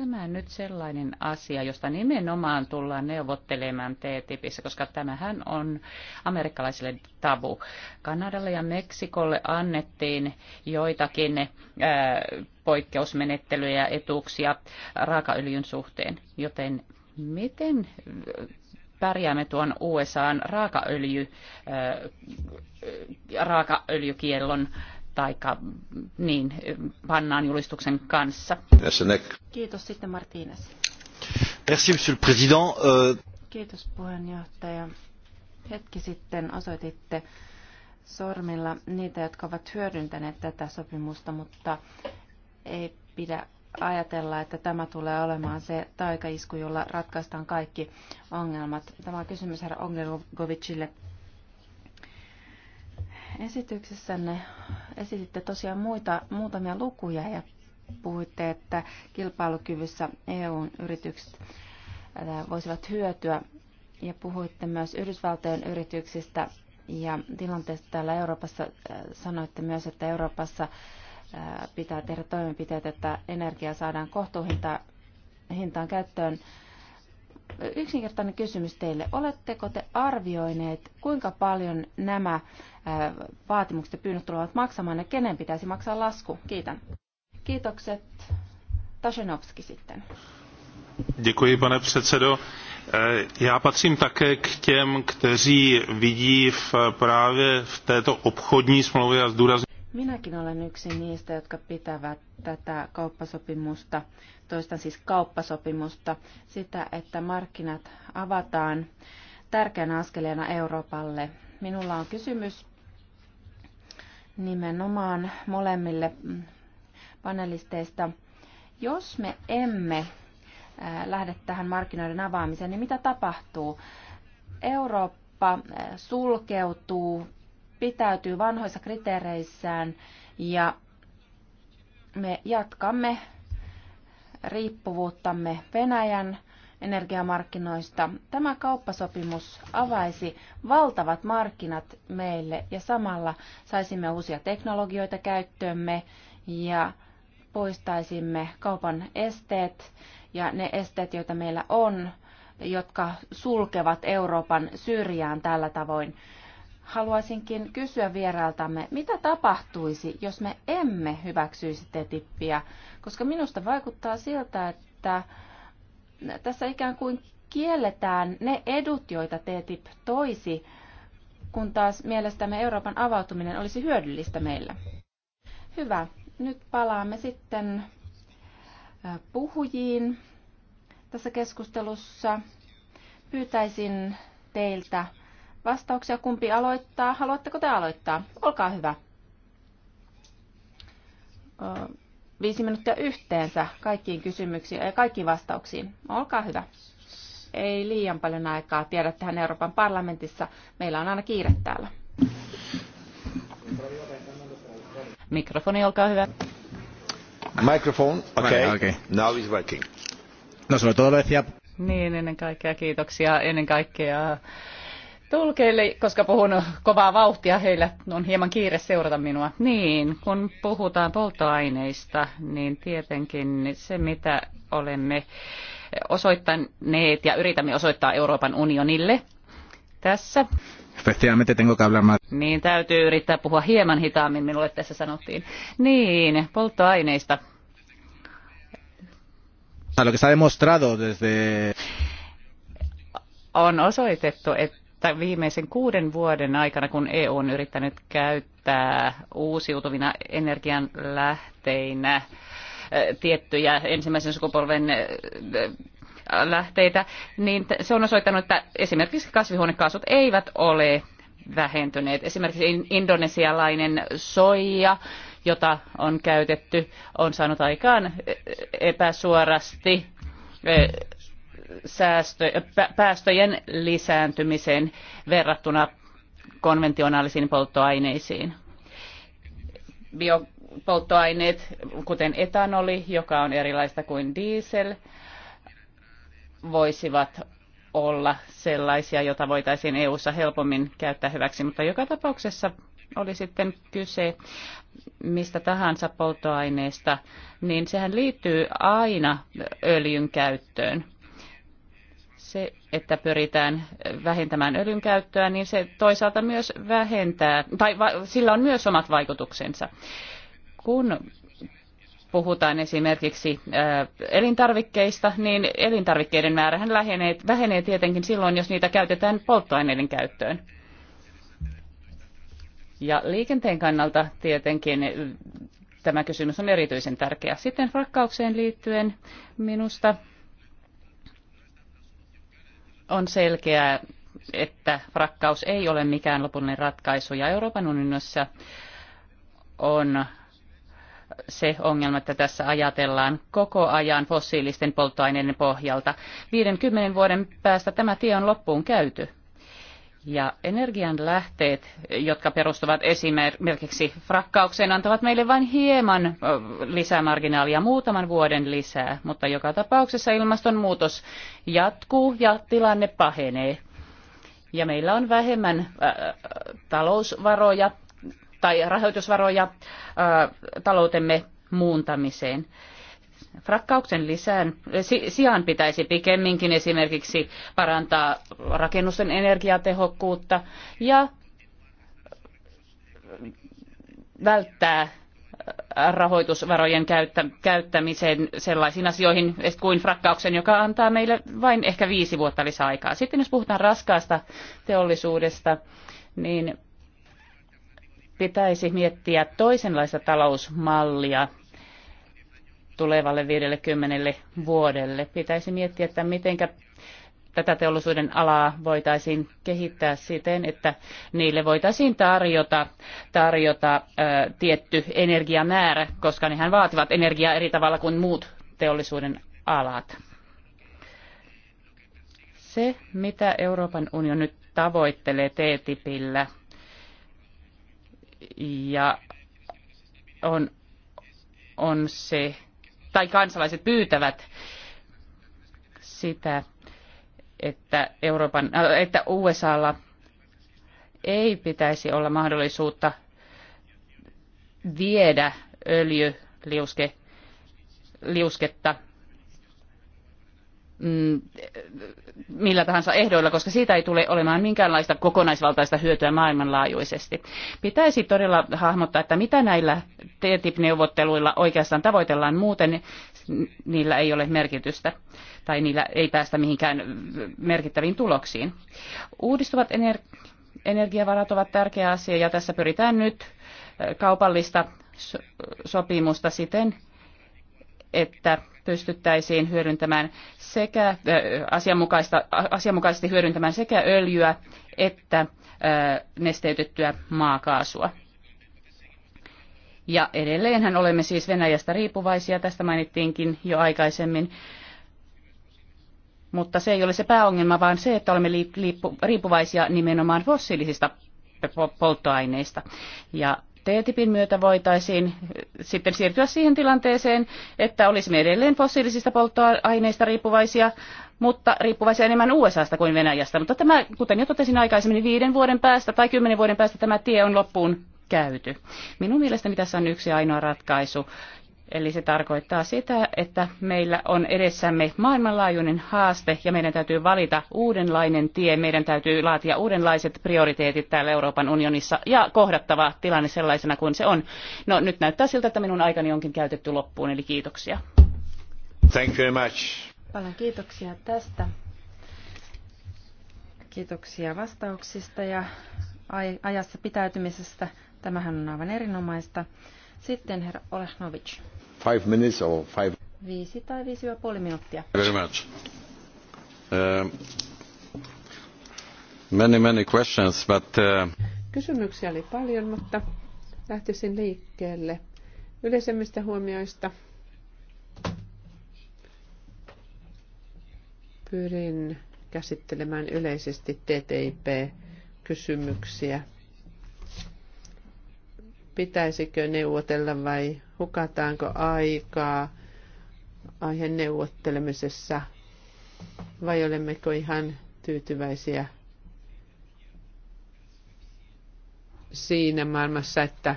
tämä nyt sellainen asia, josta nimenomaan tullaan neuvottelemaan TTIPissä, koska tämähän on amerikkalaisille tabu. Kanadalle ja Meksikolle annettiin joitakin ää, äh, poikkeusmenettelyjä ja etuuksia raakaöljyn suhteen, joten miten äh, pärjäämme tuon USAn raakaöljy, äh, raakaöljykiellon taika mm, niin mm, pannaan julistuksen kanssa. Kiitos sitten Martínez. Merci, monsieur le président. Euh, Kiitos puheenjohtaja. Hetki sitten osoititte sormilla niitä, jotka ovat hyödyntäneet tätä sopimusta, mutta ei pidä ajatella, että tämä tulee olemaan se taikaisku, jolla ratkaistaan kaikki ongelmat. Tämä on kysymys herra Ongelgovicille Esityksessänne esititte tosiaan muita, muutamia lukuja ja puhuitte, että kilpailukyvyssä EUn yritykset äh, voisivat hyötyä ja puhuitte myös Yhdysvaltojen yrityksistä ja tilanteesta täällä Euroopassa. Äh, sanoitte myös, että Euroopassa äh, pitää tehdä toimenpiteet, että energia saadaan kohtuuhintaan käyttöön yksinkertainen kysymys teille. Oletteko te arvioineet, kuinka paljon nämä äh, vaatimukset ja pyynnöt tulevat maksamaan ja kenen pitäisi maksaa lasku? Kiitän. Kiitokset. Tashenovski sitten. Děkuji, pane předsedo. Eh, já patřím také k těm, kteří vidí v, právě v této obchodní smlouvě a zdůrazně Minäkin olen yksi niistä, jotka pitävät tätä kauppasopimusta, toistan siis kauppasopimusta, sitä, että markkinat avataan tärkeänä askeleena Euroopalle. Minulla on kysymys nimenomaan molemmille panelisteista. Jos me emme lähde tähän markkinoiden avaamiseen, niin mitä tapahtuu? Eurooppa sulkeutuu pitäytyy vanhoissa kriteereissään ja me jatkamme riippuvuuttamme Venäjän energiamarkkinoista. Tämä kauppasopimus avaisi valtavat markkinat meille ja samalla saisimme uusia teknologioita käyttöömme ja poistaisimme kaupan esteet ja ne esteet, joita meillä on, jotka sulkevat Euroopan syrjään tällä tavoin. Haluaisinkin kysyä vierailtamme, mitä tapahtuisi, jos me emme hyväksyisi TTIPiä, koska minusta vaikuttaa siltä, että tässä ikään kuin kielletään ne edut, joita TTIP toisi, kun taas mielestämme Euroopan avautuminen olisi hyödyllistä meille. Hyvä. Nyt palaamme sitten puhujiin tässä keskustelussa. Pyytäisin teiltä vastauksia. Kumpi aloittaa? Haluatteko te aloittaa? Olkaa hyvä. Viisi minuuttia yhteensä kaikkiin kysymyksiin ja kaikkiin vastauksiin. Olkaa hyvä. Ei liian paljon aikaa. Tiedättehän Euroopan parlamentissa. Meillä on aina kiire täällä. Mikrofoni, olkaa hyvä. okei. okay. okay. Now is working. No, se on todella Niin, ennen kaikkea kiitoksia. Ennen kaikkea tulkeille, koska puhun kovaa vauhtia, heillä on hieman kiire seurata minua. Niin, kun puhutaan polttoaineista, niin tietenkin se mitä olemme osoittaneet ja yritämme osoittaa Euroopan unionille tässä. Niin täytyy yrittää puhua hieman hitaammin, minulle tässä sanottiin. Niin, polttoaineista. Lo que se ha demostrado desde on osoitettu, että että viimeisen kuuden vuoden aikana, kun EU on yrittänyt käyttää uusiutuvina lähteinä tiettyjä ensimmäisen sukupolven lähteitä, niin se on osoittanut, että esimerkiksi kasvihuonekaasut eivät ole vähentyneet. Esimerkiksi indonesialainen soija, jota on käytetty, on saanut aikaan epäsuorasti säästö, päästöjen lisääntymiseen verrattuna konventionaalisiin polttoaineisiin. Biopolttoaineet, kuten etanoli, joka on erilaista kuin diesel, voisivat olla sellaisia, joita voitaisiin EU:ssa helpommin käyttää hyväksi, mutta joka tapauksessa oli sitten kyse mistä tahansa polttoaineesta, niin sehän liittyy aina öljyn käyttöön se, että pyritään vähentämään öljyn käyttöä, niin se toisaalta myös vähentää, tai va, sillä on myös omat vaikutuksensa. Kun puhutaan esimerkiksi ä, elintarvikkeista, niin elintarvikkeiden määrähän lähenee, vähenee tietenkin silloin, jos niitä käytetään polttoaineiden käyttöön. Ja liikenteen kannalta tietenkin tämä kysymys on erityisen tärkeä. Sitten rakkaukseen liittyen minusta on selkeää, että rakkaus ei ole mikään lopullinen ratkaisu. Ja Euroopan unionissa on se ongelma, että tässä ajatellaan koko ajan fossiilisten polttoaineiden pohjalta. 50 vuoden päästä tämä tie on loppuun käyty. Ja energian lähteet, jotka perustuvat esimerkiksi frakkaukseen, antavat meille vain hieman lisämarginaalia, muutaman vuoden lisää, mutta joka tapauksessa ilmastonmuutos jatkuu ja tilanne pahenee. Ja meillä on vähemmän äh, talousvaroja tai rahoitusvaroja äh, taloutemme muuntamiseen. Frakkauksen lisään, eh, si, sijaan pitäisi pikemminkin esimerkiksi parantaa rakennusten energiatehokkuutta ja eh, välttää eh, rahoitusvarojen käyttä, käyttämisen sellaisiin asioihin kuin frakkauksen, joka antaa meille vain ehkä viisi vuotta lisäaikaa. Sitten jos puhutaan raskaasta teollisuudesta, niin pitäisi miettiä toisenlaista talousmallia tulevalle 50 vuodelle. Pitäisi miettiä, että miten tätä teollisuuden alaa voitaisiin kehittää siten, että niille voitaisiin tarjota, tarjota ää, tietty energiamäärä, koska nehän vaativat energiaa eri tavalla kuin muut teollisuuden alat. Se, mitä Euroopan unioni nyt tavoittelee TTIPillä ja on, on se, tai kansalaiset pyytävät sitä, että, Euroopan, äh, että USAlla ei pitäisi olla mahdollisuutta viedä öljyliusketta, mm, millä tahansa ehdoilla, koska siitä ei tule olemaan minkäänlaista kokonaisvaltaista hyötyä maailmanlaajuisesti. Pitäisi todella hahmottaa, että mitä näillä TTIP-neuvotteluilla oikeastaan tavoitellaan muuten, niillä ei ole merkitystä tai niillä ei päästä mihinkään merkittäviin tuloksiin. Uudistuvat ener- energiavarat ovat tärkeä asia ja tässä pyritään nyt kaupallista so- sopimusta siten, että pystyttäisiin hyödyntämään sekä asianmukaista, asianmukaisesti hyödyntämään sekä öljyä että nesteytettyä maakaasua. Ja edelleenhän olemme siis Venäjästä riippuvaisia, tästä mainittiinkin jo aikaisemmin. Mutta se ei ole se pääongelma, vaan se, että olemme riippuvaisia nimenomaan fossiilisista polttoaineista. Ja TTIPin myötä voitaisiin sitten siirtyä siihen tilanteeseen, että olisimme edelleen fossiilisista polttoaineista riippuvaisia, mutta riippuvaisia enemmän USAsta kuin Venäjästä. Mutta tämä, kuten jo totesin aikaisemmin, niin viiden vuoden päästä tai kymmenen vuoden päästä tämä tie on loppuun käyty. Minun mielestäni tässä on yksi ainoa ratkaisu, Eli se tarkoittaa sitä, että meillä on edessämme maailmanlaajuinen haaste ja meidän täytyy valita uudenlainen tie. Meidän täytyy laatia uudenlaiset prioriteetit täällä Euroopan unionissa ja kohdattava tilanne sellaisena kuin se on. No nyt näyttää siltä, että minun aikani onkin käytetty loppuun, eli kiitoksia. Thank you very much. Paljon kiitoksia tästä. Kiitoksia vastauksista ja ajassa pitäytymisestä. Tämähän on aivan erinomaista. Sitten herra Olehnovic. Five minutes or five... Viisi tai viisi ja puoli minuuttia. Very much. Uh, many, many questions, but... Uh... Kysymyksiä oli paljon, mutta lähtisin liikkeelle yleisemmistä huomioista. Pyrin käsittelemään yleisesti TTIP-kysymyksiä Pitäisikö neuvotella vai hukataanko aikaa aiheen neuvottelemisessa? Vai olemmeko ihan tyytyväisiä siinä maailmassa, että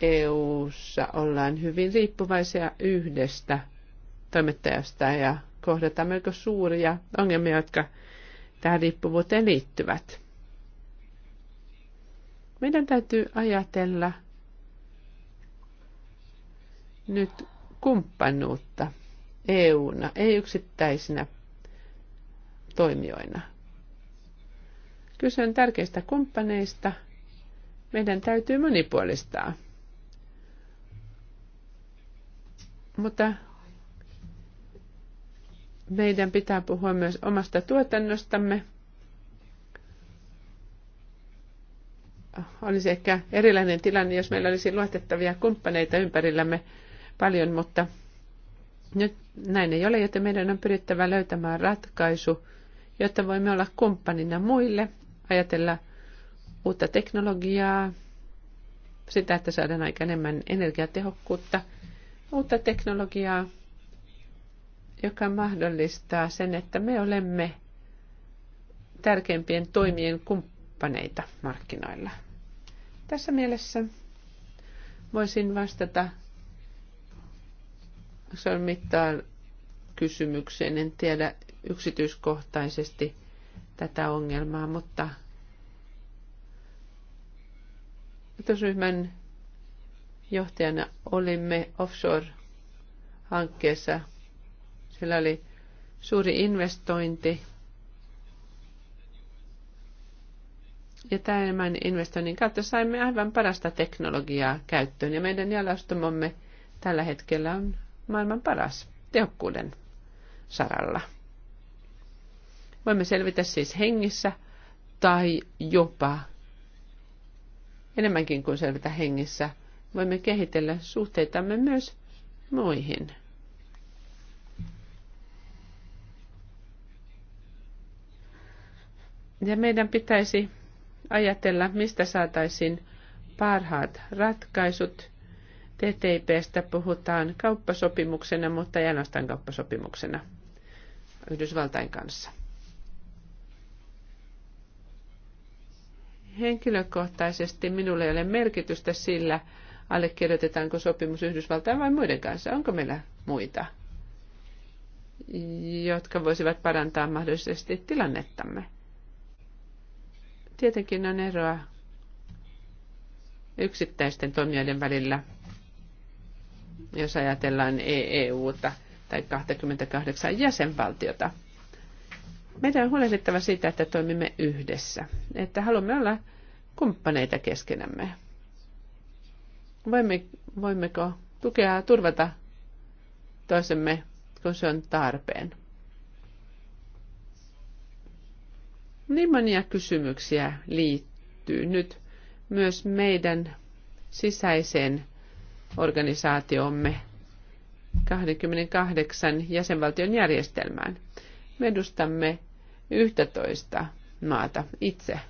EU:ssa ollaan hyvin riippuvaisia yhdestä toimittajasta ja kohdataan melko suuria ongelmia, jotka tähän riippuvuuteen liittyvät. Meidän täytyy ajatella nyt kumppanuutta EUna, ei yksittäisinä toimijoina. Kyse on tärkeistä kumppaneista. Meidän täytyy monipuolistaa. Mutta meidän pitää puhua myös omasta tuotannostamme – olisi ehkä erilainen tilanne, jos meillä olisi luotettavia kumppaneita ympärillämme paljon, mutta nyt näin ei ole, joten meidän on pyrittävä löytämään ratkaisu, jotta voimme olla kumppanina muille, ajatella uutta teknologiaa, sitä, että saadaan aika enemmän energiatehokkuutta, uutta teknologiaa, joka mahdollistaa sen, että me olemme tärkeimpien toimien kumppaneita markkinoilla. Tässä mielessä voisin vastata on mittaan kysymykseen. En tiedä yksityiskohtaisesti tätä ongelmaa, mutta opetusryhmän johtajana olimme offshore-hankkeessa. Sillä oli suuri investointi Ja tämän investoinnin kautta saimme aivan parasta teknologiaa käyttöön ja meidän jalostamomme tällä hetkellä on maailman paras tehokkuuden saralla. Voimme selvitä siis hengissä tai jopa enemmänkin kuin selvitä hengissä. Voimme kehitellä suhteitamme myös muihin. Ja meidän pitäisi ajatella, mistä saataisiin parhaat ratkaisut. TTIPstä puhutaan kauppasopimuksena, mutta ei ainoastaan kauppasopimuksena Yhdysvaltain kanssa. Henkilökohtaisesti minulle ei ole merkitystä sillä, allekirjoitetaanko sopimus Yhdysvaltain vai muiden kanssa. Onko meillä muita, jotka voisivat parantaa mahdollisesti tilannettamme? Tietenkin on eroa yksittäisten toimijoiden välillä, jos ajatellaan EUta e tai 28 jäsenvaltiota. Meidän on huolehdittava siitä, että toimimme yhdessä, että haluamme olla kumppaneita keskenämme. Voimme, voimmeko tukea ja turvata toisemme, kun se on tarpeen. Niin monia kysymyksiä liittyy nyt myös meidän sisäiseen organisaatiomme 28 jäsenvaltion järjestelmään. Me edustamme 11 maata itse.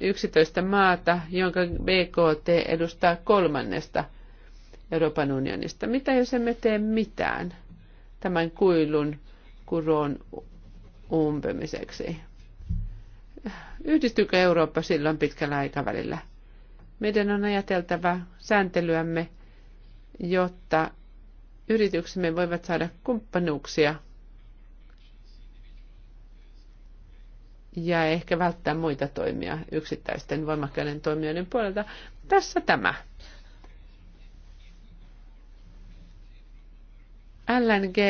Yksitoista maata, jonka BKT edustaa kolmannesta Euroopan unionista. Mitä jos emme tee mitään? tämän kuilun kuroon umpemiseksi. Yhdistyykö Eurooppa silloin pitkällä aikavälillä? Meidän on ajateltava sääntelyämme, jotta yrityksemme voivat saada kumppanuuksia ja ehkä välttää muita toimia yksittäisten voimakkaiden toimijoiden puolelta. Tässä tämä. LNG,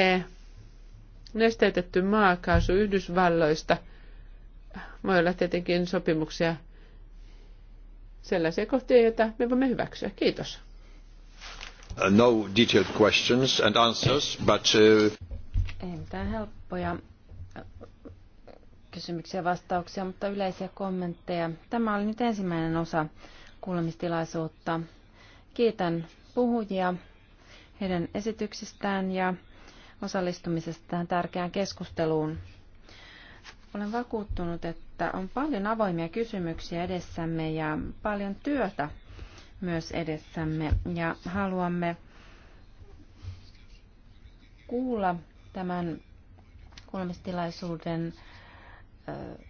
nesteytetty maakaasu Yhdysvalloista, voi olla tietenkin sopimuksia sellaisia kohtia, joita me voimme hyväksyä. Kiitos. Uh, no detailed questions and answers, but... Uh, Ei mitään helppoja uh, kysymyksiä ja vastauksia, mutta yleisiä kommentteja. Tämä oli nyt ensimmäinen osa kuulemistilaisuutta. Kiitän puhujia heidän esityksistään ja osallistumisestaan tärkeään keskusteluun. Olen vakuuttunut, että on paljon avoimia kysymyksiä edessämme ja paljon työtä myös edessämme ja haluamme kuulla tämän kuulemistilaisuuden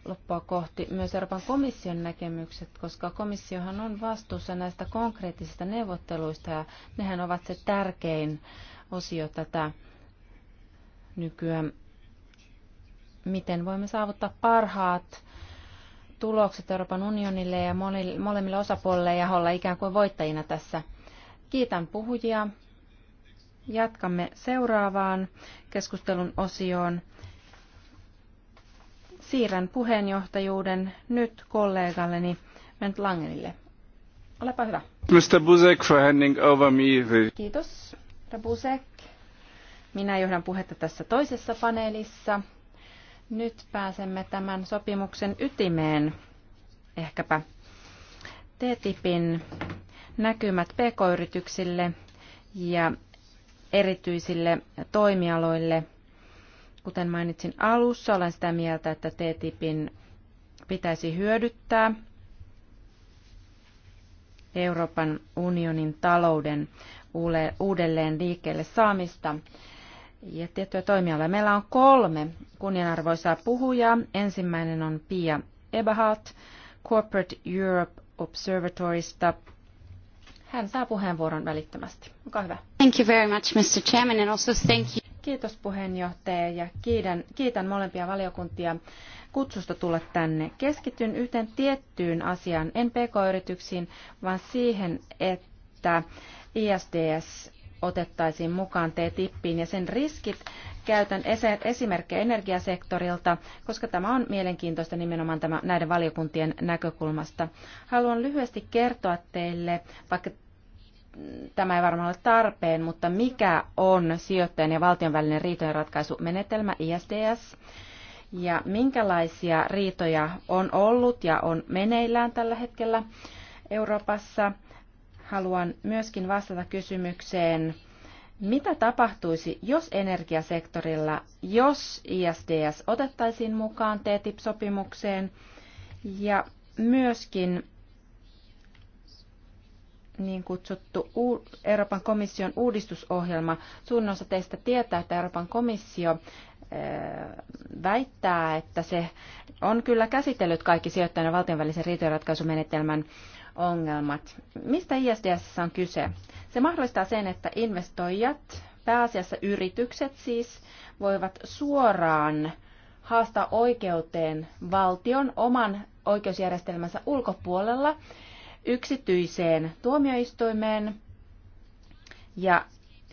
loppua kohti myös Euroopan komission näkemykset, koska komissiohan on vastuussa näistä konkreettisista neuvotteluista ja nehän ovat se tärkein osio tätä nykyään. Miten voimme saavuttaa parhaat tulokset Euroopan unionille ja molemmille osapuolille ja olla ikään kuin voittajina tässä. Kiitän puhujia. Jatkamme seuraavaan keskustelun osioon. Siirrän puheenjohtajuuden nyt kollegalleni Bent Langenille. Olepa hyvä. Mr. Buzek for handing over me. Kiitos, Buzek. Minä johdan puhetta tässä toisessa paneelissa. Nyt pääsemme tämän sopimuksen ytimeen, ehkäpä TTIPin näkymät pk-yrityksille ja erityisille toimialoille Kuten mainitsin alussa, olen sitä mieltä, että TTIPin pitäisi hyödyttää Euroopan unionin talouden uudelleen liikkeelle saamista ja tiettyjä toimialoja. Meillä on kolme kunnianarvoisaa puhujaa. Ensimmäinen on Pia Eberhardt Corporate Europe Observatorista. Hän saa puheenvuoron välittömästi. Olkaa hyvä. Thank you very much, Mr. Chairman, and also thank you. Kiitos puheenjohtaja ja kiitän, kiitän molempia valiokuntia kutsusta tulla tänne. Keskityn yhteen tiettyyn asiaan, en pk-yrityksiin, vaan siihen, että ISDS otettaisiin mukaan TTIPiin ja sen riskit. Käytän esimerkkejä energiasektorilta, koska tämä on mielenkiintoista nimenomaan tämä, näiden valiokuntien näkökulmasta. Haluan lyhyesti kertoa teille, vaikka tämä ei varmaan ole tarpeen, mutta mikä on sijoittajan ja valtion välinen riitojenratkaisumenetelmä ISDS? Ja minkälaisia riitoja on ollut ja on meneillään tällä hetkellä Euroopassa? Haluan myöskin vastata kysymykseen, mitä tapahtuisi, jos energiasektorilla, jos ISDS otettaisiin mukaan TTIP-sopimukseen? Ja myöskin niin kutsuttu Euroopan komission uudistusohjelma. Suurin osa teistä tietää, että Euroopan komissio eh, väittää, että se on kyllä käsitellyt kaikki sijoittajan ja valtion välisen riitojenratkaisumenetelmän ongelmat. Mistä ISDS on kyse? Se mahdollistaa sen, että investoijat, pääasiassa yritykset siis, voivat suoraan haastaa oikeuteen valtion oman oikeusjärjestelmänsä ulkopuolella yksityiseen tuomioistuimeen. Ja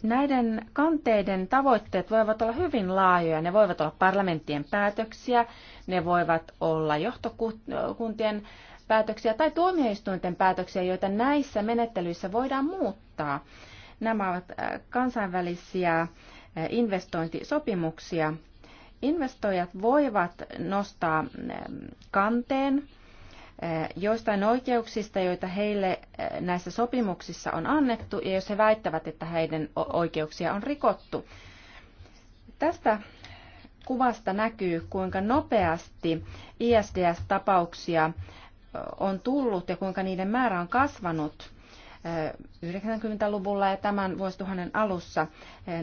näiden kanteiden tavoitteet voivat olla hyvin laajoja. Ne voivat olla parlamenttien päätöksiä, ne voivat olla johtokuntien päätöksiä tai tuomioistuinten päätöksiä, joita näissä menettelyissä voidaan muuttaa. Nämä ovat äh, kansainvälisiä äh, investointisopimuksia. Investoijat voivat nostaa äh, kanteen Eh, joistain oikeuksista, joita heille eh, näissä sopimuksissa on annettu, ja jos he väittävät, että heidän oikeuksia on rikottu. Tästä kuvasta näkyy, kuinka nopeasti ISDS-tapauksia eh, on tullut ja kuinka niiden määrä on kasvanut 90-luvulla ja tämän vuosituhannen alussa.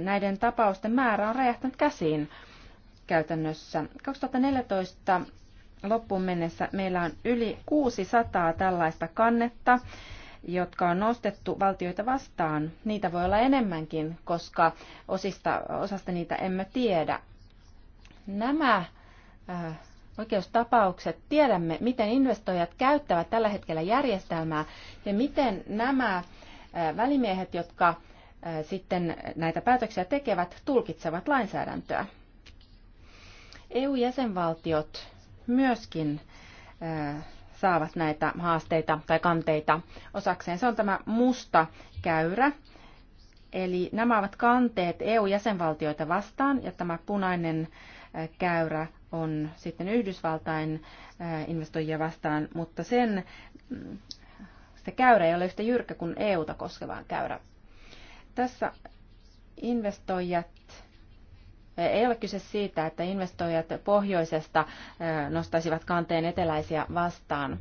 Näiden tapausten määrä on räjähtänyt käsiin käytännössä. 2014 loppuun mennessä meillä on yli 600 tällaista kannetta, jotka on nostettu valtioita vastaan. Niitä voi olla enemmänkin, koska osista, osasta niitä emme tiedä. Nämä äh, oikeustapaukset tiedämme, miten investoijat käyttävät tällä hetkellä järjestelmää ja miten nämä äh, välimiehet, jotka äh, sitten näitä päätöksiä tekevät, tulkitsevat lainsäädäntöä. EU-jäsenvaltiot myöskin saavat näitä haasteita tai kanteita osakseen. Se on tämä musta käyrä. Eli nämä ovat kanteet EU-jäsenvaltioita vastaan ja tämä punainen käyrä on sitten Yhdysvaltain investoijia vastaan, mutta sen mm, se käyrä ei ole yhtä jyrkkä kuin EUta koskevaan käyrä. Tässä investoijat ei ole kyse siitä, että investoijat pohjoisesta nostaisivat kanteen eteläisiä vastaan.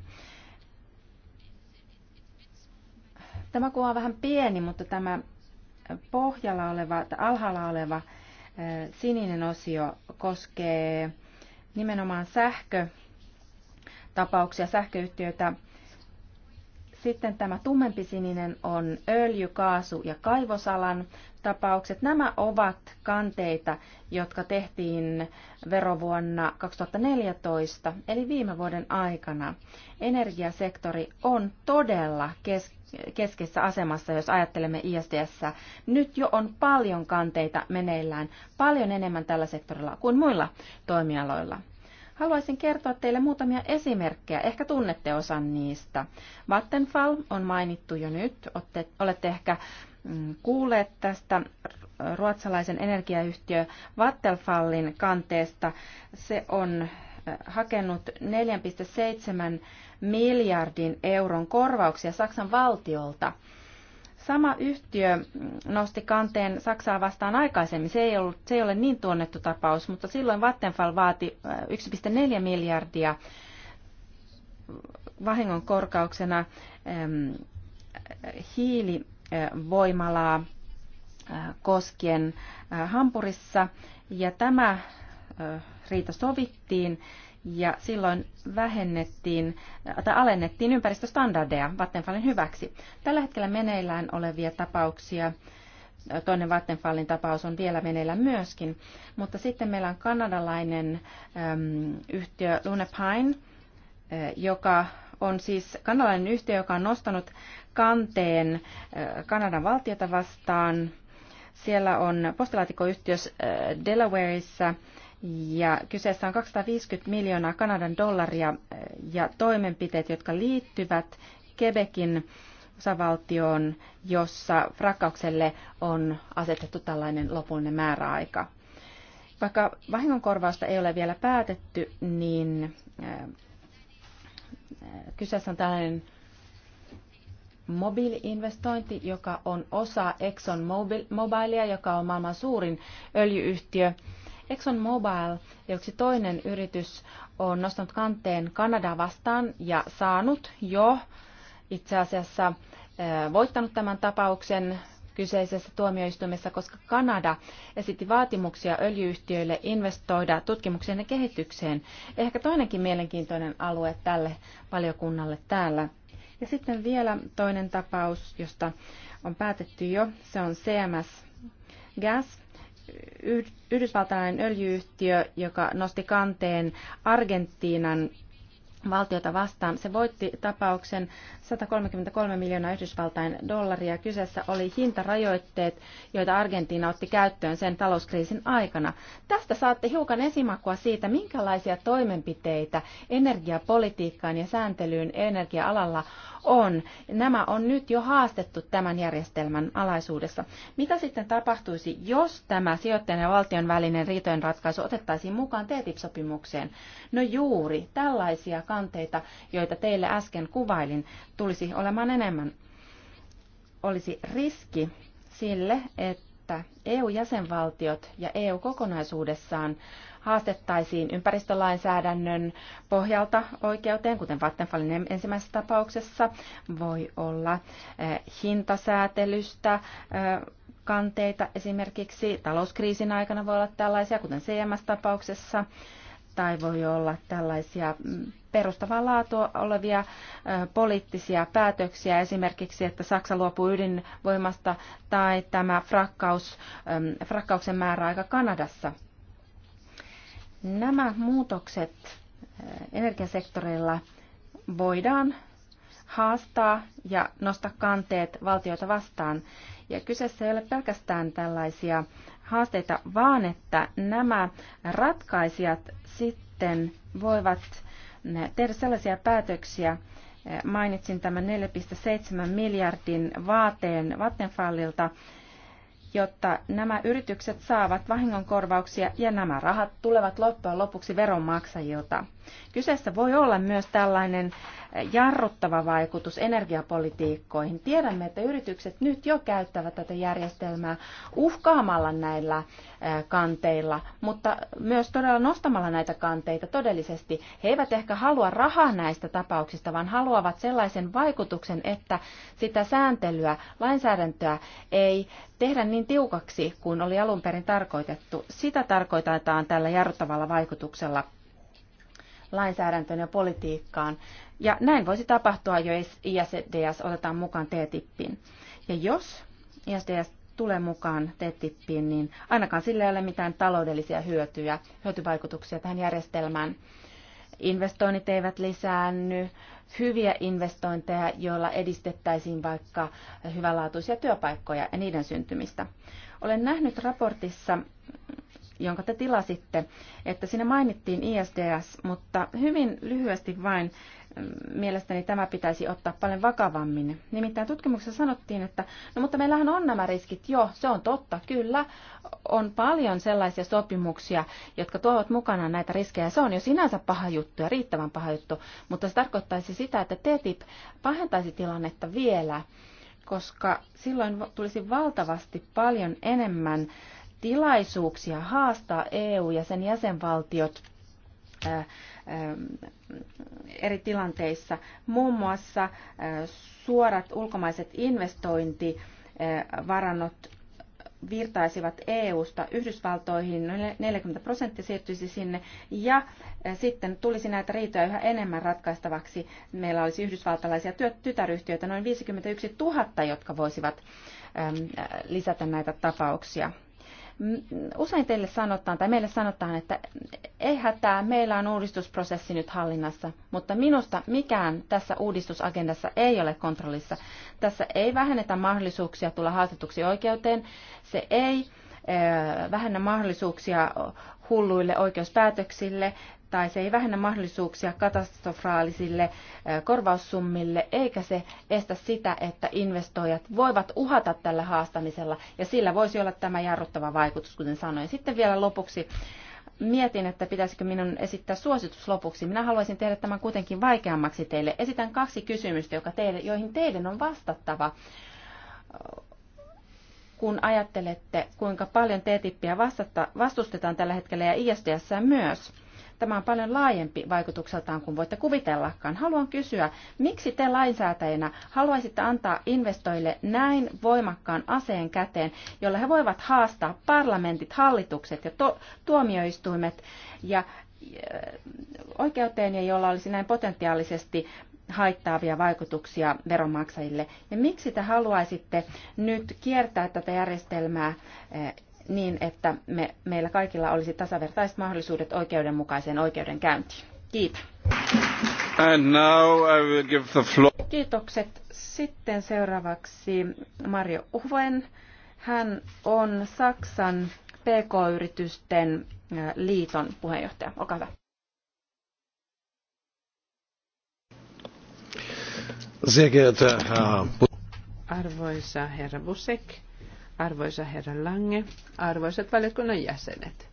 Tämä kuva on vähän pieni, mutta tämä pohjalla oleva, alhaalla oleva sininen osio koskee nimenomaan sähkötapauksia, sähköyhtiöitä. Sitten tämä tummempi sininen on öljy, kaasu ja kaivosalan tapaukset, nämä ovat kanteita, jotka tehtiin verovuonna 2014, eli viime vuoden aikana. Energiasektori on todella kes- keskeisessä asemassa, jos ajattelemme ISDS. Nyt jo on paljon kanteita meneillään, paljon enemmän tällä sektorilla kuin muilla toimialoilla. Haluaisin kertoa teille muutamia esimerkkejä, ehkä tunnette osan niistä. Vattenfall on mainittu jo nyt, olette, olette ehkä Mm, kuulleet tästä ruotsalaisen energiayhtiö Vattenfallin kanteesta. Se on eh, hakenut 4,7 miljardin euron korvauksia Saksan valtiolta. Sama yhtiö mm, nosti kanteen Saksaa vastaan aikaisemmin. Se ei, ollut, se ei ole niin tunnettu tapaus, mutta silloin Vattenfall vaati 1,4 eh, miljardia vahingon korkauksena hiili voimalaa koskien Hampurissa. Ja tämä riita sovittiin ja silloin vähennettiin tai alennettiin ympäristöstandardeja Vattenfallin hyväksi. Tällä hetkellä meneillään olevia tapauksia, toinen Vattenfallin tapaus on vielä meneillään myöskin, mutta sitten meillä on kanadalainen äm, yhtiö Lunepine, joka on siis kanadalainen yhtiö, joka on nostanut kanteen äh, Kanadan valtiota vastaan. Siellä on postilaatikoyhtiö äh, Delawareissa ja kyseessä on 250 miljoonaa Kanadan dollaria äh, ja toimenpiteet, jotka liittyvät Quebecin osavaltioon, jossa frakkaukselle on asetettu tällainen lopullinen määräaika. Vaikka vahingonkorvausta ei ole vielä päätetty, niin kyseessä on tällainen mobiiliinvestointi, joka on osa Exxon Mobilia, joka on maailman suurin öljyyhtiö. Exxon Mobil, joksi toinen yritys on nostanut kanteen Kanadaa vastaan ja saanut jo itse asiassa voittanut tämän tapauksen kyseisessä tuomioistuimessa, koska Kanada esitti vaatimuksia öljyyhtiöille investoida tutkimukseen ja kehitykseen. Ehkä toinenkin mielenkiintoinen alue tälle valiokunnalle täällä. Ja sitten vielä toinen tapaus, josta on päätetty jo, se on CMS Gas, yhdysvaltalainen öljyyhtiö, joka nosti kanteen Argentiinan valtiota vastaan. Se voitti tapauksen 133 miljoonaa Yhdysvaltain dollaria. Kyseessä oli hintarajoitteet, joita Argentiina otti käyttöön sen talouskriisin aikana. Tästä saatte hiukan esimakua siitä, minkälaisia toimenpiteitä energiapolitiikkaan ja sääntelyyn energia-alalla on. Nämä on nyt jo haastettu tämän järjestelmän alaisuudessa. Mitä sitten tapahtuisi, jos tämä sijoittajan ja valtion välinen ratkaisu otettaisiin mukaan TTIP-sopimukseen? No juuri, tällaisia kanteita, joita teille äsken kuvailin, tulisi olemaan enemmän. Olisi riski sille, että EU-jäsenvaltiot ja EU kokonaisuudessaan haastettaisiin ympäristölainsäädännön pohjalta oikeuteen, kuten Vattenfallin ensimmäisessä tapauksessa. Voi olla eh, hintasäätelystä eh, kanteita esimerkiksi talouskriisin aikana voi olla tällaisia, kuten CMS-tapauksessa, tai voi olla tällaisia mm, perustavaa laatua olevia poliittisia päätöksiä, esimerkiksi että Saksa luopuu ydinvoimasta tai tämä frakkaus, frakkauksen määräaika Kanadassa. Nämä muutokset energiasektorilla voidaan haastaa ja nostaa kanteet valtioita vastaan. Ja kyseessä ei ole pelkästään tällaisia haasteita, vaan että nämä ratkaisijat sitten voivat tehdä sellaisia päätöksiä, mainitsin tämän 4,7 miljardin vaateen Vattenfallilta, jotta nämä yritykset saavat vahingonkorvauksia ja nämä rahat tulevat loppujen lopuksi veronmaksajilta. Kyseessä voi olla myös tällainen jarruttava vaikutus energiapolitiikkoihin. Tiedämme, että yritykset nyt jo käyttävät tätä järjestelmää uhkaamalla näillä kanteilla, mutta myös todella nostamalla näitä kanteita todellisesti. He eivät ehkä halua rahaa näistä tapauksista, vaan haluavat sellaisen vaikutuksen, että sitä sääntelyä, lainsäädäntöä ei tehdä niin tiukaksi kuin oli alun perin tarkoitettu. Sitä tarkoitetaan tällä jarruttavalla vaikutuksella lainsäädäntöön ja politiikkaan. Ja näin voisi tapahtua, jos ISDS otetaan mukaan TTIPin. Ja jos ISDS tulee mukaan TTIPin, niin ainakaan sillä ei ole mitään taloudellisia hyötyjä, hyötyvaikutuksia tähän järjestelmään. Investoinnit eivät lisäänny, hyviä investointeja, joilla edistettäisiin vaikka hyvänlaatuisia työpaikkoja ja niiden syntymistä. Olen nähnyt raportissa jonka te tilasitte, että siinä mainittiin ISDS, mutta hyvin lyhyesti vain mm, mielestäni tämä pitäisi ottaa paljon vakavammin. Nimittäin tutkimuksessa sanottiin, että no mutta meillähän on nämä riskit jo, se on totta, kyllä. On paljon sellaisia sopimuksia, jotka tuovat mukanaan näitä riskejä. Se on jo sinänsä paha juttu ja riittävän paha juttu, mutta se tarkoittaisi sitä, että TTIP pahentaisi tilannetta vielä, koska silloin tulisi valtavasti paljon enemmän tilaisuuksia haastaa EU ja sen jäsenvaltiot eri tilanteissa. Muun muassa suorat ulkomaiset investointivarannot virtaisivat EU-sta Yhdysvaltoihin, 40 prosenttia siirtyisi sinne, ja sitten tulisi näitä riitoja yhä enemmän ratkaistavaksi. Meillä olisi yhdysvaltalaisia tytäryhtiöitä, noin 51 000, jotka voisivat lisätä näitä tapauksia. Usein teille sanotaan tai meille sanotaan, että ei hätää, meillä on uudistusprosessi nyt hallinnassa, mutta minusta mikään tässä uudistusagendassa ei ole kontrollissa. Tässä ei vähennetä mahdollisuuksia tulla haastetuksi oikeuteen, se ei vähennä mahdollisuuksia hulluille oikeuspäätöksille, tai se ei vähennä mahdollisuuksia katastrofaalisille korvaussummille, eikä se estä sitä, että investoijat voivat uhata tällä haastamisella, ja sillä voisi olla tämä jarruttava vaikutus, kuten sanoin. Sitten vielä lopuksi mietin, että pitäisikö minun esittää suositus lopuksi. Minä haluaisin tehdä tämän kuitenkin vaikeammaksi teille. Esitän kaksi kysymystä, joka teille, joihin teidän on vastattava kun ajattelette, kuinka paljon TTIPiä vastustetaan tällä hetkellä ja ISDS myös. Tämä on paljon laajempi vaikutukseltaan kuin voitte kuvitellakaan. Haluan kysyä, miksi te lainsäätäjänä haluaisitte antaa investoille näin voimakkaan aseen käteen, jolla he voivat haastaa parlamentit, hallitukset ja tuomioistuimet ja äh, oikeuteen ja jolla olisi näin potentiaalisesti haittaavia vaikutuksia veronmaksajille. Ja miksi te haluaisitte nyt kiertää tätä järjestelmää äh, niin, että me, meillä kaikilla olisi tasavertaiset mahdollisuudet oikeudenmukaiseen oikeudenkäyntiin. Kiitos. And now I will give the floor. Kiitokset. Sitten seuraavaksi Mario Uhven. Hän on Saksan PK-yritysten liiton puheenjohtaja. Olkaa hyvä. Arvoisa herra Busek, arvoisa herra Lange, arvoisat valiokunnan jäsenet.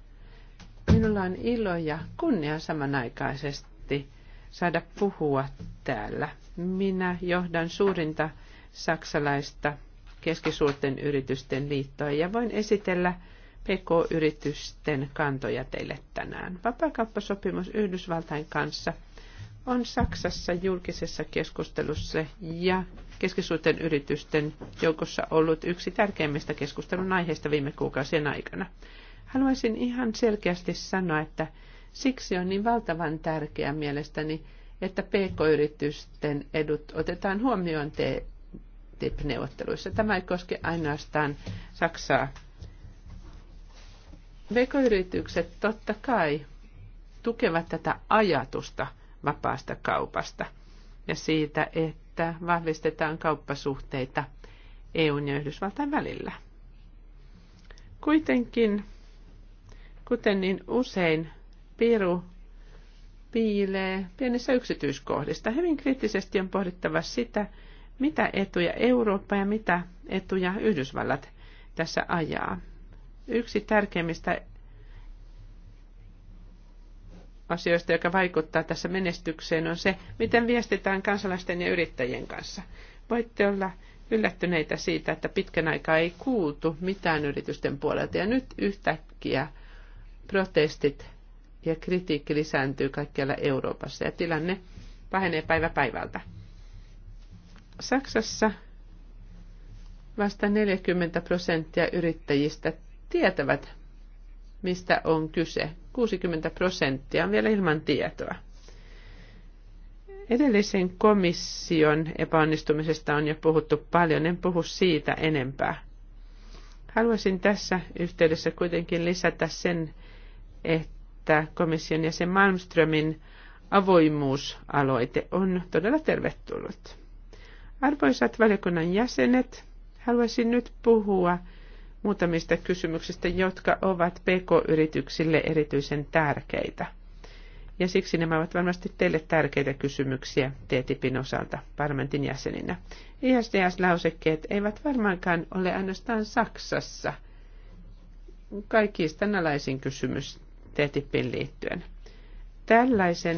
Minulla on ilo ja kunnia samanaikaisesti saada puhua täällä. Minä johdan suurinta saksalaista keskisuurten yritysten liittoa ja voin esitellä PK-yritysten kantoja teille tänään. Vapaakauppasopimus Yhdysvaltain kanssa on Saksassa julkisessa keskustelussa ja keskisuurten yritysten joukossa ollut yksi tärkeimmistä keskustelun aiheista viime kuukausien aikana. Haluaisin ihan selkeästi sanoa, että siksi on niin valtavan tärkeää mielestäni, että pk-yritysten edut otetaan huomioon TTIP-neuvotteluissa. Tämä ei koske ainoastaan Saksaa. Pk-yritykset totta kai tukevat tätä ajatusta vapaasta kaupasta ja siitä, että että vahvistetaan kauppasuhteita EUn ja Yhdysvaltain välillä. Kuitenkin, kuten niin usein, Piru piilee pienissä yksityiskohdista. Hyvin kriittisesti on pohdittava sitä, mitä etuja Eurooppa ja mitä etuja Yhdysvallat tässä ajaa. Yksi tärkeimmistä asioista, joka vaikuttaa tässä menestykseen, on se, miten viestitään kansalaisten ja yrittäjien kanssa. Voitte olla yllättyneitä siitä, että pitkän aikaa ei kuultu mitään yritysten puolelta ja nyt yhtäkkiä protestit ja kritiikki lisääntyy kaikkialla Euroopassa ja tilanne pahenee päivä päivältä. Saksassa vasta 40 prosenttia yrittäjistä tietävät, mistä on kyse. 60 prosenttia on vielä ilman tietoa. Edellisen komission epäonnistumisesta on jo puhuttu paljon, en puhu siitä enempää. Haluaisin tässä yhteydessä kuitenkin lisätä sen, että komission jäsen Malmströmin avoimuusaloite on todella tervetullut. Arvoisat valiokunnan jäsenet, haluaisin nyt puhua muutamista kysymyksistä, jotka ovat PK-yrityksille erityisen tärkeitä. Ja siksi nämä ovat varmasti teille tärkeitä kysymyksiä TTIPin osalta parlamentin jäseninä. ISDS-lausekkeet eivät varmaankaan ole ainoastaan Saksassa kaikista nalaisin kysymys TTIPin liittyen. Tällaisen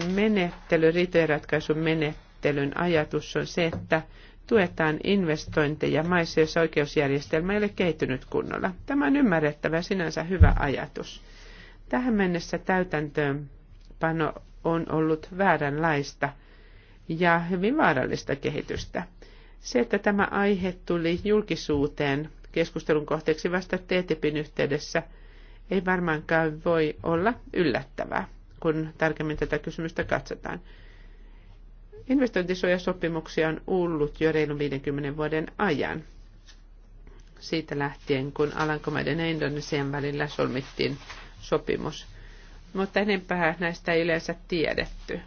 menettelyn, ajatus on se, että tuetaan investointeja maissa, joissa oikeusjärjestelmä ei ole kehittynyt kunnolla. Tämä on ymmärrettävä sinänsä hyvä ajatus. Tähän mennessä täytäntöönpano on ollut vääränlaista ja hyvin vaarallista kehitystä. Se, että tämä aihe tuli julkisuuteen keskustelun kohteeksi vasta TTIPin yhteydessä, ei varmaankaan voi olla yllättävää, kun tarkemmin tätä kysymystä katsotaan. Investointisuojasopimuksia on ollut jo reilun 50 vuoden ajan siitä lähtien, kun Alankomaiden ja Indonesian välillä solmittiin sopimus. Mutta enempää näistä ei yleensä tiedetty.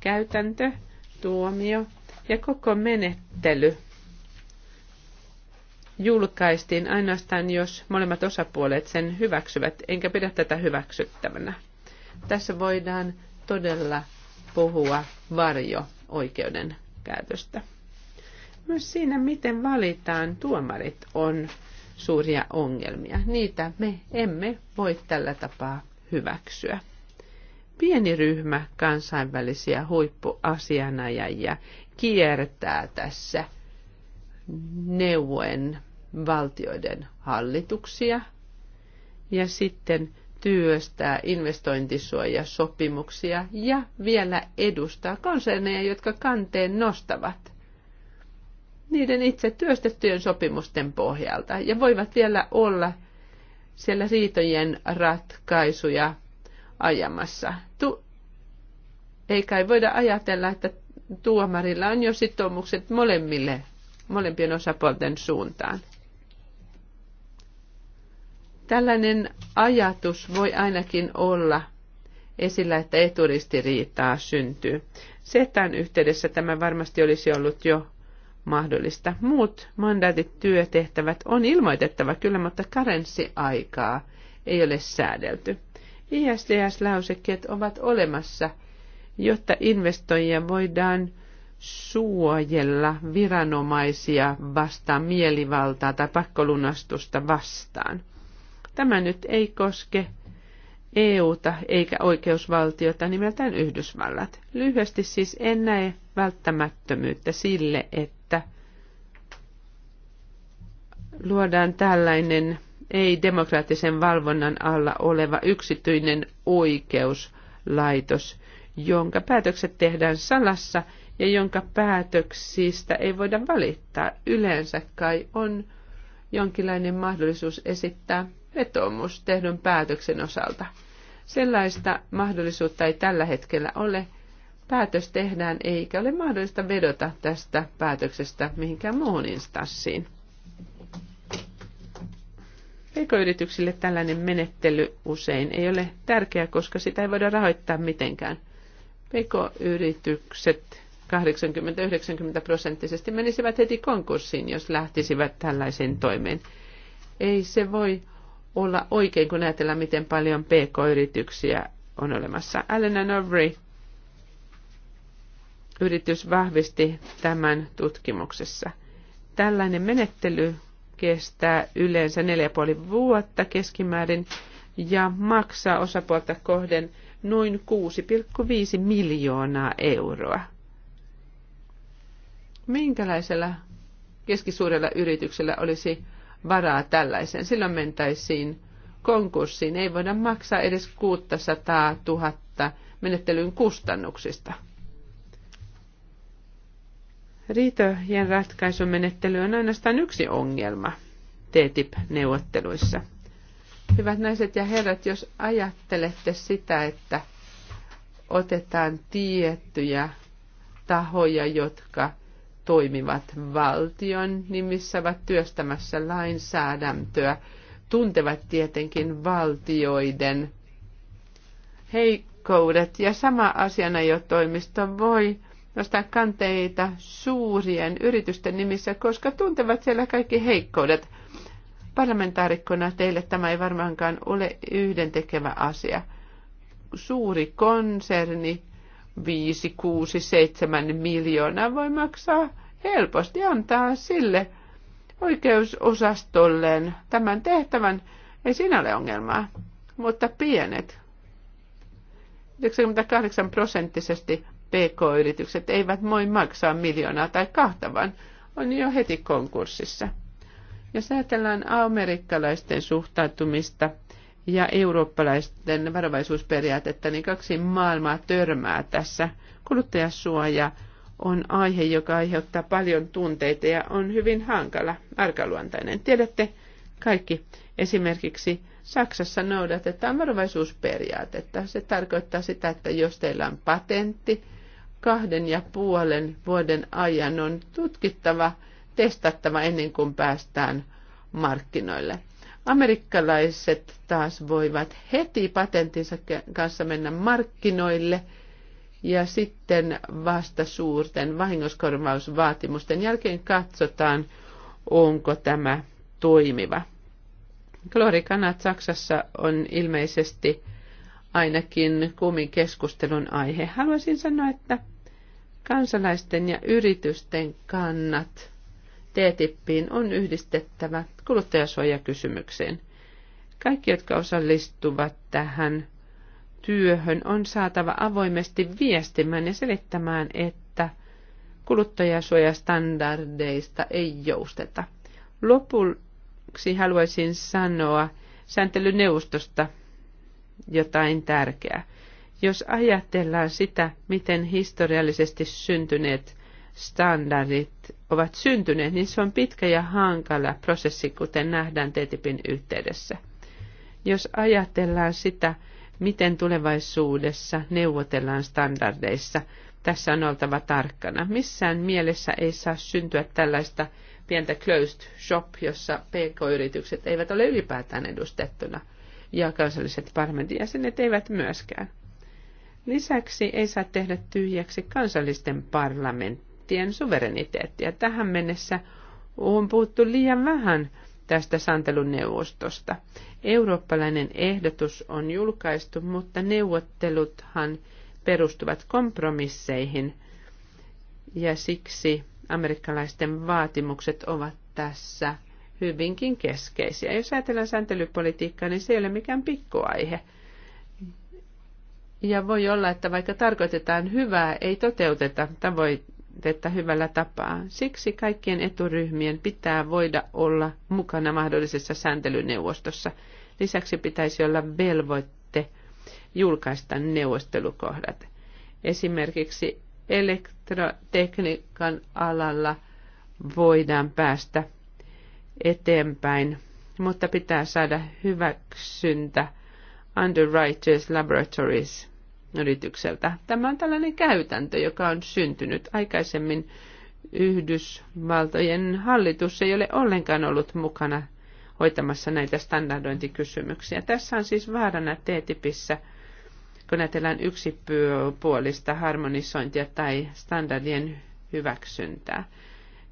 Käytäntö, tuomio ja koko menettely julkaistiin ainoastaan, jos molemmat osapuolet sen hyväksyvät, enkä pidä tätä hyväksyttävänä. Tässä voidaan todella puhua varjo-oikeuden käytöstä. Myös siinä, miten valitaan tuomarit, on suuria ongelmia. Niitä me emme voi tällä tapaa hyväksyä. Pieni ryhmä kansainvälisiä huippuasianajajia kiertää tässä neuvoen valtioiden hallituksia ja sitten työstää investointisuojasopimuksia ja vielä edustaa konserneja, jotka kanteen nostavat niiden itse työstettyjen sopimusten pohjalta ja voivat vielä olla siellä riitojen ratkaisuja ajamassa. Tu- Ei kai voida ajatella, että tuomarilla on jo sitoumukset molemmille, molempien osapuolten suuntaan. Tällainen ajatus voi ainakin olla esillä, että eturistiriitaa syntyy. Setan yhteydessä tämä varmasti olisi ollut jo mahdollista. Muut mandaatit, työtehtävät on ilmoitettava kyllä, mutta karenssiaikaa ei ole säädelty. ISDS-lausekkeet ovat olemassa, jotta investoijia voidaan suojella viranomaisia vastaan mielivaltaa tai pakkolunastusta vastaan. Tämä nyt ei koske EUta eikä oikeusvaltiota nimeltään Yhdysvallat. Lyhyesti siis en näe välttämättömyyttä sille, että luodaan tällainen ei-demokraattisen valvonnan alla oleva yksityinen oikeuslaitos, jonka päätökset tehdään salassa ja jonka päätöksistä ei voida valittaa. Yleensä kai on jonkinlainen mahdollisuus esittää vetomus tehdyn päätöksen osalta. Sellaista mahdollisuutta ei tällä hetkellä ole. Päätös tehdään eikä ole mahdollista vedota tästä päätöksestä mihinkään muuhun instanssiin. Pk-yrityksille tällainen menettely usein ei ole tärkeä, koska sitä ei voida rahoittaa mitenkään. Pk-yritykset 80-90 prosenttisesti menisivät heti konkurssiin, jos lähtisivät tällaisiin toimeen. Ei se voi olla oikein, kun ajatellaan, miten paljon pk-yrityksiä on olemassa. Allen Overy yritys vahvisti tämän tutkimuksessa. Tällainen menettely kestää yleensä 4,5 vuotta keskimäärin ja maksaa osapuolta kohden noin 6,5 miljoonaa euroa. Minkälaisella keskisuurella yrityksellä olisi varaa tällaiseen. Silloin mentäisiin konkurssiin. Ei voida maksaa edes 600 000 menettelyn kustannuksista. Riitojen ratkaisumenettely on ainoastaan yksi ongelma TTIP-neuvotteluissa. Hyvät naiset ja herrat, jos ajattelette sitä, että otetaan tiettyjä tahoja, jotka toimivat valtion nimissä, ovat työstämässä lainsäädäntöä, tuntevat tietenkin valtioiden heikkoudet. Ja sama toimisto voi nostaa kanteita suurien yritysten nimissä, koska tuntevat siellä kaikki heikkoudet. Parlamentaarikkona teille tämä ei varmaankaan ole yhdentekevä asia. Suuri konserni 5, 6, 7 miljoonaa voi maksaa helposti antaa sille oikeusosastolleen tämän tehtävän. Ei siinä ole ongelmaa, mutta pienet 98 prosenttisesti PK-yritykset eivät voi maksaa miljoonaa tai kahta, vaan on jo heti konkurssissa. Jos ajatellaan amerikkalaisten suhtautumista ja eurooppalaisten varovaisuusperiaatetta, niin kaksi maailmaa törmää tässä. Kuluttajasuoja on aihe, joka aiheuttaa paljon tunteita ja on hyvin hankala, arkaluontainen. Tiedätte kaikki, esimerkiksi Saksassa noudatetaan varovaisuusperiaatetta. Se tarkoittaa sitä, että jos teillä on patentti, kahden ja puolen vuoden ajan on tutkittava, testattava ennen kuin päästään markkinoille. Amerikkalaiset taas voivat heti patentinsa kanssa mennä markkinoille ja sitten vasta suurten vahingoskorvausvaatimusten jälkeen katsotaan, onko tämä toimiva. Klorikanat Saksassa on ilmeisesti ainakin kumin keskustelun aihe. Haluaisin sanoa, että kansalaisten ja yritysten kannat TTIPiin on yhdistettävä kuluttajasuojakysymykseen. Kaikki, jotka osallistuvat tähän työhön, on saatava avoimesti viestimään ja selittämään, että kuluttajasuojastandardeista ei jousteta. Lopuksi haluaisin sanoa sääntelyneuvostosta jotain tärkeää. Jos ajatellaan sitä, miten historiallisesti syntyneet standardit ovat syntyneet, niin se on pitkä ja hankala prosessi, kuten nähdään TTIPin yhteydessä. Jos ajatellaan sitä, miten tulevaisuudessa neuvotellaan standardeissa, tässä on oltava tarkkana. Missään mielessä ei saa syntyä tällaista pientä closed shop, jossa pk-yritykset eivät ole ylipäätään edustettuna ja kansalliset parlamentin jäsenet eivät myöskään. Lisäksi ei saa tehdä tyhjäksi kansallisten parlamenttien parlamenttien suvereniteettia. Tähän mennessä on puhuttu liian vähän tästä santeluneuvostosta. Eurooppalainen ehdotus on julkaistu, mutta neuvotteluthan perustuvat kompromisseihin, ja siksi amerikkalaisten vaatimukset ovat tässä hyvinkin keskeisiä. Jos ajatellaan sääntelypolitiikkaa, niin se ei ole mikään pikkuaihe. Ja voi olla, että vaikka tarkoitetaan hyvää, ei toteuteta tavoitteita että hyvällä tapaa. Siksi kaikkien eturyhmien pitää voida olla mukana mahdollisessa sääntelyneuvostossa. Lisäksi pitäisi olla velvoitte julkaista neuvostelukohdat. Esimerkiksi elektrotekniikan alalla voidaan päästä eteenpäin, mutta pitää saada hyväksyntä Underwriters Laboratories yritykseltä. Tämä on tällainen käytäntö, joka on syntynyt aikaisemmin. Yhdysvaltojen hallitus ei ole ollenkaan ollut mukana hoitamassa näitä standardointikysymyksiä. Tässä on siis vaarana TTIPissä, kun ajatellaan yksipuolista harmonisointia tai standardien hyväksyntää.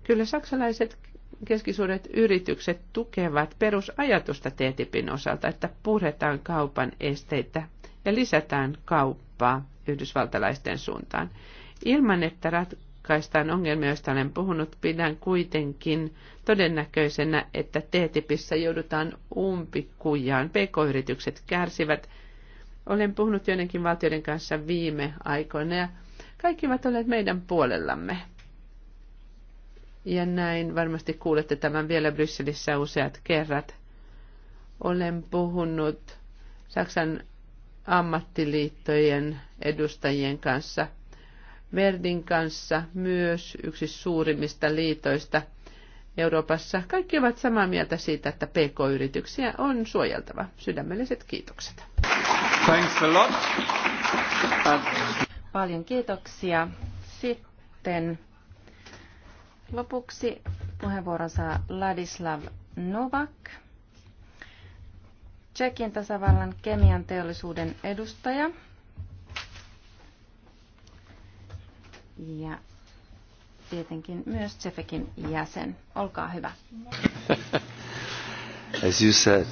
Kyllä saksalaiset keskisuuret yritykset tukevat perusajatusta TTIPin osalta, että puretaan kaupan esteitä ja lisätään kauppaa yhdysvaltalaisten suuntaan. Ilman, että ratkaistaan ongelmia, joista olen puhunut, pidän kuitenkin todennäköisenä, että TTIPissä joudutaan umpikujaan. PK-yritykset kärsivät. Olen puhunut joidenkin valtioiden kanssa viime aikoina ja kaikki ovat olleet meidän puolellamme. Ja näin varmasti kuulette tämän vielä Brysselissä useat kerrat. Olen puhunut Saksan ammattiliittojen edustajien kanssa, Verdin kanssa, myös yksi suurimmista liitoista Euroopassa. Kaikki ovat samaa mieltä siitä, että PK-yrityksiä on suojeltava. Sydämelliset kiitokset. Thanks a lot. Paljon kiitoksia. Sitten lopuksi puheenvuoron saa Ladislav Novak. Tsekin tasavallan kemian teollisuuden edustaja. Ja tietenkin myös Tsefekin jäsen. Olkaa hyvä. As you said.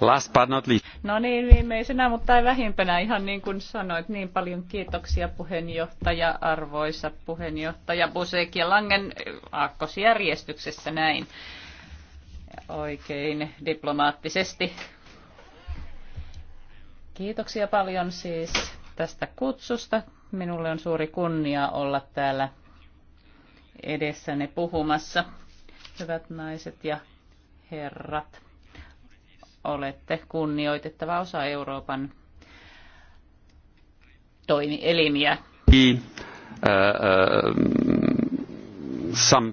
Last but not least. No niin, viimeisenä, mutta ei vähimpänä, ihan niin kuin sanoit, niin paljon kiitoksia puheenjohtaja, arvoisa puheenjohtaja Busek ja Langen aakkosjärjestyksessä näin oikein diplomaattisesti. Kiitoksia paljon siis tästä kutsusta. Minulle on suuri kunnia olla täällä edessäne puhumassa. Hyvät naiset ja herrat, olette kunnioitettava osa Euroopan toimielimiä. Äh, äh, mm,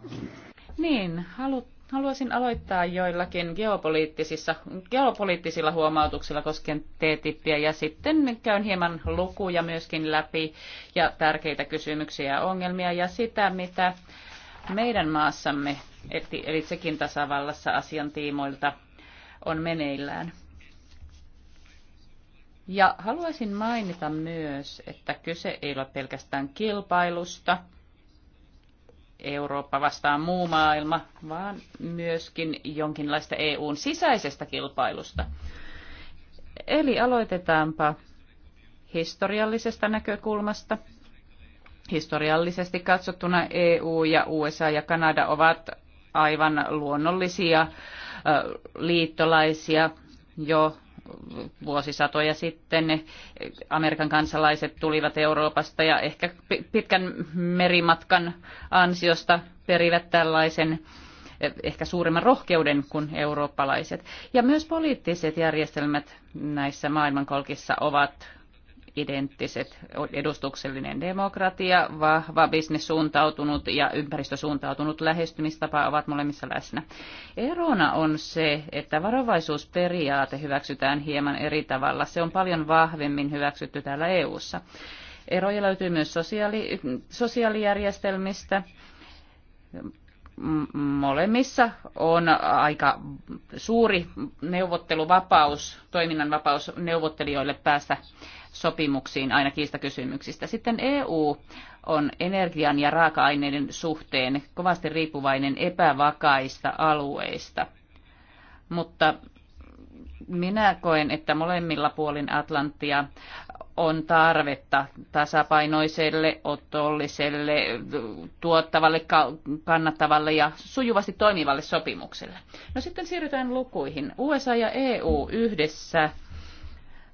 niin, halut Haluaisin aloittaa joillakin geopoliittisissa, geopoliittisilla huomautuksilla koskien TTIPiä ja sitten käyn hieman lukuja myöskin läpi ja tärkeitä kysymyksiä ja ongelmia ja sitä, mitä meidän maassamme, eli sekin tasavallassa asiantiimoilta, on meneillään. Ja haluaisin mainita myös, että kyse ei ole pelkästään kilpailusta – Eurooppa vastaan muu maailma, vaan myöskin jonkinlaista EUn sisäisestä kilpailusta. Eli aloitetaanpa historiallisesta näkökulmasta. Historiallisesti katsottuna EU ja USA ja Kanada ovat aivan luonnollisia liittolaisia jo vuosisatoja sitten Amerikan kansalaiset tulivat Euroopasta ja ehkä pitkän merimatkan ansiosta perivät tällaisen ehkä suuremman rohkeuden kuin eurooppalaiset. Ja myös poliittiset järjestelmät näissä maailmankolkissa ovat identtiset edustuksellinen demokratia, vahva bisnessuuntautunut ja ympäristösuuntautunut lähestymistapa ovat molemmissa läsnä. Erona on se, että varovaisuusperiaate hyväksytään hieman eri tavalla. Se on paljon vahvemmin hyväksytty täällä EU:ssa. Eroja löytyy myös sosiaali, sosiaalijärjestelmistä molemmissa on aika suuri neuvotteluvapaus, toiminnanvapaus neuvottelijoille päästä sopimuksiin aina kiistakysymyksistä. Sitten EU on energian ja raaka-aineiden suhteen kovasti riippuvainen epävakaista alueista. Mutta minä koen, että molemmilla puolin Atlanttia on tarvetta tasapainoiselle, otolliselle, tuottavalle, kannattavalle ja sujuvasti toimivalle sopimukselle. No sitten siirrytään lukuihin. USA ja EU yhdessä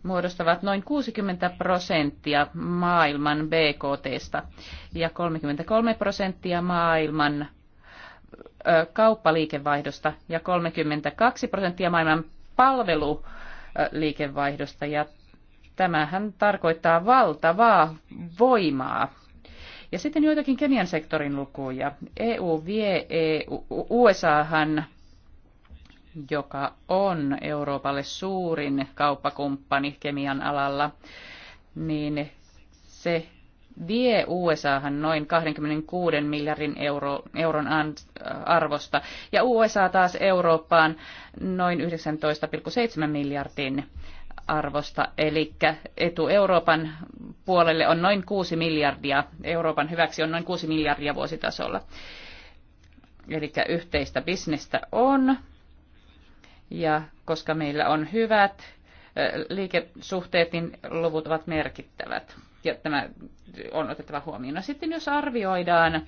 muodostavat noin 60 prosenttia maailman BKTstä ja 33 prosenttia maailman kauppaliikevaihdosta ja 32 prosenttia maailman palvelu ja Tämähän tarkoittaa valtavaa voimaa. Ja sitten joitakin Kenian sektorin lukuja. EU vie EU, USAhan joka on Euroopalle suurin kauppakumppani kemian alalla, niin se vie USAhan noin 26 miljardin euro, euron arvosta ja USA taas Eurooppaan noin 19,7 miljardin arvosta, eli etu Euroopan puolelle on noin 6 miljardia, Euroopan hyväksi on noin 6 miljardia vuositasolla. Eli yhteistä bisnestä on, ja koska meillä on hyvät liikesuhteet, niin luvut ovat merkittävät. Ja tämä on otettava huomioon. No sitten jos arvioidaan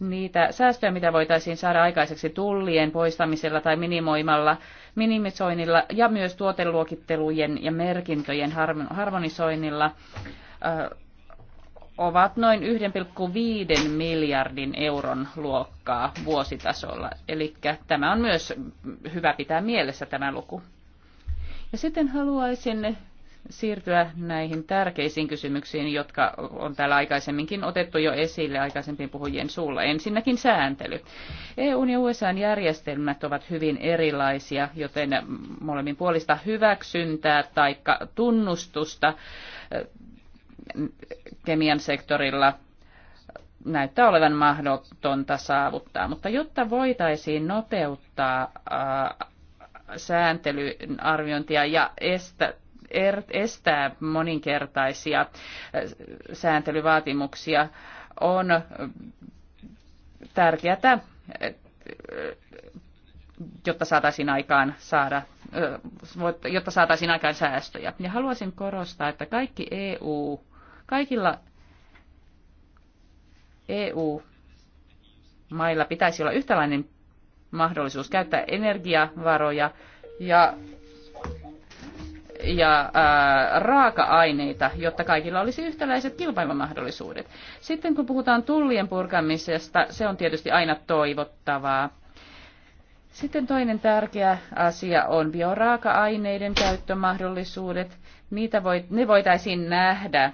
niitä säästöjä, mitä voitaisiin saada aikaiseksi tullien poistamisella tai minimoimalla, minimisoinnilla ja myös tuoteluokittelujen ja merkintöjen harmonisoinnilla, ovat noin 1,5 miljardin euron luokkaa vuositasolla. Eli tämä on myös hyvä pitää mielessä tämä luku. Ja sitten haluaisin siirtyä näihin tärkeisiin kysymyksiin, jotka on täällä aikaisemminkin otettu jo esille aikaisempien puhujien suulla. Ensinnäkin sääntely. EUn ja USAn järjestelmät ovat hyvin erilaisia, joten molemmin puolista hyväksyntää tai tunnustusta eh, kemian sektorilla näyttää olevan mahdotonta saavuttaa. Mutta jotta voitaisiin nopeuttaa sääntelyn arviointia ja estä, Er, estää moninkertaisia äh, sääntelyvaatimuksia, on tärkeää, äh, jotta saataisiin aikaan saada äh, jotta saataisiin aikaan säästöjä. Ja haluaisin korostaa, että kaikki EU, kaikilla EU-mailla pitäisi olla yhtäläinen mahdollisuus käyttää energiavaroja ja ja raaka-aineita, jotta kaikilla olisi yhtäläiset kilpailumahdollisuudet. Sitten kun puhutaan tullien purkamisesta, se on tietysti aina toivottavaa. Sitten toinen tärkeä asia on bioraaka-aineiden käyttömahdollisuudet. Niitä voit, ne voitaisiin nähdä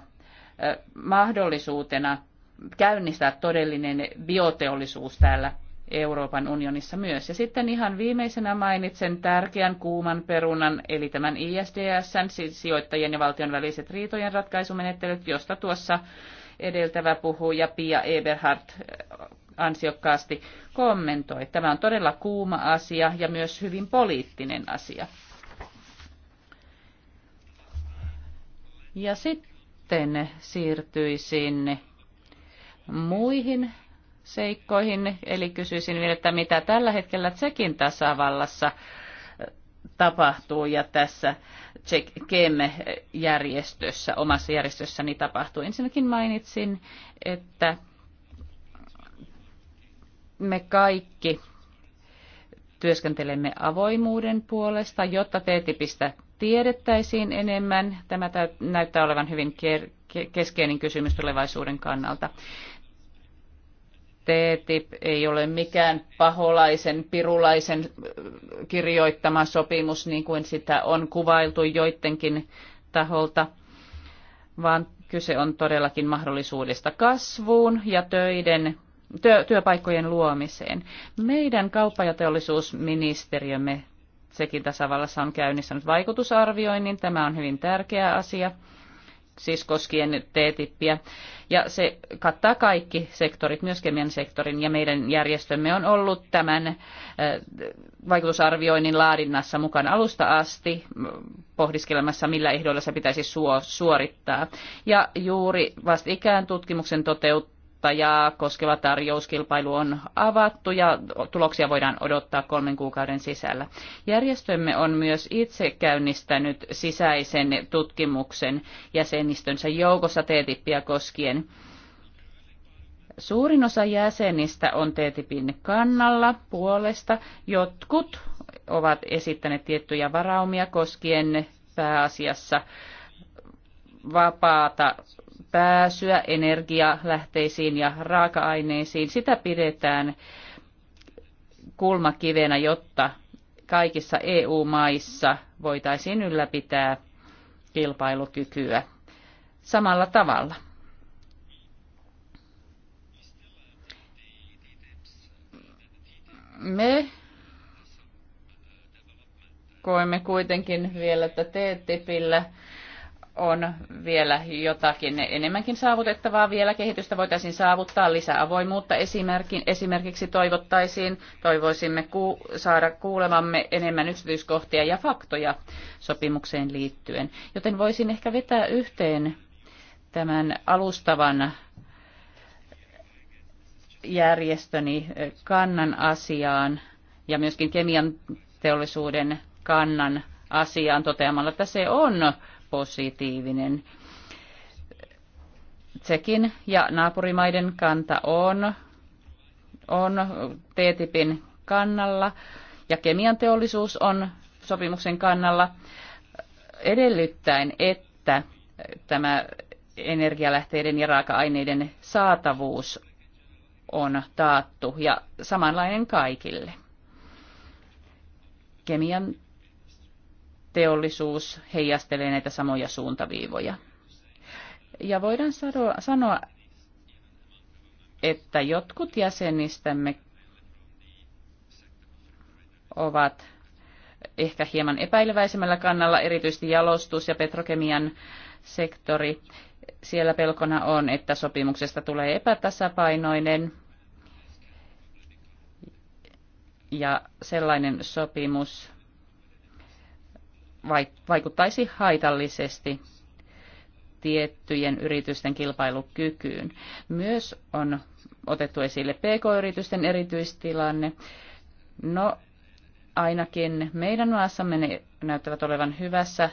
mahdollisuutena käynnistää todellinen bioteollisuus täällä Euroopan unionissa myös. Ja sitten ihan viimeisenä mainitsen tärkeän kuuman perunan, eli tämän ISDSn, siis sijoittajien ja valtion väliset riitojen ratkaisumenettelyt, josta tuossa edeltävä puhuja Pia Eberhardt äh, ansiokkaasti kommentoi. Tämä on todella kuuma asia ja myös hyvin poliittinen asia. Ja sitten siirtyisin muihin seikkoihin, eli kysyisin vielä, että mitä tällä hetkellä Tsekin tasavallassa äh, tapahtuu ja tässä Keemme järjestössä, omassa järjestössäni tapahtuu. Ensinnäkin mainitsin, että me kaikki työskentelemme avoimuuden puolesta, jotta TTIPistä tiedettäisiin enemmän. Tämä näyttää olevan hyvin keskeinen kysymys tulevaisuuden kannalta. TTIP ei ole mikään paholaisen, pirulaisen kirjoittama sopimus, niin kuin sitä on kuvailtu joidenkin taholta, vaan kyse on todellakin mahdollisuudesta kasvuun ja töiden, työ, työpaikkojen luomiseen. Meidän kauppa- ja teollisuusministeriömme sekin tasavallassa on käynnistänyt vaikutusarvioinnin. Tämä on hyvin tärkeä asia siis koskien TTIPiä. Ja se kattaa kaikki sektorit, myös kemian sektorin, ja meidän järjestömme on ollut tämän äh, vaikutusarvioinnin laadinnassa mukana alusta asti pohdiskelemassa, millä ehdoilla se pitäisi suorittaa. Ja juuri vastikään tutkimuksen toteut, kuluttajaa koskeva tarjouskilpailu on avattu ja tuloksia voidaan odottaa kolmen kuukauden sisällä. Järjestömme on myös itse käynnistänyt sisäisen tutkimuksen jäsenistönsä joukossa TTIPia koskien. Suurin osa jäsenistä on TTIPin kannalla puolesta. Jotkut ovat esittäneet tiettyjä varaumia koskien pääasiassa vapaata pääsyä energialähteisiin ja raaka-aineisiin, sitä pidetään kulmakivenä, jotta kaikissa EU-maissa voitaisiin ylläpitää kilpailukykyä samalla tavalla. Me koemme kuitenkin vielä, että TTIPillä e on vielä jotakin enemmänkin saavutettavaa. Vielä kehitystä voitaisiin saavuttaa lisää avoimuutta. Esimerkiksi toivottaisiin, toivoisimme ku, saada kuulemamme enemmän yksityiskohtia ja faktoja sopimukseen liittyen. Joten voisin ehkä vetää yhteen tämän alustavan järjestöni kannan asiaan ja myöskin kemian teollisuuden kannan asiaan toteamalla, että se on positiivinen. Tsekin ja naapurimaiden kanta on, on TTIPin kannalla ja kemian teollisuus on sopimuksen kannalla edellyttäen, että tämä energialähteiden ja raaka-aineiden saatavuus on taattu ja samanlainen kaikille. Kemian teollisuus heijastelee näitä samoja suuntaviivoja. Ja voidaan sanoa, että jotkut jäsenistämme ovat ehkä hieman epäileväisemmällä kannalla, erityisesti jalostus- ja petrokemian sektori. Siellä pelkona on, että sopimuksesta tulee epätasapainoinen ja sellainen sopimus, vaikuttaisi haitallisesti tiettyjen yritysten kilpailukykyyn. Myös on otettu esille pk-yritysten erityistilanne. No, ainakin meidän maassamme ne näyttävät olevan hyvässä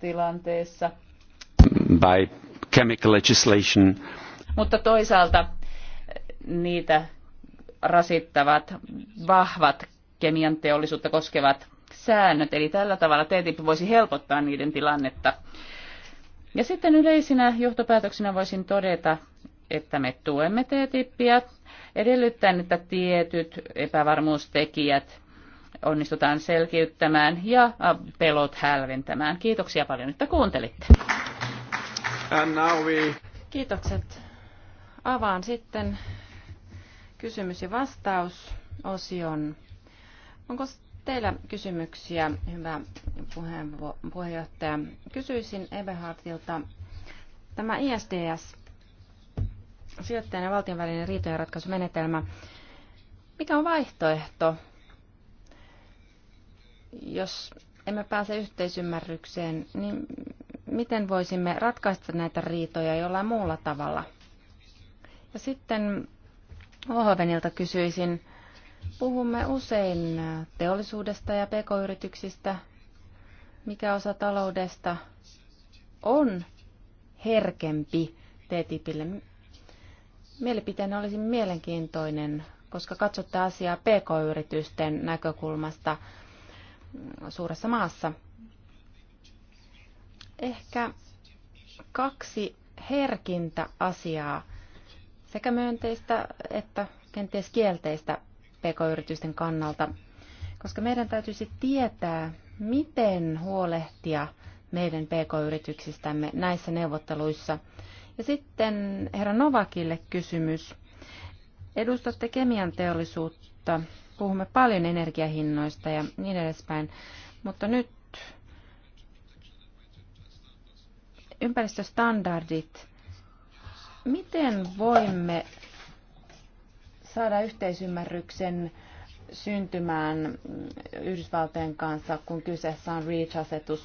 tilanteessa. By chemical legislation. Mutta toisaalta eh, niitä rasittavat vahvat kemian teollisuutta koskevat säännöt. Eli tällä tavalla TTIP voisi helpottaa niiden tilannetta. Ja sitten yleisinä johtopäätöksinä voisin todeta, että me tuemme TTIPiä edellyttäen, että tietyt epävarmuustekijät onnistutaan selkiyttämään ja pelot hälventämään. Kiitoksia paljon, että kuuntelitte. We... Kiitokset. Avaan sitten kysymys- ja vastausosion. Onko teillä kysymyksiä, hyvä puheenjohtaja. Kysyisin Eberhardilta. Tämä ISDS, sijoittajan ja valtion välinen riitojenratkaisumenetelmä, mikä on vaihtoehto, jos emme pääse yhteisymmärrykseen, niin miten voisimme ratkaista näitä riitoja jollain muulla tavalla? Ja sitten Ohovenilta kysyisin, Puhumme usein teollisuudesta ja pk-yrityksistä, mikä osa taloudesta on herkempi TTIPille. Mielipiteeni olisi mielenkiintoinen, koska katsotte asiaa pk-yritysten näkökulmasta suuressa maassa. Ehkä kaksi herkintä asiaa, sekä myönteistä että kenties kielteistä pk-yritysten kannalta, koska meidän täytyisi tietää, miten huolehtia meidän pk-yrityksistämme näissä neuvotteluissa. Ja sitten herra Novakille kysymys. Edustatte kemian teollisuutta, puhumme paljon energiahinnoista ja niin edespäin, mutta nyt ympäristöstandardit, miten voimme saada yhteisymmärryksen syntymään Yhdysvaltojen kanssa, kun kyseessä on REACH-asetus.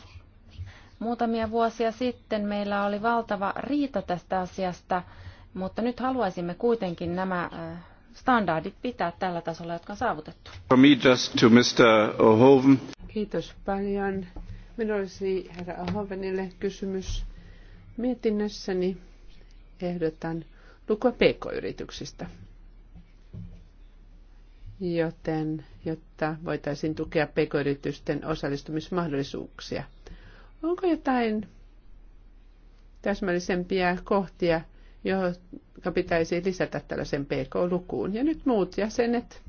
Muutamia vuosia sitten meillä oli valtava riita tästä asiasta, mutta nyt haluaisimme kuitenkin nämä äh, standardit pitää tällä tasolla, jotka on saavutettu. Kiitos paljon. Minulla olisi herra Ahovenille kysymys. Mietinnössäni ehdotan lukua pk-yrityksistä joten, jotta voitaisiin tukea pk-yritysten osallistumismahdollisuuksia. Onko jotain täsmällisempiä kohtia, joka pitäisi lisätä tällaisen pk-lukuun? Ja nyt muut jäsenet.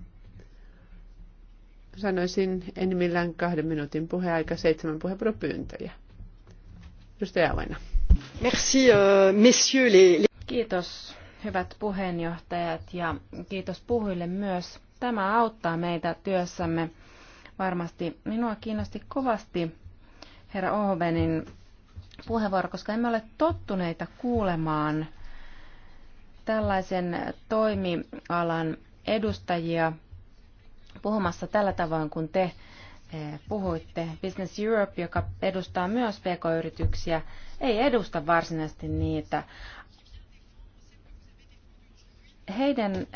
Sanoisin enimmillään kahden minuutin puheaika, seitsemän puheenvuoropyyntöjä. Edustaja Avaina. Merci, euh, messieurs les... Kiitos hyvät puheenjohtajat ja kiitos puhuille myös Tämä auttaa meitä työssämme varmasti. Minua kiinnosti kovasti herra Ohvenin puheenvuoro, koska emme ole tottuneita kuulemaan tällaisen toimialan edustajia puhumassa tällä tavoin, kun te eh, puhuitte. Business Europe, joka edustaa myös pk-yrityksiä, ei edusta varsinaisesti niitä heidän eh,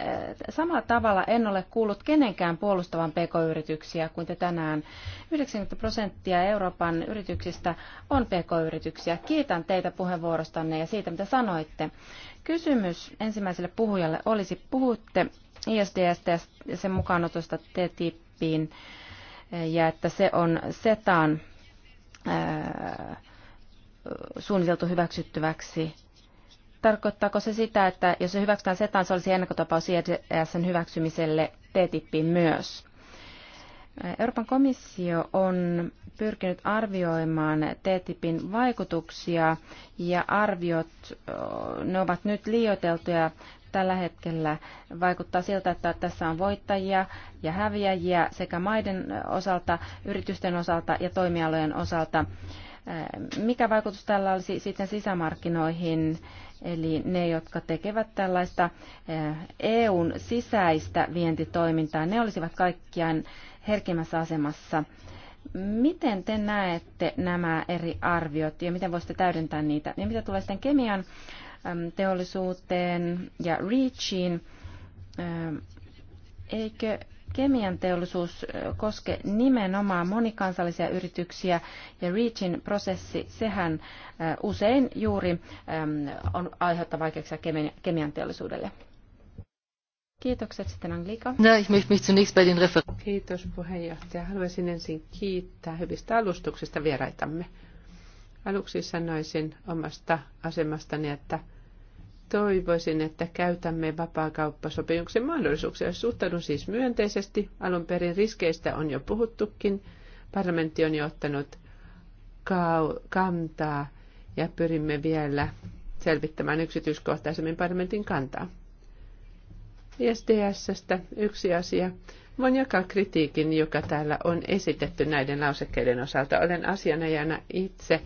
samalla tavalla en ole kuullut kenenkään puolustavan pk-yrityksiä kuin te tänään. 90 prosenttia Euroopan yrityksistä on pk-yrityksiä. Kiitän teitä puheenvuorostanne ja siitä, mitä sanoitte. Kysymys ensimmäiselle puhujalle olisi, puhutte ISDS ja sen mukaanotosta TTIPiin eh, ja että se on SETAan eh, suunniteltu hyväksyttäväksi Tarkoittaako se sitä, että jos se hyväksytään setaan, se olisi ennakkotapaus sen hyväksymiselle TTIPin myös? Euroopan komissio on pyrkinyt arvioimaan TTIPin vaikutuksia ja arviot, ne ovat nyt liioiteltuja tällä hetkellä. Vaikuttaa siltä, että tässä on voittajia ja häviäjiä sekä maiden osalta, yritysten osalta ja toimialojen osalta. Mikä vaikutus tällä olisi sitten sisämarkkinoihin? Eli ne, jotka tekevät tällaista eh, EUn sisäistä vientitoimintaa, ne olisivat kaikkiaan herkimmässä asemassa. Miten te näette nämä eri arviot ja miten voisitte täydentää niitä? Ja mitä tulee sitten kemian teollisuuteen ja REACHiin, eikö Kemian teollisuus koske nimenomaan monikansallisia yrityksiä ja REACHin prosessi, sehän usein juuri on aiheuttaa vaikeuksia kemian teollisuudelle. Kiitokset sitten Anglika. Kiitos puheenjohtaja. Haluaisin ensin kiittää hyvistä alustuksista vieraitamme. Aluksi sanoisin omasta asemastani, että toivoisin, että käytämme vapaakauppasopimuksen mahdollisuuksia. Suhtaudun siis myönteisesti. Alun perin riskeistä on jo puhuttukin. Parlamentti on jo ottanut kantaa ja pyrimme vielä selvittämään yksityiskohtaisemmin parlamentin kantaa. ISDSstä yksi asia. Voin jakaa kritiikin, joka täällä on esitetty näiden lausekkeiden osalta. Olen asianajana itse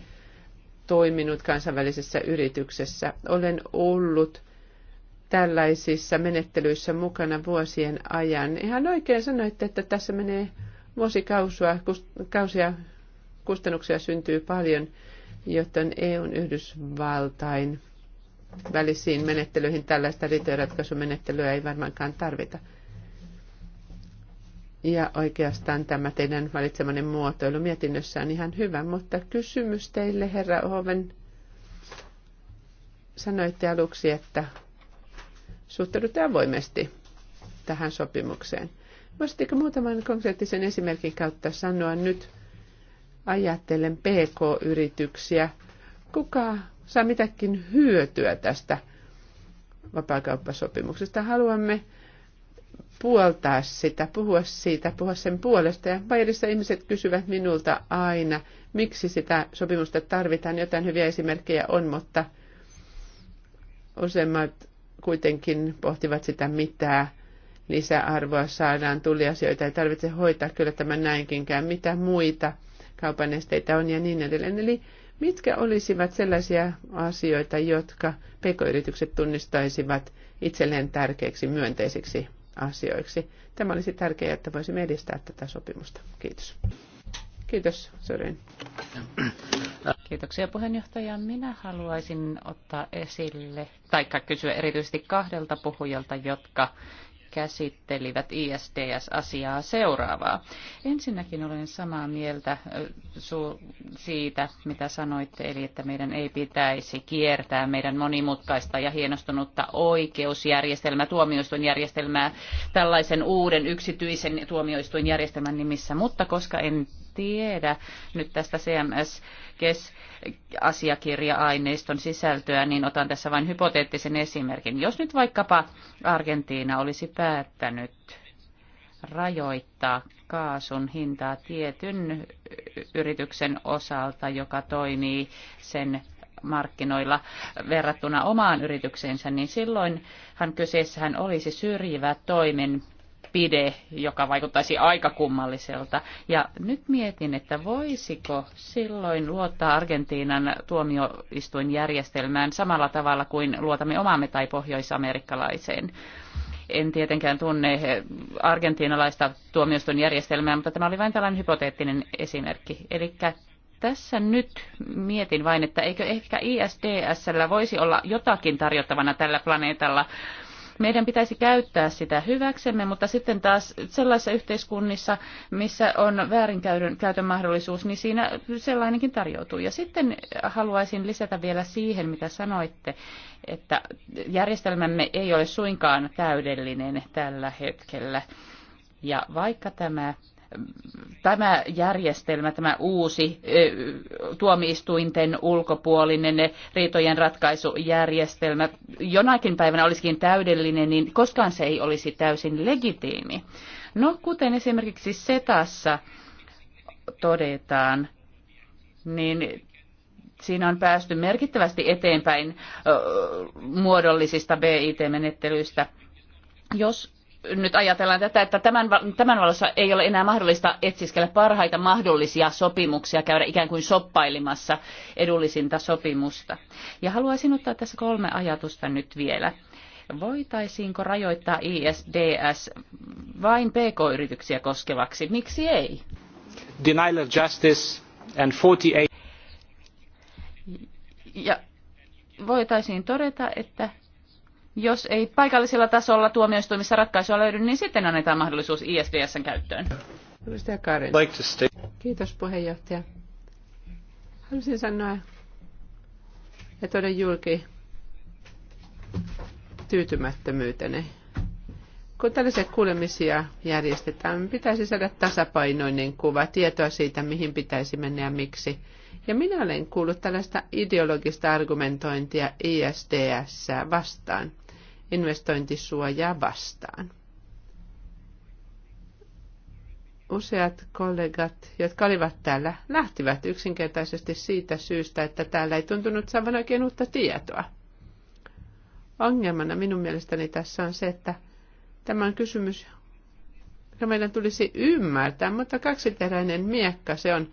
toiminut kansainvälisessä yrityksessä. Olen ollut tällaisissa menettelyissä mukana vuosien ajan. Ihan oikein sanoitte, että tässä menee vuosikausia, kausia, kustannuksia syntyy paljon, joten EUn Yhdysvaltain välisiin menettelyihin tällaista riitojenratkaisumenettelyä ei varmaankaan tarvita. Ja oikeastaan tämä teidän valitsemanne muotoilu mietinnössä on ihan hyvä, mutta kysymys teille, herra Oven. Sanoitte aluksi, että suhtaudutte avoimesti tähän sopimukseen. Voisitteko muutaman konkreettisen esimerkin kautta sanoa nyt, ajattelen PK-yrityksiä, kuka saa mitäkin hyötyä tästä vapaakauppasopimuksesta? Haluamme puoltaa sitä, puhua siitä, puhua sen puolesta. Ja Bayerissa ihmiset kysyvät minulta aina, miksi sitä sopimusta tarvitaan. Jotain hyviä esimerkkejä on, mutta useimmat kuitenkin pohtivat sitä, mitä lisäarvoa saadaan. Tuliasioita ei tarvitse hoitaa, kyllä tämä näinkin mitä muita kaupan esteitä on ja niin edelleen. Eli mitkä olisivat sellaisia asioita, jotka pk-yritykset tunnistaisivat itselleen tärkeiksi myönteisiksi asioiksi. Tämä olisi tärkeää, että voisimme edistää tätä sopimusta. Kiitos. Kiitos, Sörin. Kiitoksia puheenjohtaja. Minä haluaisin ottaa esille, tai kysyä erityisesti kahdelta puhujalta, jotka käsittelivät ISDS-asiaa seuraavaa. Ensinnäkin olen samaa mieltä siitä, mitä sanoitte, eli että meidän ei pitäisi kiertää meidän monimutkaista ja hienostunutta oikeusjärjestelmää, tuomioistuinjärjestelmää tällaisen uuden yksityisen tuomioistuinjärjestelmän nimissä, mutta koska en tiedä nyt tästä CMS kes asiakirja-aineiston sisältöä, niin otan tässä vain hypoteettisen esimerkin. Jos nyt vaikkapa Argentiina olisi päättänyt rajoittaa kaasun hintaa tietyn yrityksen osalta, joka toimii sen markkinoilla verrattuna omaan yritykseensä, niin silloinhan kyseessähän olisi syrjivä toimen, mielipide, joka vaikuttaisi aika kummalliselta. Ja nyt mietin, että voisiko silloin luottaa Argentiinan tuomioistuinjärjestelmään samalla tavalla kuin luotamme omaamme tai pohjoisamerikkalaiseen. En tietenkään tunne argentiinalaista tuomioistuinjärjestelmää, mutta tämä oli vain tällainen hypoteettinen esimerkki. Eli tässä nyt mietin vain, että eikö ehkä ISDSllä voisi olla jotakin tarjottavana tällä planeetalla meidän pitäisi käyttää sitä hyväksemme, mutta sitten taas sellaisissa yhteiskunnissa, missä on väärinkäytön mahdollisuus, niin siinä sellainenkin tarjoutuu. Ja sitten haluaisin lisätä vielä siihen, mitä sanoitte, että järjestelmämme ei ole suinkaan täydellinen tällä hetkellä. Ja vaikka tämä tämä järjestelmä, tämä uusi tuomioistuinten ulkopuolinen riitojen ratkaisujärjestelmä jonakin päivänä olisikin täydellinen, niin koskaan se ei olisi täysin legitiimi. No, kuten esimerkiksi Setassa todetaan, niin siinä on päästy merkittävästi eteenpäin muodollisista BIT-menettelyistä. Jos nyt ajatellaan tätä, että tämän, tämän valossa ei ole enää mahdollista etsiskellä parhaita mahdollisia sopimuksia, käydä ikään kuin soppailimassa edullisinta sopimusta. Ja haluaisin ottaa tässä kolme ajatusta nyt vielä. Voitaisiinko rajoittaa ISDS vain PK-yrityksiä koskevaksi? Miksi ei? Denial of justice and 48... Ja voitaisiin todeta, että jos ei paikallisella tasolla tuomioistuimissa ratkaisua löydy, niin sitten annetaan mahdollisuus ISDSn käyttöön. Kiitos puheenjohtaja. Haluaisin sanoa ja tuoda julki tyytymättömyyteni. Kun tällaisia kuulemisia järjestetään, pitäisi saada tasapainoinen kuva, tietoa siitä, mihin pitäisi mennä ja miksi. Ja minä olen kuullut tällaista ideologista argumentointia ISDS vastaan investointisuojaa vastaan. Useat kollegat, jotka olivat täällä, lähtivät yksinkertaisesti siitä syystä, että täällä ei tuntunut saavan oikein uutta tietoa. Ongelmana minun mielestäni tässä on se, että tämä on kysymys, joka meidän tulisi ymmärtää, mutta kaksiteräinen miekka se on.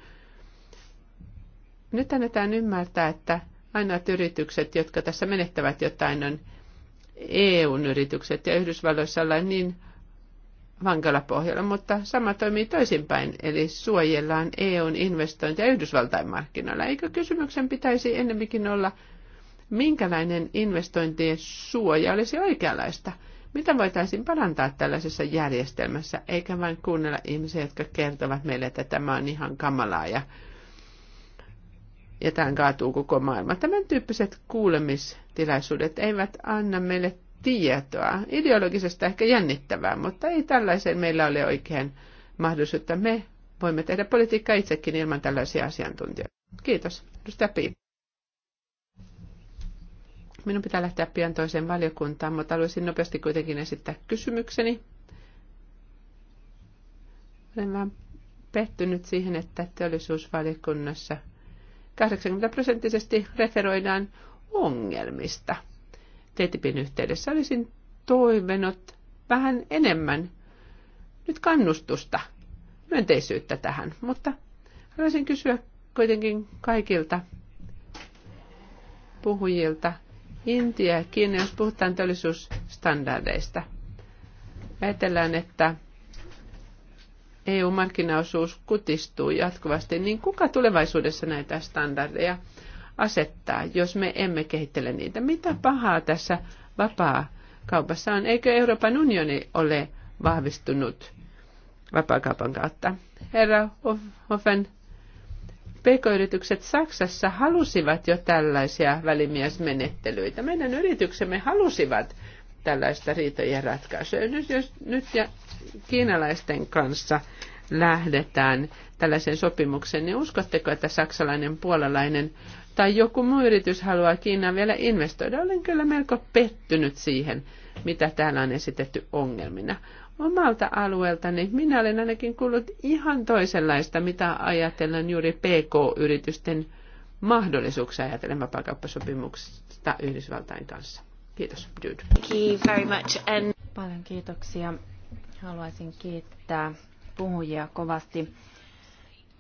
Nyt annetaan ymmärtää, että ainoat yritykset, jotka tässä menettävät jotain, on EUn yritykset ja Yhdysvalloissa ollaan niin vankalla pohjalla, mutta sama toimii toisinpäin, eli suojellaan EUn investointeja Yhdysvaltain markkinoilla. Eikö kysymyksen pitäisi ennemminkin olla, minkälainen investointien suoja olisi oikeanlaista? Mitä voitaisiin parantaa tällaisessa järjestelmässä, eikä vain kuunnella ihmisiä, jotka kertovat meille, että tämä on ihan kamalaa ja ja tähän kaatuu koko maailma. Tämän tyyppiset kuulemistilaisuudet eivät anna meille tietoa. Ideologisesta ehkä jännittävää, mutta ei tällaiseen meillä ole oikein mahdollisuutta. Me voimme tehdä politiikkaa itsekin ilman tällaisia asiantuntijoita. Kiitos. Edustaja Pii. Minun pitää lähteä pian toiseen valiokuntaan, mutta haluaisin nopeasti kuitenkin esittää kysymykseni. Olen vähän pettynyt siihen, että teollisuusvaliokunnassa – 80 prosenttisesti referoidaan ongelmista. TTIPin yhteydessä olisin toivenut vähän enemmän nyt kannustusta, myönteisyyttä tähän, mutta haluaisin kysyä kuitenkin kaikilta puhujilta Intia ja Kiina, jos puhutaan teollisuusstandardeista. Ajatellaan, että EU-markkinaosuus kutistuu jatkuvasti, niin kuka tulevaisuudessa näitä standardeja asettaa, jos me emme kehittele niitä? Mitä pahaa tässä vapaa kaupassa on? Eikö Euroopan unioni ole vahvistunut vapaakaupan kautta? Herra Hoffen, PK-yritykset Saksassa halusivat jo tällaisia välimiesmenettelyitä. Meidän yrityksemme halusivat tällaista riitojen ratkaisua. Nyt, jos, nyt ja kiinalaisten kanssa lähdetään tällaiseen sopimukseen, niin uskotteko, että saksalainen, puolalainen tai joku muu yritys haluaa Kiinaan vielä investoida? Olen kyllä melko pettynyt siihen, mitä täällä on esitetty ongelmina. Omalta alueeltani minä olen ainakin kuullut ihan toisenlaista, mitä ajatellaan juuri PK-yritysten mahdollisuuksia ajatellen vapaakauppasopimuksesta Yhdysvaltain kanssa. Kiitos, dude. Thank you very much. And... Paljon kiitoksia. Haluaisin kiittää puhujia kovasti.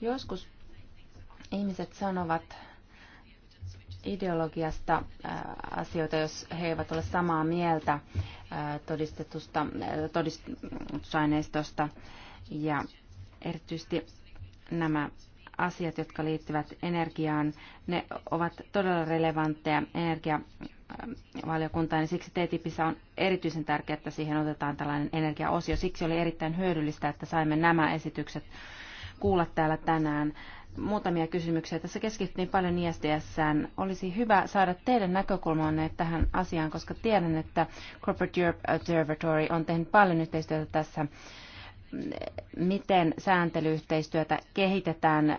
Joskus ihmiset sanovat ideologiasta äh, asioita, jos he eivät ole samaa mieltä äh, todistetusta äh, todistusaineistosta. Ja erityisesti nämä asiat, jotka liittyvät energiaan, ne ovat todella relevantteja energia valiokuntaan, niin siksi TTIPissä on erityisen tärkeää, että siihen otetaan tällainen energiaosio. Siksi oli erittäin hyödyllistä, että saimme nämä esitykset kuulla täällä tänään. Muutamia kysymyksiä. Tässä keskittyin paljon ISDSään. Olisi hyvä saada teidän näkökulmanne tähän asiaan, koska tiedän, että Corporate Europe Observatory on tehnyt paljon yhteistyötä tässä miten sääntelyyhteistyötä kehitetään äh,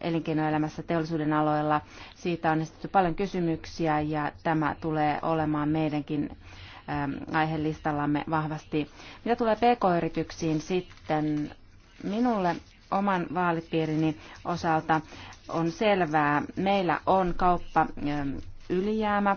elinkeinoelämässä teollisuuden aloilla. Siitä on esitetty paljon kysymyksiä ja tämä tulee olemaan meidänkin ähm, aihelistallamme vahvasti. Mitä tulee pk-yrityksiin sitten, minulle oman vaalipiirini osalta on selvää, meillä on kauppa ähm, ylijäämä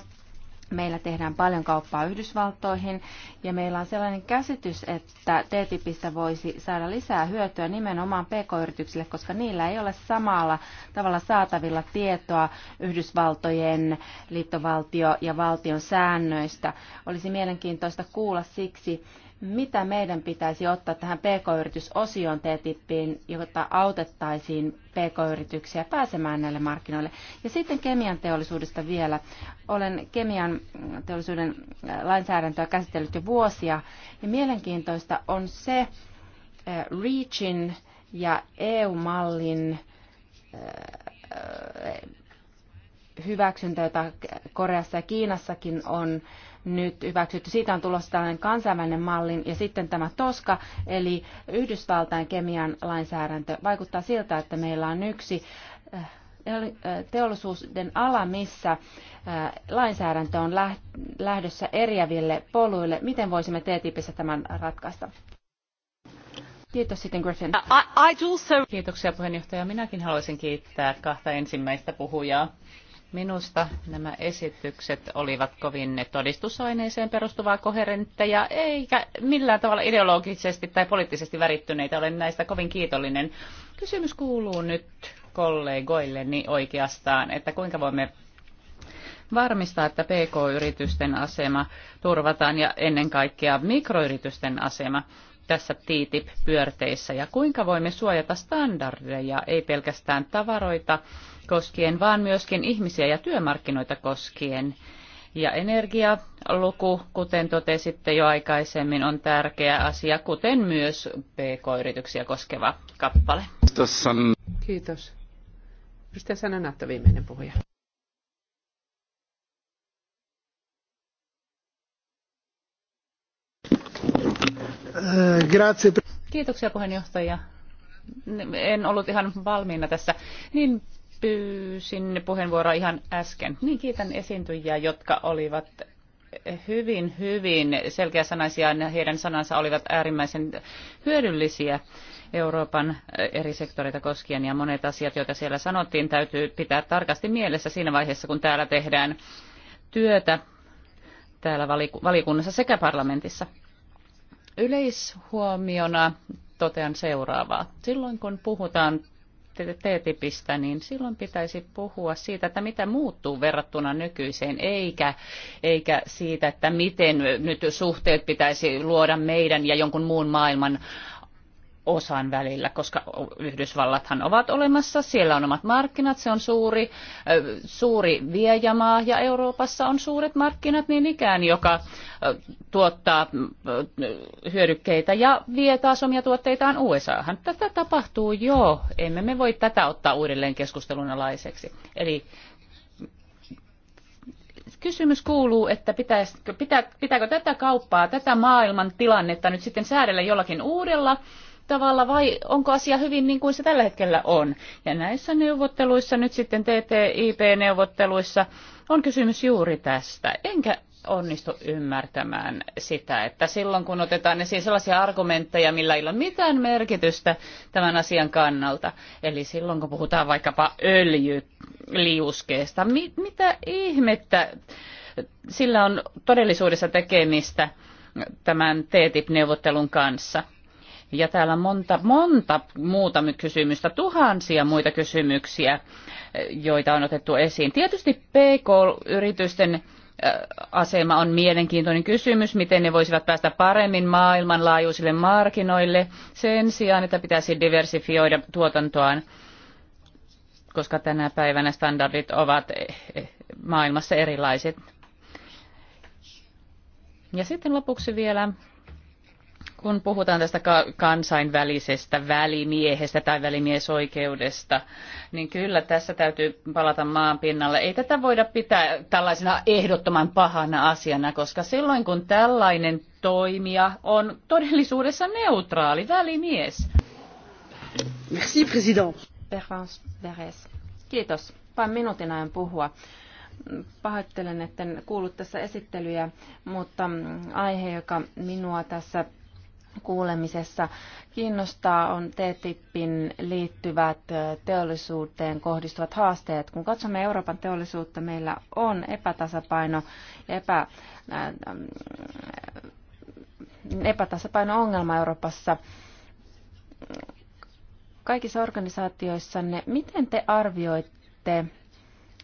Meillä tehdään paljon kauppaa Yhdysvaltoihin ja meillä on sellainen käsitys, että TTIPistä voisi saada lisää hyötyä nimenomaan pk-yrityksille, koska niillä ei ole samalla tavalla saatavilla tietoa Yhdysvaltojen liittovaltio- ja valtion säännöistä. Olisi mielenkiintoista kuulla siksi, mitä meidän pitäisi ottaa tähän pk-yritysosioon TTIPiin, jotta autettaisiin pk-yrityksiä pääsemään näille markkinoille? Ja sitten kemian teollisuudesta vielä. Olen kemian teollisuuden äh, lainsäädäntöä käsitellyt jo vuosia, ja mielenkiintoista on se äh, REACHin ja EU-mallin äh, hyväksyntä, jota Koreassa ja Kiinassakin on nyt hyväksytty. Siitä on tulossa tällainen kansainvälinen mallin ja sitten tämä TOSKA, eli Yhdysvaltain kemian lainsäädäntö. Vaikuttaa siltä, että meillä on yksi eh, eh, teollisuuden ala, missä eh, lainsäädäntö on lähdössä eriäville poluille. Miten voisimme TTIPissä tämän ratkaista? Kiitos sitten Griffin. Kiitoksia puheenjohtaja. Minäkin haluaisin kiittää kahta ensimmäistä puhujaa Minusta nämä esitykset olivat kovin todistusaineeseen perustuvaa koherentteja, eikä millään tavalla ideologisesti tai poliittisesti värittyneitä. Olen näistä kovin kiitollinen. Kysymys kuuluu nyt kollegoilleni oikeastaan, että kuinka voimme varmistaa, että PK-yritysten asema turvataan ja ennen kaikkea mikroyritysten asema tässä TTIP-pyörteissä ja kuinka voimme suojata standardeja, ei pelkästään tavaroita, koskien, vaan myöskin ihmisiä ja työmarkkinoita koskien. Ja energialuku, kuten totesitte jo aikaisemmin, on tärkeä asia, kuten myös PK-yrityksiä koskeva kappale. Kiitos. Mistä että viimeinen puhuja? Grazie. Kiitoksia puheenjohtaja. En ollut ihan valmiina tässä. Niin pyysin puheenvuoroa ihan äsken. Niin kiitän esiintyjiä, jotka olivat hyvin, hyvin selkeäsanaisia ja heidän sanansa olivat äärimmäisen hyödyllisiä Euroopan eh, eri sektoreita koskien ja monet asiat, joita siellä sanottiin, täytyy pitää tarkasti mielessä siinä vaiheessa, kun täällä tehdään työtä täällä valikunnassa sekä parlamentissa. Yleishuomiona totean seuraavaa. Silloin kun puhutaan TTIPistä, niin silloin pitäisi puhua siitä, että mitä muuttuu verrattuna nykyiseen, eikä, eikä siitä, että miten nyt suhteet pitäisi luoda meidän ja jonkun muun maailman osan välillä, koska Yhdysvallathan ovat olemassa, siellä on omat markkinat, se on suuri, suuri viejamaa ja Euroopassa on suuret markkinat niin ikään, joka tuottaa hyödykkeitä ja vie taas omia tuotteitaan USAhan. Tätä tapahtuu jo, emme me voi tätä ottaa uudelleen keskustelun alaiseksi. Eli kysymys kuuluu, että pitäisikö, pitää, pitääkö tätä kauppaa, tätä maailman tilannetta nyt sitten säädellä jollakin uudella tavalla vai onko asia hyvin niin kuin se tällä hetkellä on. Ja näissä neuvotteluissa, nyt sitten TTIP-neuvotteluissa, on kysymys juuri tästä. Enkä onnistu ymmärtämään sitä, että silloin kun otetaan esiin sellaisia argumentteja, millä ei ole mitään merkitystä tämän asian kannalta, eli silloin kun puhutaan vaikkapa öljyliuskeesta, mit, mitä ihmettä sillä on todellisuudessa tekemistä tämän TTIP-neuvottelun kanssa? Ja täällä on monta, monta muuta kysymystä, tuhansia muita kysymyksiä, eh, joita on otettu esiin. Tietysti PK-yritysten eh, asema on mielenkiintoinen kysymys, miten ne voisivat päästä paremmin maailmanlaajuisille markkinoille sen sijaan, että pitäisi diversifioida tuotantoaan, koska tänä päivänä standardit ovat eh, maailmassa erilaiset. Ja sitten lopuksi vielä kun puhutaan tästä kansainvälisestä välimiehestä tai välimiesoikeudesta, niin kyllä tässä täytyy palata maan pinnalle. Ei tätä voida pitää tällaisena ehdottoman pahana asiana, koska silloin kun tällainen toimija on todellisuudessa neutraali välimies. Merci, president. Kiitos. Vain minuutin ajan puhua pahoittelen, että en kuullut tässä esittelyjä, mutta mm, aihe, joka minua tässä kuulemisessa kiinnostaa on TTIPin liittyvät teollisuuteen kohdistuvat haasteet. Kun katsomme Euroopan teollisuutta, meillä on epätasapaino ja epä, epätasapaino-ongelma Euroopassa. Kaikissa organisaatioissanne, miten te arvioitte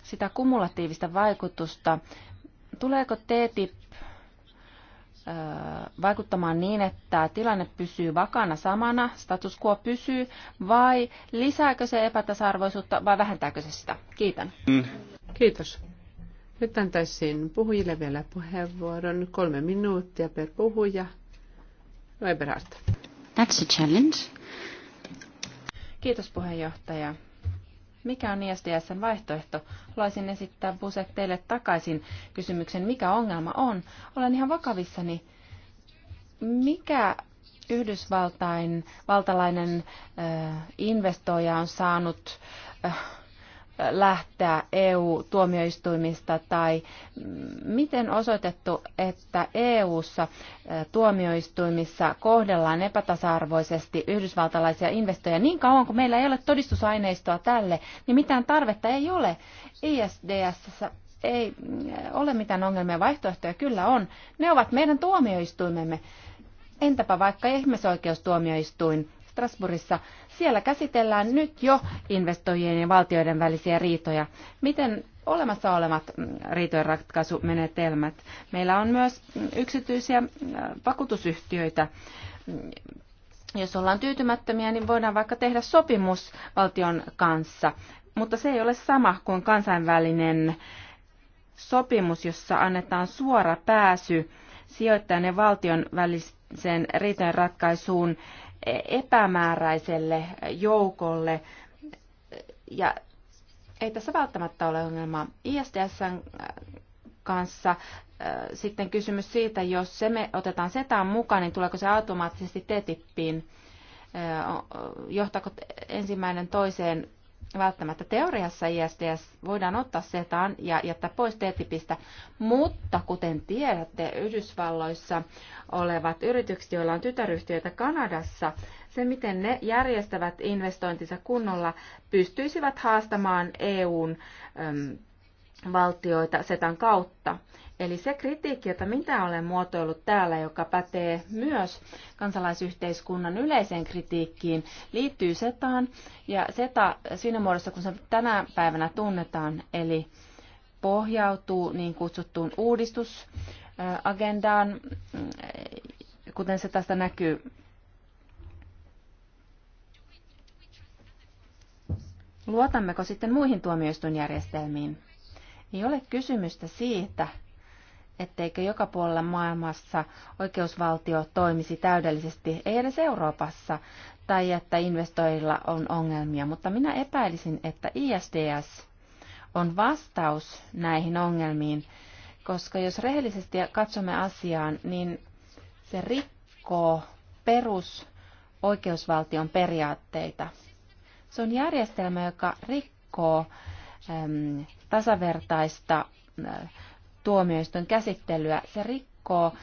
sitä kumulatiivista vaikutusta? Tuleeko TTIP vaikuttamaan niin, että tilanne pysyy vakana samana, status quo pysyy, vai lisääkö se epätasa-arvoisuutta vai vähentääkö se sitä? Kiitän. Kiitos. Nyt antaisin puhujille vielä puheenvuoron. Kolme minuuttia per puhuja. Weberhardt. That's a challenge. Kiitos puheenjohtaja. Mikä on ISDSn vaihtoehto? Haluaisin esittää Busek teille takaisin kysymyksen, mikä ongelma on. Olen ihan vakavissani. Mikä Yhdysvaltain valtalainen investoija on saanut lähteä EU-tuomioistuimista tai miten osoitettu, että EU-ssa tuomioistuimissa kohdellaan epätasa-arvoisesti yhdysvaltalaisia investoja niin kauan kuin meillä ei ole todistusaineistoa tälle, niin mitään tarvetta ei ole. ISDS ei ole mitään ongelmia, vaihtoehtoja kyllä on. Ne ovat meidän tuomioistuimemme. Entäpä vaikka ihmisoikeustuomioistuin Strasbourgissa. Siellä käsitellään nyt jo investoijien ja valtioiden välisiä riitoja. Miten olemassa olevat mm, riitojen ratkaisumenetelmät? Meillä on myös mm, yksityisiä mm, vakuutusyhtiöitä. Jos ollaan tyytymättömiä, niin voidaan vaikka tehdä sopimus valtion kanssa, mutta se ei ole sama kuin kansainvälinen sopimus, jossa annetaan suora pääsy sijoittajan ja valtion väliseen riitojen ratkaisuun epämääräiselle joukolle. Ja ei tässä välttämättä ole ongelma ISDSn äh, kanssa. Äh, sitten kysymys siitä, jos se me otetaan setaan mukaan, niin tuleeko se automaattisesti TTIPiin? Äh, johtaako ensimmäinen toiseen? välttämättä teoriassa ISDS voidaan ottaa setaan ja jättää pois TTIPistä, mutta kuten tiedätte, Yhdysvalloissa olevat yritykset, joilla on tytäryhtiöitä Kanadassa, se miten ne järjestävät investointinsa kunnolla, pystyisivät haastamaan EUn äm, valtioita setan kautta. Eli se kritiikki, jota minä olen muotoillut täällä, joka pätee myös kansalaisyhteiskunnan yleiseen kritiikkiin, liittyy SETAan. Ja SETA siinä muodossa, kun se tänä päivänä tunnetaan, eli pohjautuu niin kutsuttuun uudistusagendaan, kuten se tästä näkyy Luotammeko sitten muihin tuomioistuinjärjestelmiin? Ei ole kysymystä siitä, etteikö joka puolella maailmassa oikeusvaltio toimisi täydellisesti, ei edes Euroopassa, tai että investoijilla on ongelmia, mutta minä epäilisin, että ISDS on vastaus näihin ongelmiin, koska jos rehellisesti katsomme asiaan, niin se rikkoo perusoikeusvaltion periaatteita. Se on järjestelmä, joka rikkoo äm, tasavertaista äh, tuomioistuin käsittelyä. Se rikkoo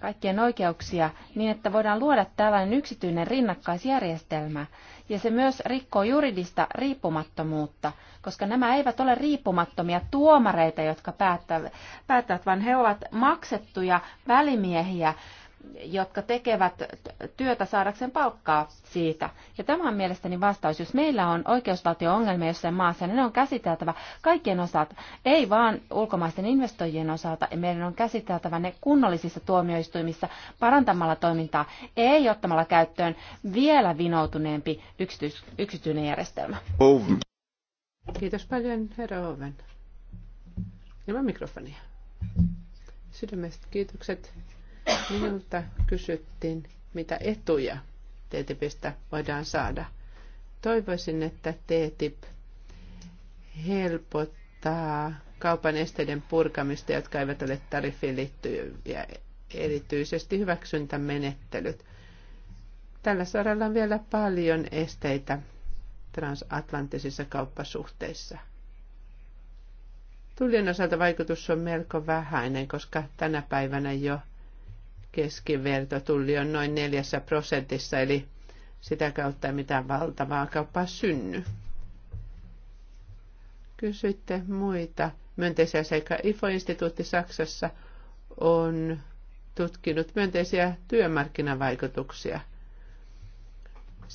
kaikkien oikeuksia niin, että voidaan luoda tällainen yksityinen rinnakkaisjärjestelmä. Ja se myös rikkoo juridista riippumattomuutta, koska nämä eivät ole riippumattomia tuomareita, jotka päättävät, päättävät vaan he ovat maksettuja välimiehiä jotka tekevät työtä saadakseen palkkaa siitä. Ja tämä on mielestäni vastaus. Jos meillä on oikeusvaltio-ongelmia jossain maassa, niin ne on käsiteltävä kaikkien osalta, ei vaan ulkomaisten investoijien osalta. Ja meidän on käsiteltävä ne kunnollisissa tuomioistuimissa parantamalla toimintaa, ei ottamalla käyttöön vielä vinoutuneempi yksityis- yksityinen järjestelmä. Oven. Kiitos paljon, herra Oven. Ilman mikrofonia. Sydämestä kiitokset Minulta kysyttiin, mitä etuja TTIPistä voidaan saada. Toivoisin, että TTIP helpottaa kaupan esteiden purkamista, jotka eivät ole tariffiin liittyviä, erityisesti hyväksyntämenettelyt. Tällä saralla on vielä paljon esteitä transatlanttisissa kauppasuhteissa. Tullien osalta vaikutus on melko vähäinen, koska tänä päivänä jo – tuli on noin neljässä prosentissa, eli sitä kautta ei mitään valtavaa kauppaa synny. Kysytte muita myönteisiä seikkoja. IFO-instituutti Saksassa on tutkinut myönteisiä työmarkkinavaikutuksia. 75-150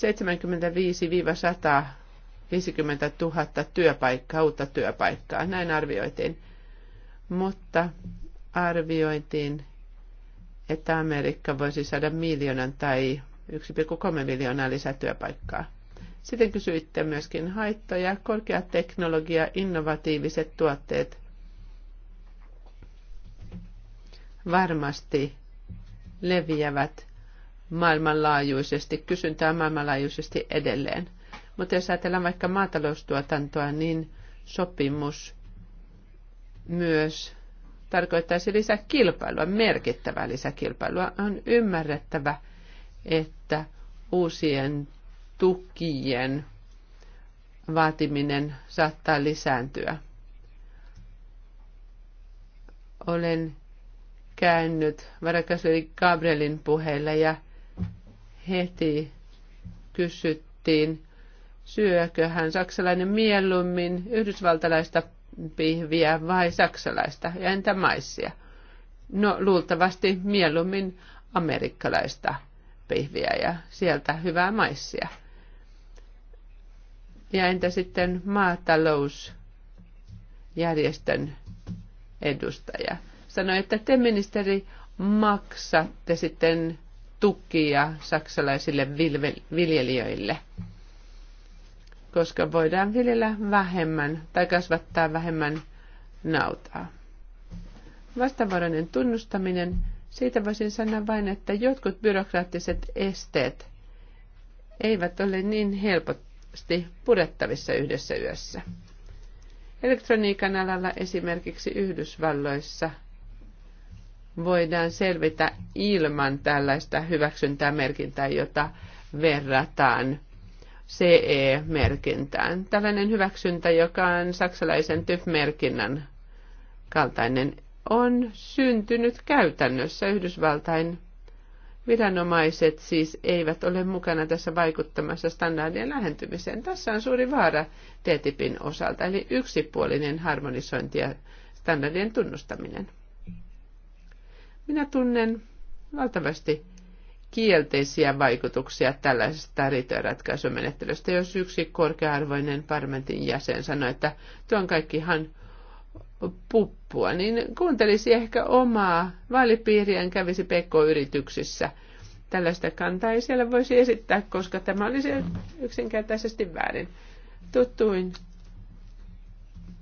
000 työpaikkaa, uutta työpaikkaa, näin arvioitiin. Mutta arvioitiin että Amerikka voisi saada miljoonan tai 1,3 miljoonaa lisätyöpaikkaa. Sitten kysyitte myöskin haittoja, korkea teknologia, innovatiiviset tuotteet. Varmasti leviävät maailmanlaajuisesti, kysyntää maailmanlaajuisesti edelleen. Mutta jos ajatellaan vaikka maataloustuotantoa, niin sopimus myös tarkoittaisi lisäkilpailua, merkittävää lisäkilpailua. On ymmärrettävä, että uusien tukien vaatiminen saattaa lisääntyä. Olen käynyt varakasveli Gabrielin puheilla ja heti kysyttiin, syökö hän saksalainen mieluummin yhdysvaltalaista pihviä vai saksalaista ja entä maissia? No luultavasti mieluummin amerikkalaista pihviä ja sieltä hyvää maissia. Ja entä sitten maatalousjärjestön edustaja? Sanoi, että te ministeri maksatte sitten tukia saksalaisille viljelijöille koska voidaan viljellä vähemmän tai kasvattaa vähemmän nautaa. Vastavuoroinen tunnustaminen, siitä voisin sanoa vain, että jotkut byrokraattiset esteet eivät ole niin helposti purettavissa yhdessä yössä. Elektroniikan alalla esimerkiksi Yhdysvalloissa voidaan selvitä ilman tällaista hyväksyntää merkintää, jota verrataan CE-merkintään. Tällainen hyväksyntä, joka on saksalaisen TÜV-merkinnän kaltainen, on syntynyt käytännössä. Yhdysvaltain viranomaiset siis eivät ole mukana tässä vaikuttamassa standardien lähentymiseen. Tässä on suuri vaara TTIPin osalta, eli yksipuolinen harmonisointi ja standardien tunnustaminen. Minä tunnen valtavasti kielteisiä vaikutuksia tällaisesta riitojenratkaisumenettelystä, jos yksi korkearvoinen parlamentin jäsen sanoi, että tuo on ihan puppua, niin kuuntelisi ehkä omaa vaalipiiriään, kävisi pk-yrityksissä. Tällaista kantaa ei siellä voisi esittää, koska tämä olisi yksinkertaisesti väärin. Tuttuin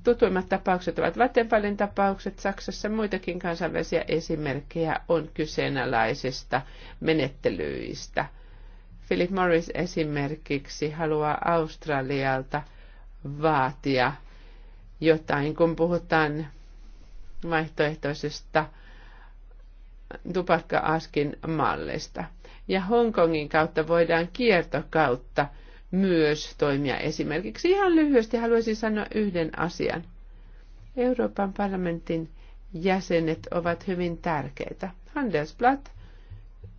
Tutuimmat tapaukset ovat Vattenfallin tapaukset Saksassa. Muitakin kansainvälisiä esimerkkejä on kyseenalaisista menettelyistä. Philip Morris esimerkiksi haluaa Australialta vaatia jotain, kun puhutaan vaihtoehtoisesta tupakka-askin mallista. Ja Hongkongin kautta voidaan kiertokautta kautta myös toimia esimerkiksi. Ihan lyhyesti haluaisin sanoa yhden asian. Euroopan parlamentin jäsenet ovat hyvin tärkeitä. Handelsblatt,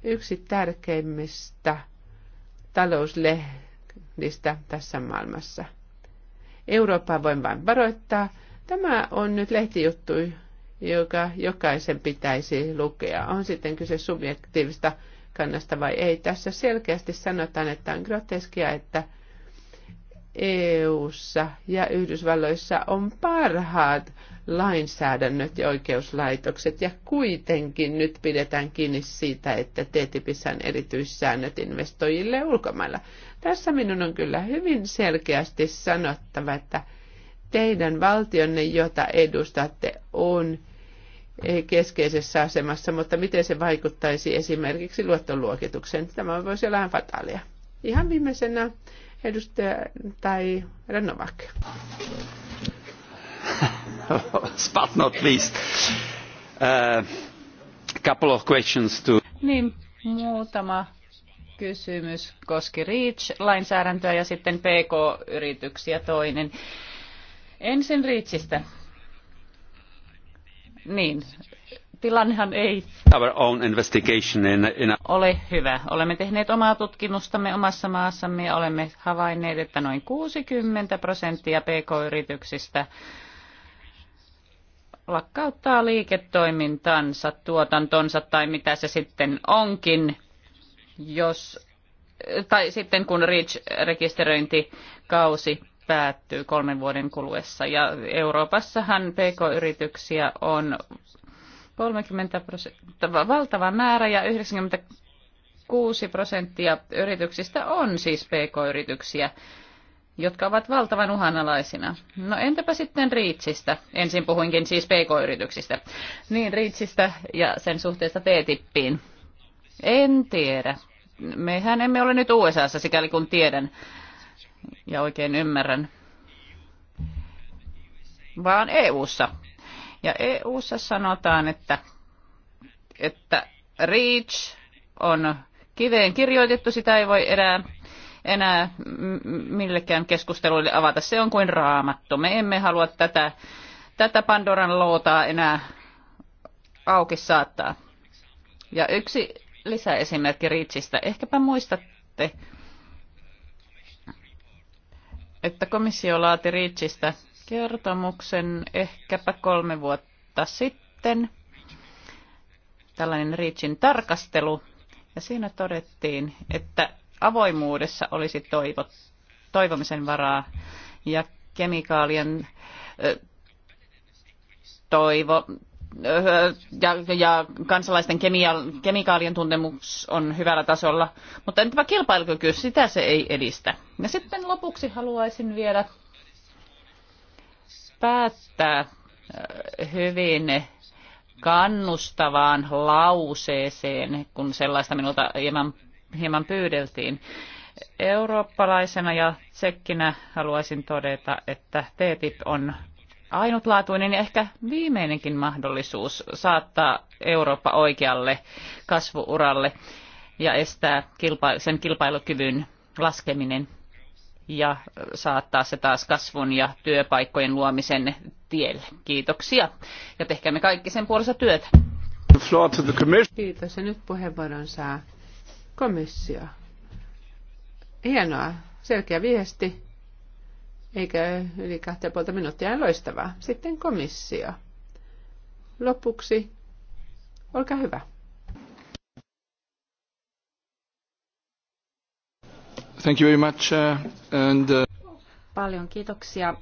yksi tärkeimmistä talouslehdistä tässä maailmassa. Eurooppaa voin vain varoittaa. Tämä on nyt lehtijuttu, joka jokaisen pitäisi lukea. On sitten kyse subjektiivista kannasta vai ei. Tässä selkeästi sanotaan, että on groteskia, että EU-ssa ja Yhdysvalloissa on parhaat lainsäädännöt ja oikeuslaitokset ja kuitenkin nyt pidetään kiinni siitä, että TTIPissä on erityissäännöt investoijille ulkomailla. Tässä minun on kyllä hyvin selkeästi sanottava, että teidän valtionne, jota edustatte, on – keskeisessä asemassa, mutta miten se vaikuttaisi esimerkiksi luottoluokitukseen. Tämä voisi olla vähän fataalia. Ihan viimeisenä edustaja tai Renovak. But not least. Uh, couple of questions to... Niin, muutama kysymys koski REACH-lainsäädäntöä ja sitten PK-yrityksiä toinen. Ensin REACHistä niin, tilannehan ei ole hyvä. Olemme tehneet omaa tutkimustamme omassa maassamme ja olemme havainneet, että noin 60 prosenttia pk-yrityksistä lakkauttaa liiketoimintansa, tuotantonsa tai mitä se sitten onkin, jos, tai sitten kun REACH-rekisteröintikausi päättyy kolmen vuoden kuluessa. Ja Euroopassahan pk-yrityksiä on 30 prosenttia, valtava määrä ja 96 prosenttia yrityksistä on siis pk-yrityksiä jotka ovat valtavan uhanalaisina. No entäpä sitten Riitsistä? Ensin puhuinkin siis PK-yrityksistä. Niin, Riitsistä ja sen suhteesta T-tippiin. En tiedä. Mehän emme ole nyt USAssa, sikäli kun tiedän ja oikein ymmärrän, vaan EU:ssa. Ja EU:ssa sanotaan, että, että REACH on kiveen kirjoitettu, sitä ei voi enää, enää millekään keskusteluille avata. Se on kuin raamattu. Me emme halua tätä, tätä Pandoran lootaa enää auki saattaa. Ja yksi lisäesimerkki Riitsistä. Ehkäpä muistatte, että komissio laati Riitsistä kertomuksen ehkäpä kolme vuotta sitten. Tällainen Riitsin tarkastelu. Ja siinä todettiin, että avoimuudessa olisi toivo, toivomisen varaa ja kemikaalien toivo, ja, ja kansalaisten kemial, kemikaalien tuntemus on hyvällä tasolla, mutta entäpä kilpailukyky, sitä se ei edistä. Ja sitten lopuksi haluaisin vielä päättää äh, hyvin kannustavaan lauseeseen, kun sellaista minulta hieman, hieman pyydeltiin. Eurooppalaisena ja tsekkinä haluaisin todeta, että TTIP on ainutlaatuinen ja ehkä viimeinenkin mahdollisuus saattaa Eurooppa oikealle kasvuuralle ja estää sen kilpailukyvyn laskeminen ja saattaa se taas kasvun ja työpaikkojen luomisen tielle. Kiitoksia ja tehkäämme kaikki sen puolesta työtä. Kiitos ja nyt puheenvuoron saa komissio. Hienoa, selkeä viesti eikä yli kahta minuuttia puolta minuuttia. Loistavaa. Sitten komissio. Lopuksi, olkaa hyvä. Thank you very much. Uh, and, uh... Paljon kiitoksia.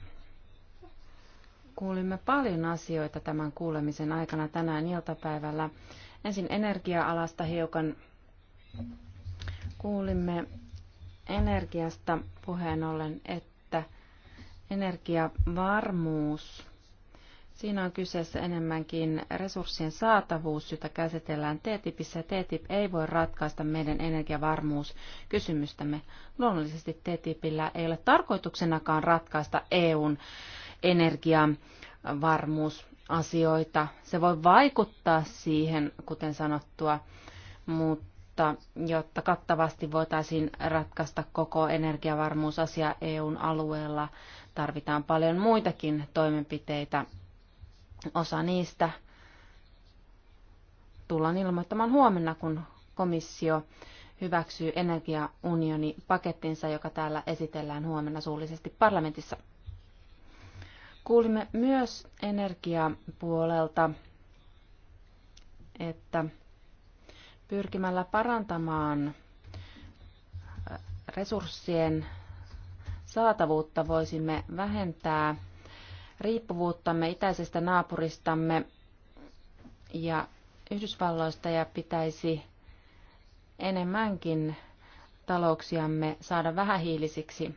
Kuulimme paljon asioita tämän kuulemisen aikana tänään iltapäivällä. Ensin energia-alasta hiukan kuulimme energiasta puheen ollen, että Energiavarmuus. Siinä on kyseessä enemmänkin resurssien saatavuus, jota käsitellään TTIPissä. TTIP ei voi ratkaista meidän energiavarmuuskysymystämme. Luonnollisesti TTIPillä ei ole tarkoituksenakaan ratkaista EUn energiavarmuusasioita. Se voi vaikuttaa siihen, kuten sanottua, mutta jotta kattavasti voitaisiin ratkaista koko energiavarmuusasia EUn alueella, tarvitaan paljon muitakin toimenpiteitä. Osa niistä tullaan ilmoittamaan huomenna, kun komissio hyväksyy energiaunioni pakettinsa, joka täällä esitellään huomenna suullisesti parlamentissa. Kuulimme myös energiapuolelta, että pyrkimällä parantamaan resurssien saatavuutta voisimme vähentää riippuvuuttamme itäisestä naapuristamme ja Yhdysvalloista ja pitäisi enemmänkin talouksiamme saada vähähiilisiksi.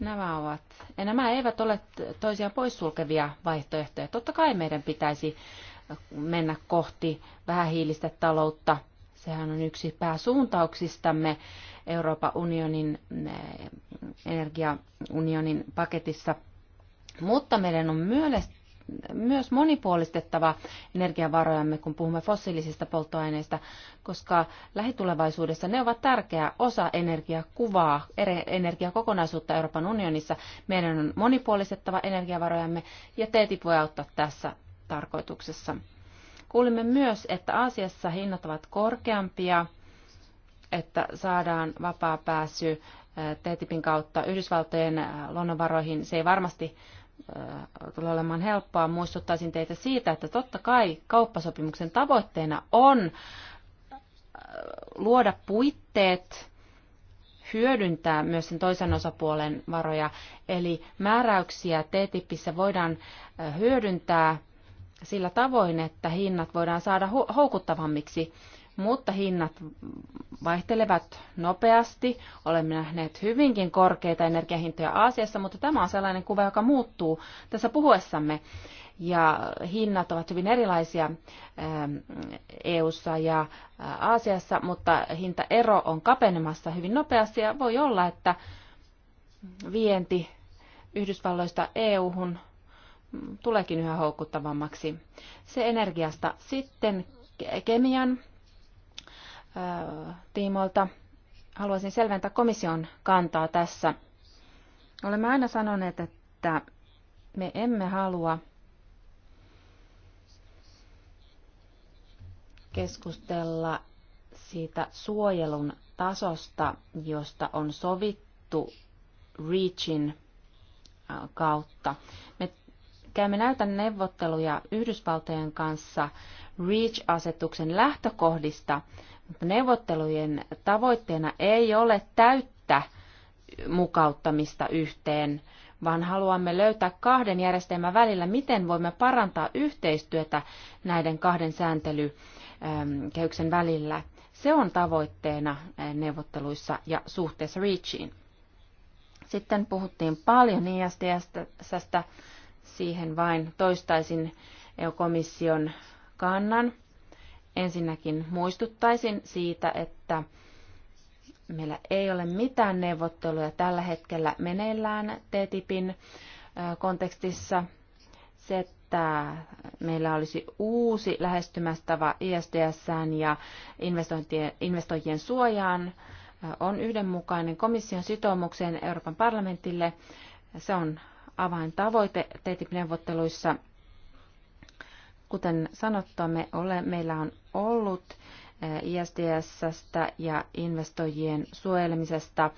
Nämä, ovat, ja nämä eivät ole toisiaan poissulkevia vaihtoehtoja. Totta kai meidän pitäisi mennä kohti vähähiilistä taloutta. Sehän on yksi pääsuuntauksistamme Euroopan unionin energiaunionin paketissa. Mutta meidän on myös monipuolistettava energiavarojamme, kun puhumme fossiilisista polttoaineista, koska lähitulevaisuudessa ne ovat tärkeä osa energiakuvaa, energiakokonaisuutta Euroopan unionissa. Meidän on monipuolistettava energiavarojamme ja TTIP voi auttaa tässä tarkoituksessa. Kuulimme myös, että Aasiassa hinnat ovat korkeampia, että saadaan vapaa pääsy TTIPin kautta Yhdysvaltojen äh, luonnonvaroihin. Se ei varmasti äh, tule olemaan helppoa. Muistuttaisin teitä siitä, että totta kai kauppasopimuksen tavoitteena on äh, luoda puitteet hyödyntää myös sen toisen osapuolen varoja. Eli määräyksiä TTIPissä voidaan hyödyntää sillä tavoin, että hinnat voidaan saada houkuttavammiksi mutta hinnat vaihtelevat nopeasti. Olemme nähneet hyvinkin korkeita energiahintoja Aasiassa, mutta tämä on sellainen kuva, joka muuttuu tässä puhuessamme. Ja hinnat ovat hyvin erilaisia ähm, EU:ssa ja äh, Aasiassa, mutta hintaero on kapenemassa hyvin nopeasti ja voi olla, että vienti Yhdysvalloista eu tuleekin yhä houkuttavammaksi. Se energiasta sitten kemian tiimoilta. Haluaisin selventää komission kantaa tässä. Olemme aina sanoneet, että me emme halua keskustella siitä suojelun tasosta, josta on sovittu REACHin kautta. Me käymme näitä neuvotteluja Yhdysvaltojen kanssa REACH-asetuksen lähtökohdista, mutta neuvottelujen tavoitteena ei ole täyttä mukauttamista yhteen, vaan haluamme löytää kahden järjestelmän välillä, miten voimme parantaa yhteistyötä näiden kahden sääntelykehyksen ähm, välillä. Se on tavoitteena äh, neuvotteluissa ja suhteessa REACHiin. Sitten puhuttiin paljon ISDS-stä, siihen vain toistaisin EU-komission kannan. Ensinnäkin muistuttaisin siitä, että meillä ei ole mitään neuvotteluja tällä hetkellä meneillään TTIPin kontekstissa. Se, että meillä olisi uusi lähestymästävä ISDS ja investointien suojaan, on yhdenmukainen komission sitoumukseen Euroopan parlamentille. Se on avaintavoite TTIP-neuvotteluissa Kuten sanottua, me ole, meillä on ollut eh, ISDS ja investoijien suojelemisesta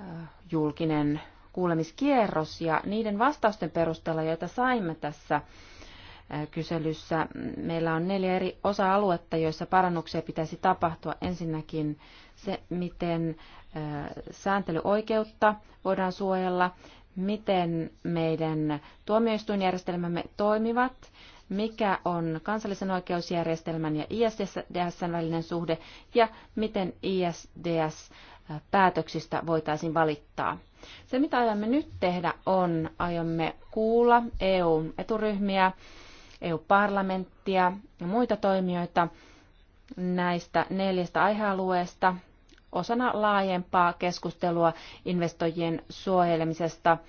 eh, julkinen kuulemiskierros ja niiden vastausten perusteella, joita saimme tässä eh, kyselyssä, meillä on neljä eri osa-aluetta, joissa parannuksia pitäisi tapahtua. Ensinnäkin se, miten sääntelyoikeutta voidaan suojella, miten meidän tuomioistuinjärjestelmämme toimivat, mikä on kansallisen oikeusjärjestelmän ja ISDSn välinen suhde ja miten ISDS-päätöksistä voitaisiin valittaa. Se, mitä aiomme nyt tehdä, on aiomme kuulla EU-eturyhmiä, EU-parlamenttia ja muita toimijoita näistä neljästä aihealueesta osana laajempaa keskustelua investoijien suojelemisesta –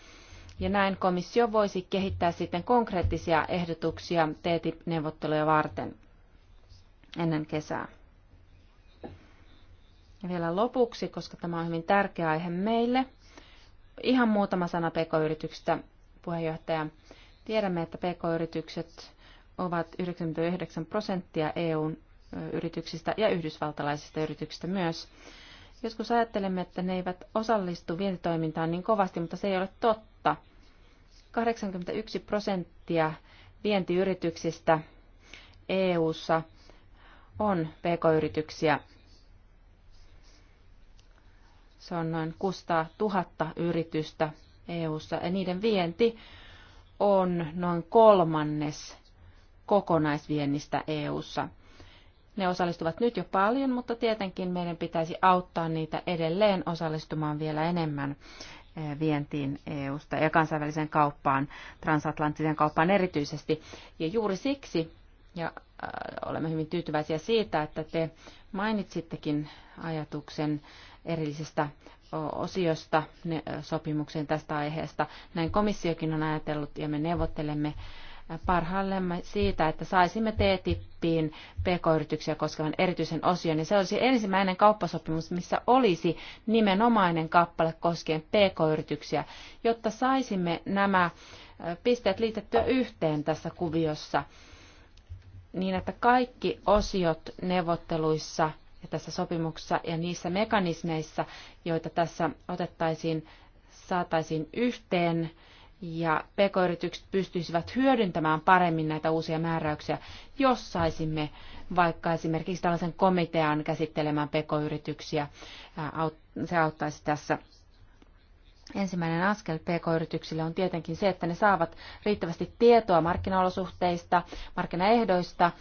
ja näin komissio voisi kehittää sitten konkreettisia ehdotuksia TTIP-neuvotteluja varten ennen kesää. Ja vielä lopuksi, koska tämä on hyvin tärkeä aihe meille, ihan muutama sana pk-yrityksistä, puheenjohtaja. Tiedämme, että pk-yritykset ovat 99 prosenttia EUn yrityksistä ja yhdysvaltalaisista yrityksistä myös. Joskus ajattelemme, että ne eivät osallistu vientitoimintaan niin kovasti, mutta se ei ole totta. 81 prosenttia vientiyrityksistä EU:ssa on pk-yrityksiä. Se on noin 600 000 yritystä EU:ssa ja niiden vienti on noin kolmannes kokonaisviennistä EU:ssa. ssa ne osallistuvat nyt jo paljon, mutta tietenkin meidän pitäisi auttaa niitä edelleen osallistumaan vielä enemmän eh, vientiin EUsta ja kansainväliseen kauppaan, transatlanttiseen kauppaan erityisesti. Ja juuri siksi, ja äh, olemme hyvin tyytyväisiä siitä, että te mainitsittekin ajatuksen erillisestä osiosta sopimukseen tästä aiheesta. Näin komissiokin on ajatellut ja me neuvottelemme parhaallemme siitä, että saisimme TTIPiin pk-yrityksiä koskevan erityisen osion. Ja se olisi ensimmäinen kauppasopimus, missä olisi nimenomainen kappale koskien pk-yrityksiä, jotta saisimme nämä pisteet liitettyä yhteen tässä kuviossa niin, että kaikki osiot neuvotteluissa ja tässä sopimuksessa ja niissä mekanismeissa, joita tässä otettaisiin, saataisiin yhteen ja pk-yritykset pystyisivät hyödyntämään paremmin näitä uusia määräyksiä, jos saisimme vaikka esimerkiksi tällaisen komitean käsittelemään pk-yrityksiä. Se auttaisi tässä. Ensimmäinen askel pk-yrityksille on tietenkin se, että ne saavat riittävästi tietoa markkinaolosuhteista, markkinaehdoista,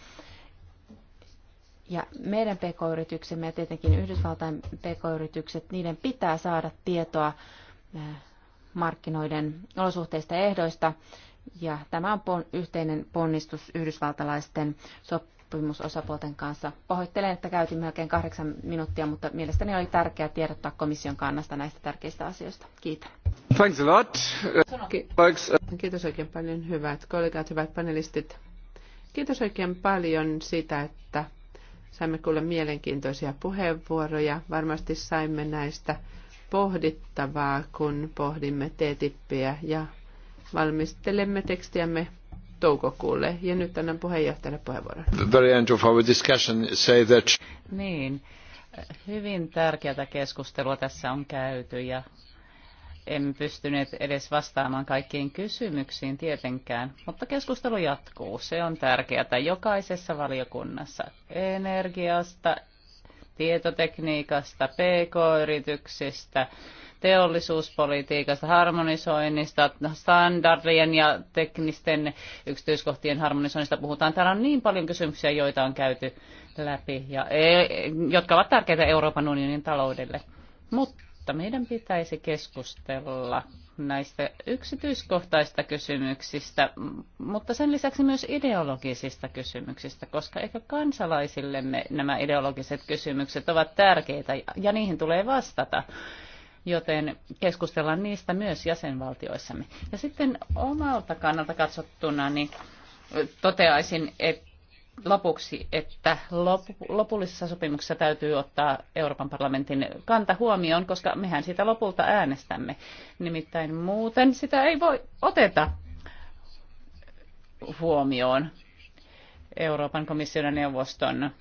ja meidän pk-yrityksemme ja tietenkin Yhdysvaltain pk-yritykset, niiden pitää saada tietoa markkinoiden olosuhteista ja ehdoista. Ja tämä on yhteinen ponnistus yhdysvaltalaisten sopimusosapuolten kanssa. Pahoittelen, että käytin melkein kahdeksan minuuttia, mutta mielestäni oli tärkeää tiedottaa komission kannasta näistä tärkeistä asioista. Kiitos. Thanks a lot. Uh, Kiitos oikein paljon hyvät kollegat, hyvät panelistit. Kiitos oikein paljon siitä, että saimme kuulla mielenkiintoisia puheenvuoroja. Varmasti saimme näistä pohdittavaa, kun pohdimme T-tippiä ja valmistelemme tekstiämme toukokuulle. Ja nyt annan puheenjohtajalle puheenvuoron. The very end of our discussion say that... Niin, hyvin tärkeätä keskustelua tässä on käyty ja emme pystyneet edes vastaamaan kaikkiin kysymyksiin tietenkään, mutta keskustelu jatkuu. Se on tärkeää jokaisessa valiokunnassa. Energiasta, tietotekniikasta, pk-yrityksistä, teollisuuspolitiikasta, harmonisoinnista, standardien ja teknisten yksityiskohtien harmonisoinnista puhutaan. Täällä on niin paljon kysymyksiä, joita on käyty läpi, ja, e, jotka ovat tärkeitä Euroopan unionin taloudelle. Mutta meidän pitäisi keskustella näistä yksityiskohtaista kysymyksistä, mutta sen lisäksi myös ideologisista kysymyksistä, koska eikö kansalaisillemme nämä ideologiset kysymykset ovat tärkeitä ja niihin tulee vastata joten keskustellaan niistä myös jäsenvaltioissamme. Ja sitten omalta kannalta katsottuna niin toteaisin, että lopuksi, että lopullisessa sopimuksessa täytyy ottaa Euroopan parlamentin kanta huomioon, koska mehän sitä lopulta äänestämme. Nimittäin muuten sitä ei voi oteta huomioon Euroopan komission ja neuvoston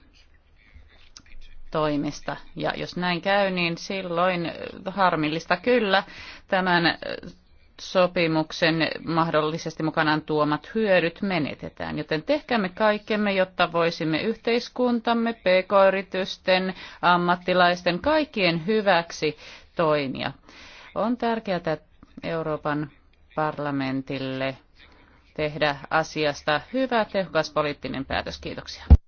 toimista. Ja jos näin käy, niin silloin harmillista kyllä tämän sopimuksen mahdollisesti mukanaan tuomat hyödyt menetetään. Joten tehkäämme kaikkemme, jotta voisimme yhteiskuntamme, pk-yritysten, ammattilaisten, kaikkien hyväksi toimia. On tärkeää Euroopan parlamentille tehdä asiasta hyvä, tehokas poliittinen päätös. Kiitoksia.